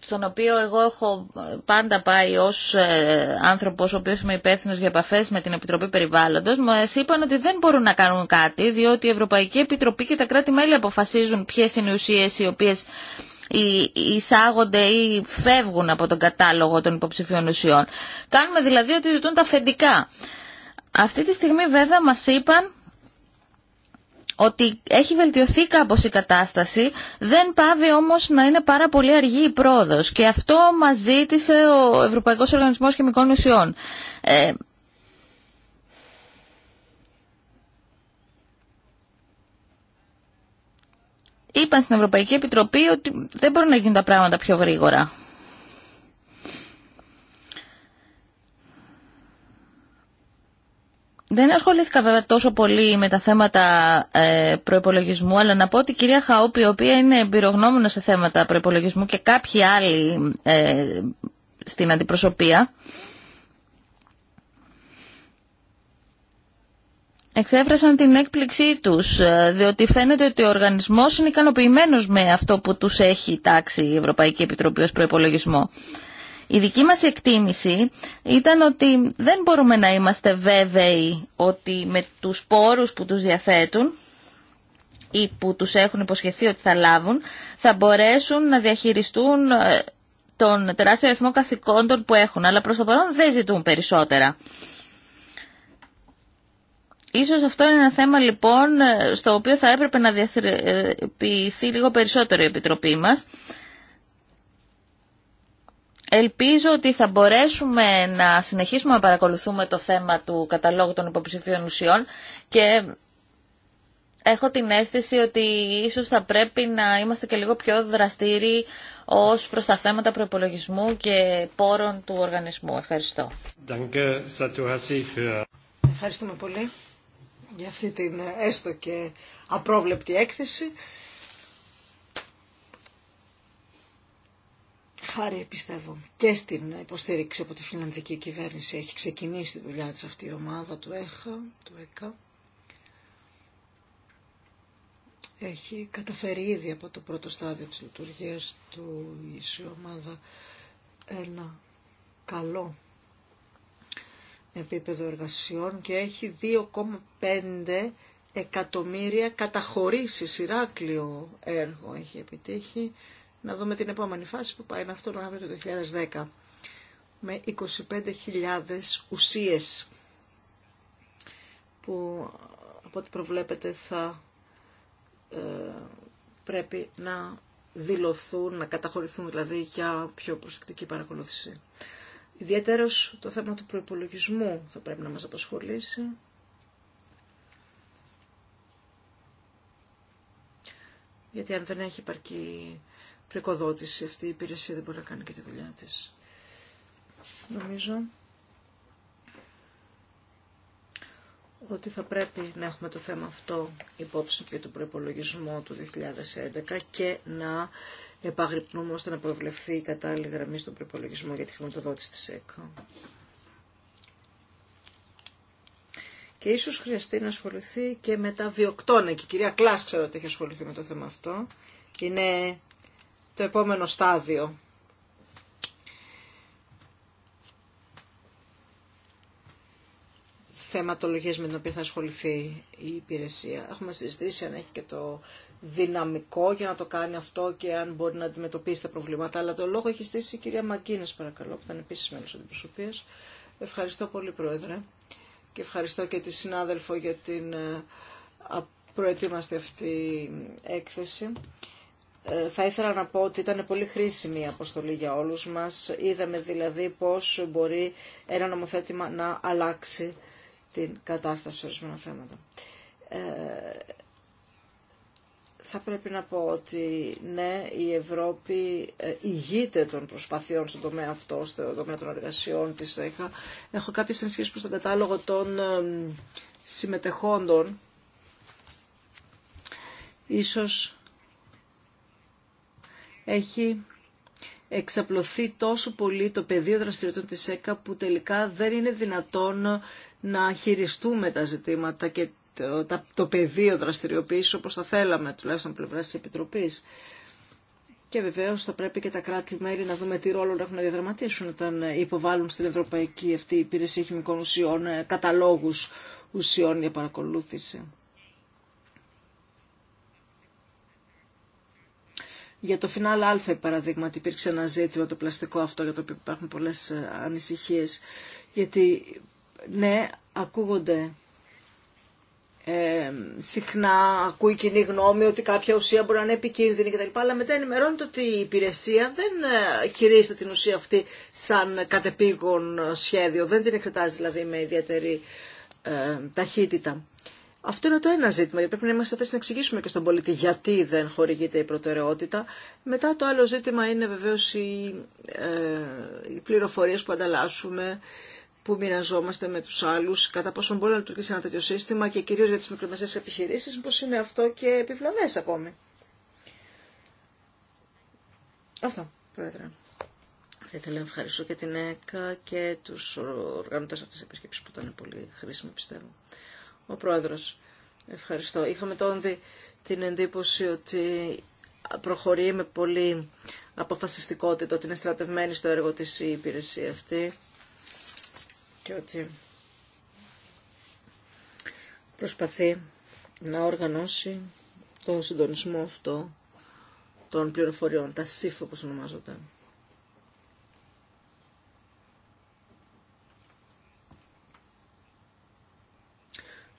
στον οποίο εγώ έχω πάντα πάει ως ε, άνθρωπος ο οποίος είμαι υπεύθυνο για επαφέ με την Επιτροπή Περιβάλλοντος, μου είπαν ότι δεν μπορούν να κάνουν κάτι, διότι η Ευρωπαϊκή Επιτροπή και τα κράτη-μέλη αποφασίζουν ποιες είναι οι ουσίες οι οποίες εισάγονται ή φεύγουν από τον κατάλογο των υποψηφίων ουσιών. Κάνουμε δηλαδή ότι ζητούν τα αφεντικά. Αυτή τη στιγμή βέβαια μας είπαν ότι έχει βελτιωθεί κάπως η κατάσταση, δεν πάβει όμως να είναι πάρα πολύ αργή η πρόοδος. Και αυτό μας ζήτησε ο Ευρωπαϊκός Οργανισμός Χημικών Ουσιών. Ε, είπαν στην Ευρωπαϊκή Επιτροπή ότι δεν μπορούν να γίνουν τα πράγματα πιο γρήγορα. Δεν ασχολήθηκα βέβαια τόσο πολύ με τα θέματα ε, προπολογισμού, αλλά να πω ότι η κυρία Χαόπη, η οποία είναι εμπειρογνώμονα σε θέματα προπολογισμού και κάποιοι άλλοι ε, στην αντιπροσωπεία, εξέφρασαν την έκπληξή τους, ε, διότι φαίνεται ότι ο οργανισμός είναι ικανοποιημένος με αυτό που τους έχει τάξει η Ευρωπαϊκή Επιτροπή ως προϋπολογισμό. Η δική μας εκτίμηση ήταν ότι δεν μπορούμε να είμαστε βέβαιοι ότι με τους πόρους που τους διαθέτουν ή που τους έχουν υποσχεθεί ότι θα λάβουν, θα μπορέσουν να διαχειριστούν ε, τον τεράστιο αριθμό καθηκόντων που έχουν, αλλά προς το παρόν δεν ζητούν περισσότερα. Ίσως αυτό είναι ένα θέμα λοιπόν ε, στο οποίο θα έπρεπε να διαθυπηθεί ε, λίγο περισσότερο η Επιτροπή μας Ελπίζω ότι θα μπορέσουμε να συνεχίσουμε να παρακολουθούμε το θέμα του καταλόγου των υποψηφίων ουσιών και έχω την αίσθηση ότι ίσως θα πρέπει να είμαστε και λίγο πιο δραστήριοι ως προς τα θέματα προπολογισμού και πόρων του οργανισμού. Ευχαριστώ. Ευχαριστούμε πολύ για αυτή την έστω και απρόβλεπτη έκθεση. χάρη πιστεύω και στην υποστήριξη από τη φιλανδική κυβέρνηση έχει ξεκινήσει τη δουλειά της αυτή η ομάδα του ΕΧΑ, του ΕΚΑ. Έχει καταφέρει ήδη από το πρώτο στάδιο της λειτουργίας του η ομάδα ένα καλό επίπεδο εργασιών και έχει 2,5 εκατομμύρια καταχωρήσει Ηράκλειο έργο έχει επιτύχει να δούμε την επόμενη φάση που πάει με αυτό τον Αύριο το 2010 με 25.000 ουσίες που από ό,τι προβλέπετε θα ε, πρέπει να δηλωθούν, να καταχωρηθούν δηλαδή για πιο προσεκτική παρακολούθηση. Ιδιαίτερος το θέμα του προϋπολογισμού θα πρέπει να μας απασχολήσει. Γιατί αν δεν έχει υπαρκή πρικοδότηση. Αυτή η υπηρεσία δεν μπορεί να κάνει και τη δουλειά της. Νομίζω ότι θα πρέπει να έχουμε το θέμα αυτό υπόψη και τον προπολογισμό του 2011 και να επαγρυπνούμε ώστε να προβλεφθεί η κατάλληλη γραμμή στον προπολογισμό για τη χρηματοδότηση της ΕΚΑ. Και ίσως χρειαστεί να ασχοληθεί και με τα βιοκτώνα. Και η κυρία Κλάς ξέρω ότι έχει ασχοληθεί με το θέμα αυτό. Είναι το επόμενο στάδιο. θεματολογίες με την οποία θα ασχοληθεί η υπηρεσία. Έχουμε συζητήσει αν έχει και το δυναμικό για να το κάνει αυτό και αν μπορεί να αντιμετωπίσει τα προβλήματα. Αλλά το λόγο έχει στήσει η κυρία Μαγκίνες παρακαλώ, που ήταν επίσης μέλος προσωπίας. Ευχαριστώ πολύ Πρόεδρε και ευχαριστώ και τη συνάδελφο για την ε, προετοίμαστη αυτή έκθεση. Ε, θα ήθελα να πω ότι ήταν πολύ χρήσιμη η αποστολή για όλους μας. Είδαμε δηλαδή πώς μπορεί ένα νομοθέτημα να αλλάξει την κατάσταση σε ορισμένα θέματα. Ε, θα πρέπει να πω ότι ναι, η Ευρώπη ε, ηγείται των προσπαθειών στον τομέα αυτό, στον τομέα των εργασιών της ΕΧΑ. Έχω κάποιες ενσχέσεις προς τον κατάλογο των ε, συμμετεχόντων. Ίσως έχει εξαπλωθεί τόσο πολύ το πεδίο δραστηριοτήτων της ΕΚΑ που τελικά δεν είναι δυνατόν να χειριστούμε τα ζητήματα και το πεδίο δραστηριοποίησης όπως θα θέλαμε τουλάχιστον πλευρά της Επιτροπής. Και βεβαίω θα πρέπει και τα κράτη-μέλη να δούμε τι ρόλο έχουν να διαδραματίσουν όταν υποβάλλουν στην Ευρωπαϊκή αυτή υπηρεσία χημικών ουσιών ε, καταλόγου ουσιών για παρακολούθηση. Για το φινάλ Α, παραδείγματι, υπήρξε ένα ζήτημα το πλαστικό αυτό για το οποίο υπάρχουν πολλές ε, ανησυχίε. Γιατί, ναι, ακούγονται ε, συχνά ακούει κοινή γνώμη ότι κάποια ουσία μπορεί να είναι επικίνδυνη κτλ. Αλλά μετά ενημερώνεται ότι η υπηρεσία δεν ε, χειρίζεται την ουσία αυτή σαν κατεπήγον σχέδιο. Δεν την εξετάζει δηλαδή με ιδιαίτερη ε, ταχύτητα. Αυτό είναι το ένα ζήτημα, πρέπει να είμαστε θέσει να εξηγήσουμε και στον πολίτη γιατί δεν χορηγείται η προτεραιότητα. Μετά το άλλο ζήτημα είναι βεβαίω οι, ε, που ανταλλάσσουμε, που μοιραζόμαστε με του άλλου κατά πόσο μπορεί να λειτουργήσει ένα τέτοιο σύστημα και κυρίω για τι μικρομεσαίες επιχειρήσει, πώ είναι αυτό και επιβλαβέ ακόμη. Αυτό, Πρόεδρε. Θα ήθελα να ευχαριστώ και την ΕΚΑ και του οργανωτέ αυτή τη επίσκεψη που ήταν πολύ χρήσιμη, πιστεύω. Ο Πρόεδρος. Ευχαριστώ. Είχαμε τότε την εντύπωση ότι προχωρεί με πολύ αποφασιστικότητα, ότι είναι στρατευμένη στο έργο της η υπηρεσία αυτή και ότι προσπαθεί να οργανώσει τον συντονισμό αυτό των πληροφοριών, τα ΣΥΦ όπως ονομάζονται.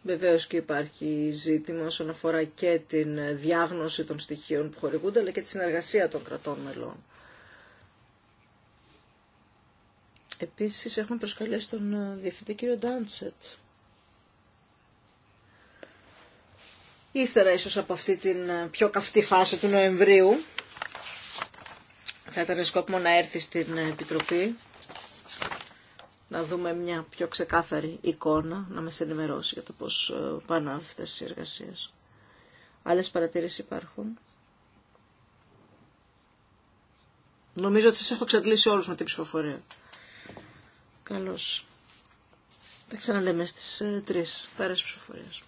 Βεβαίως και υπάρχει ζήτημα όσον αφορά και την διάγνωση των στοιχείων που χορηγούνται, αλλά και τη συνεργασία των κρατών μελών. Επίσης έχουμε προσκαλέσει τον ε, διευθυντή κύριο Ντάντσετ. Ύστερα ίσως από αυτή την ε, πιο καυτή φάση του Νοεμβρίου θα ήταν σκόπιμο να έρθει στην ε, Επιτροπή να δούμε μια πιο ξεκάθαρη εικόνα, να μας ενημερώσει για το πώς ε, πάνε αυτές οι εργασίες. Άλλες παρατηρήσεις υπάρχουν. Νομίζω ότι σας έχω εξαντλήσει όλους με την ψηφοφορία. Καλώς. Θα ξαναλέμε στις 3 ε, πέρας ψηφοφορίας.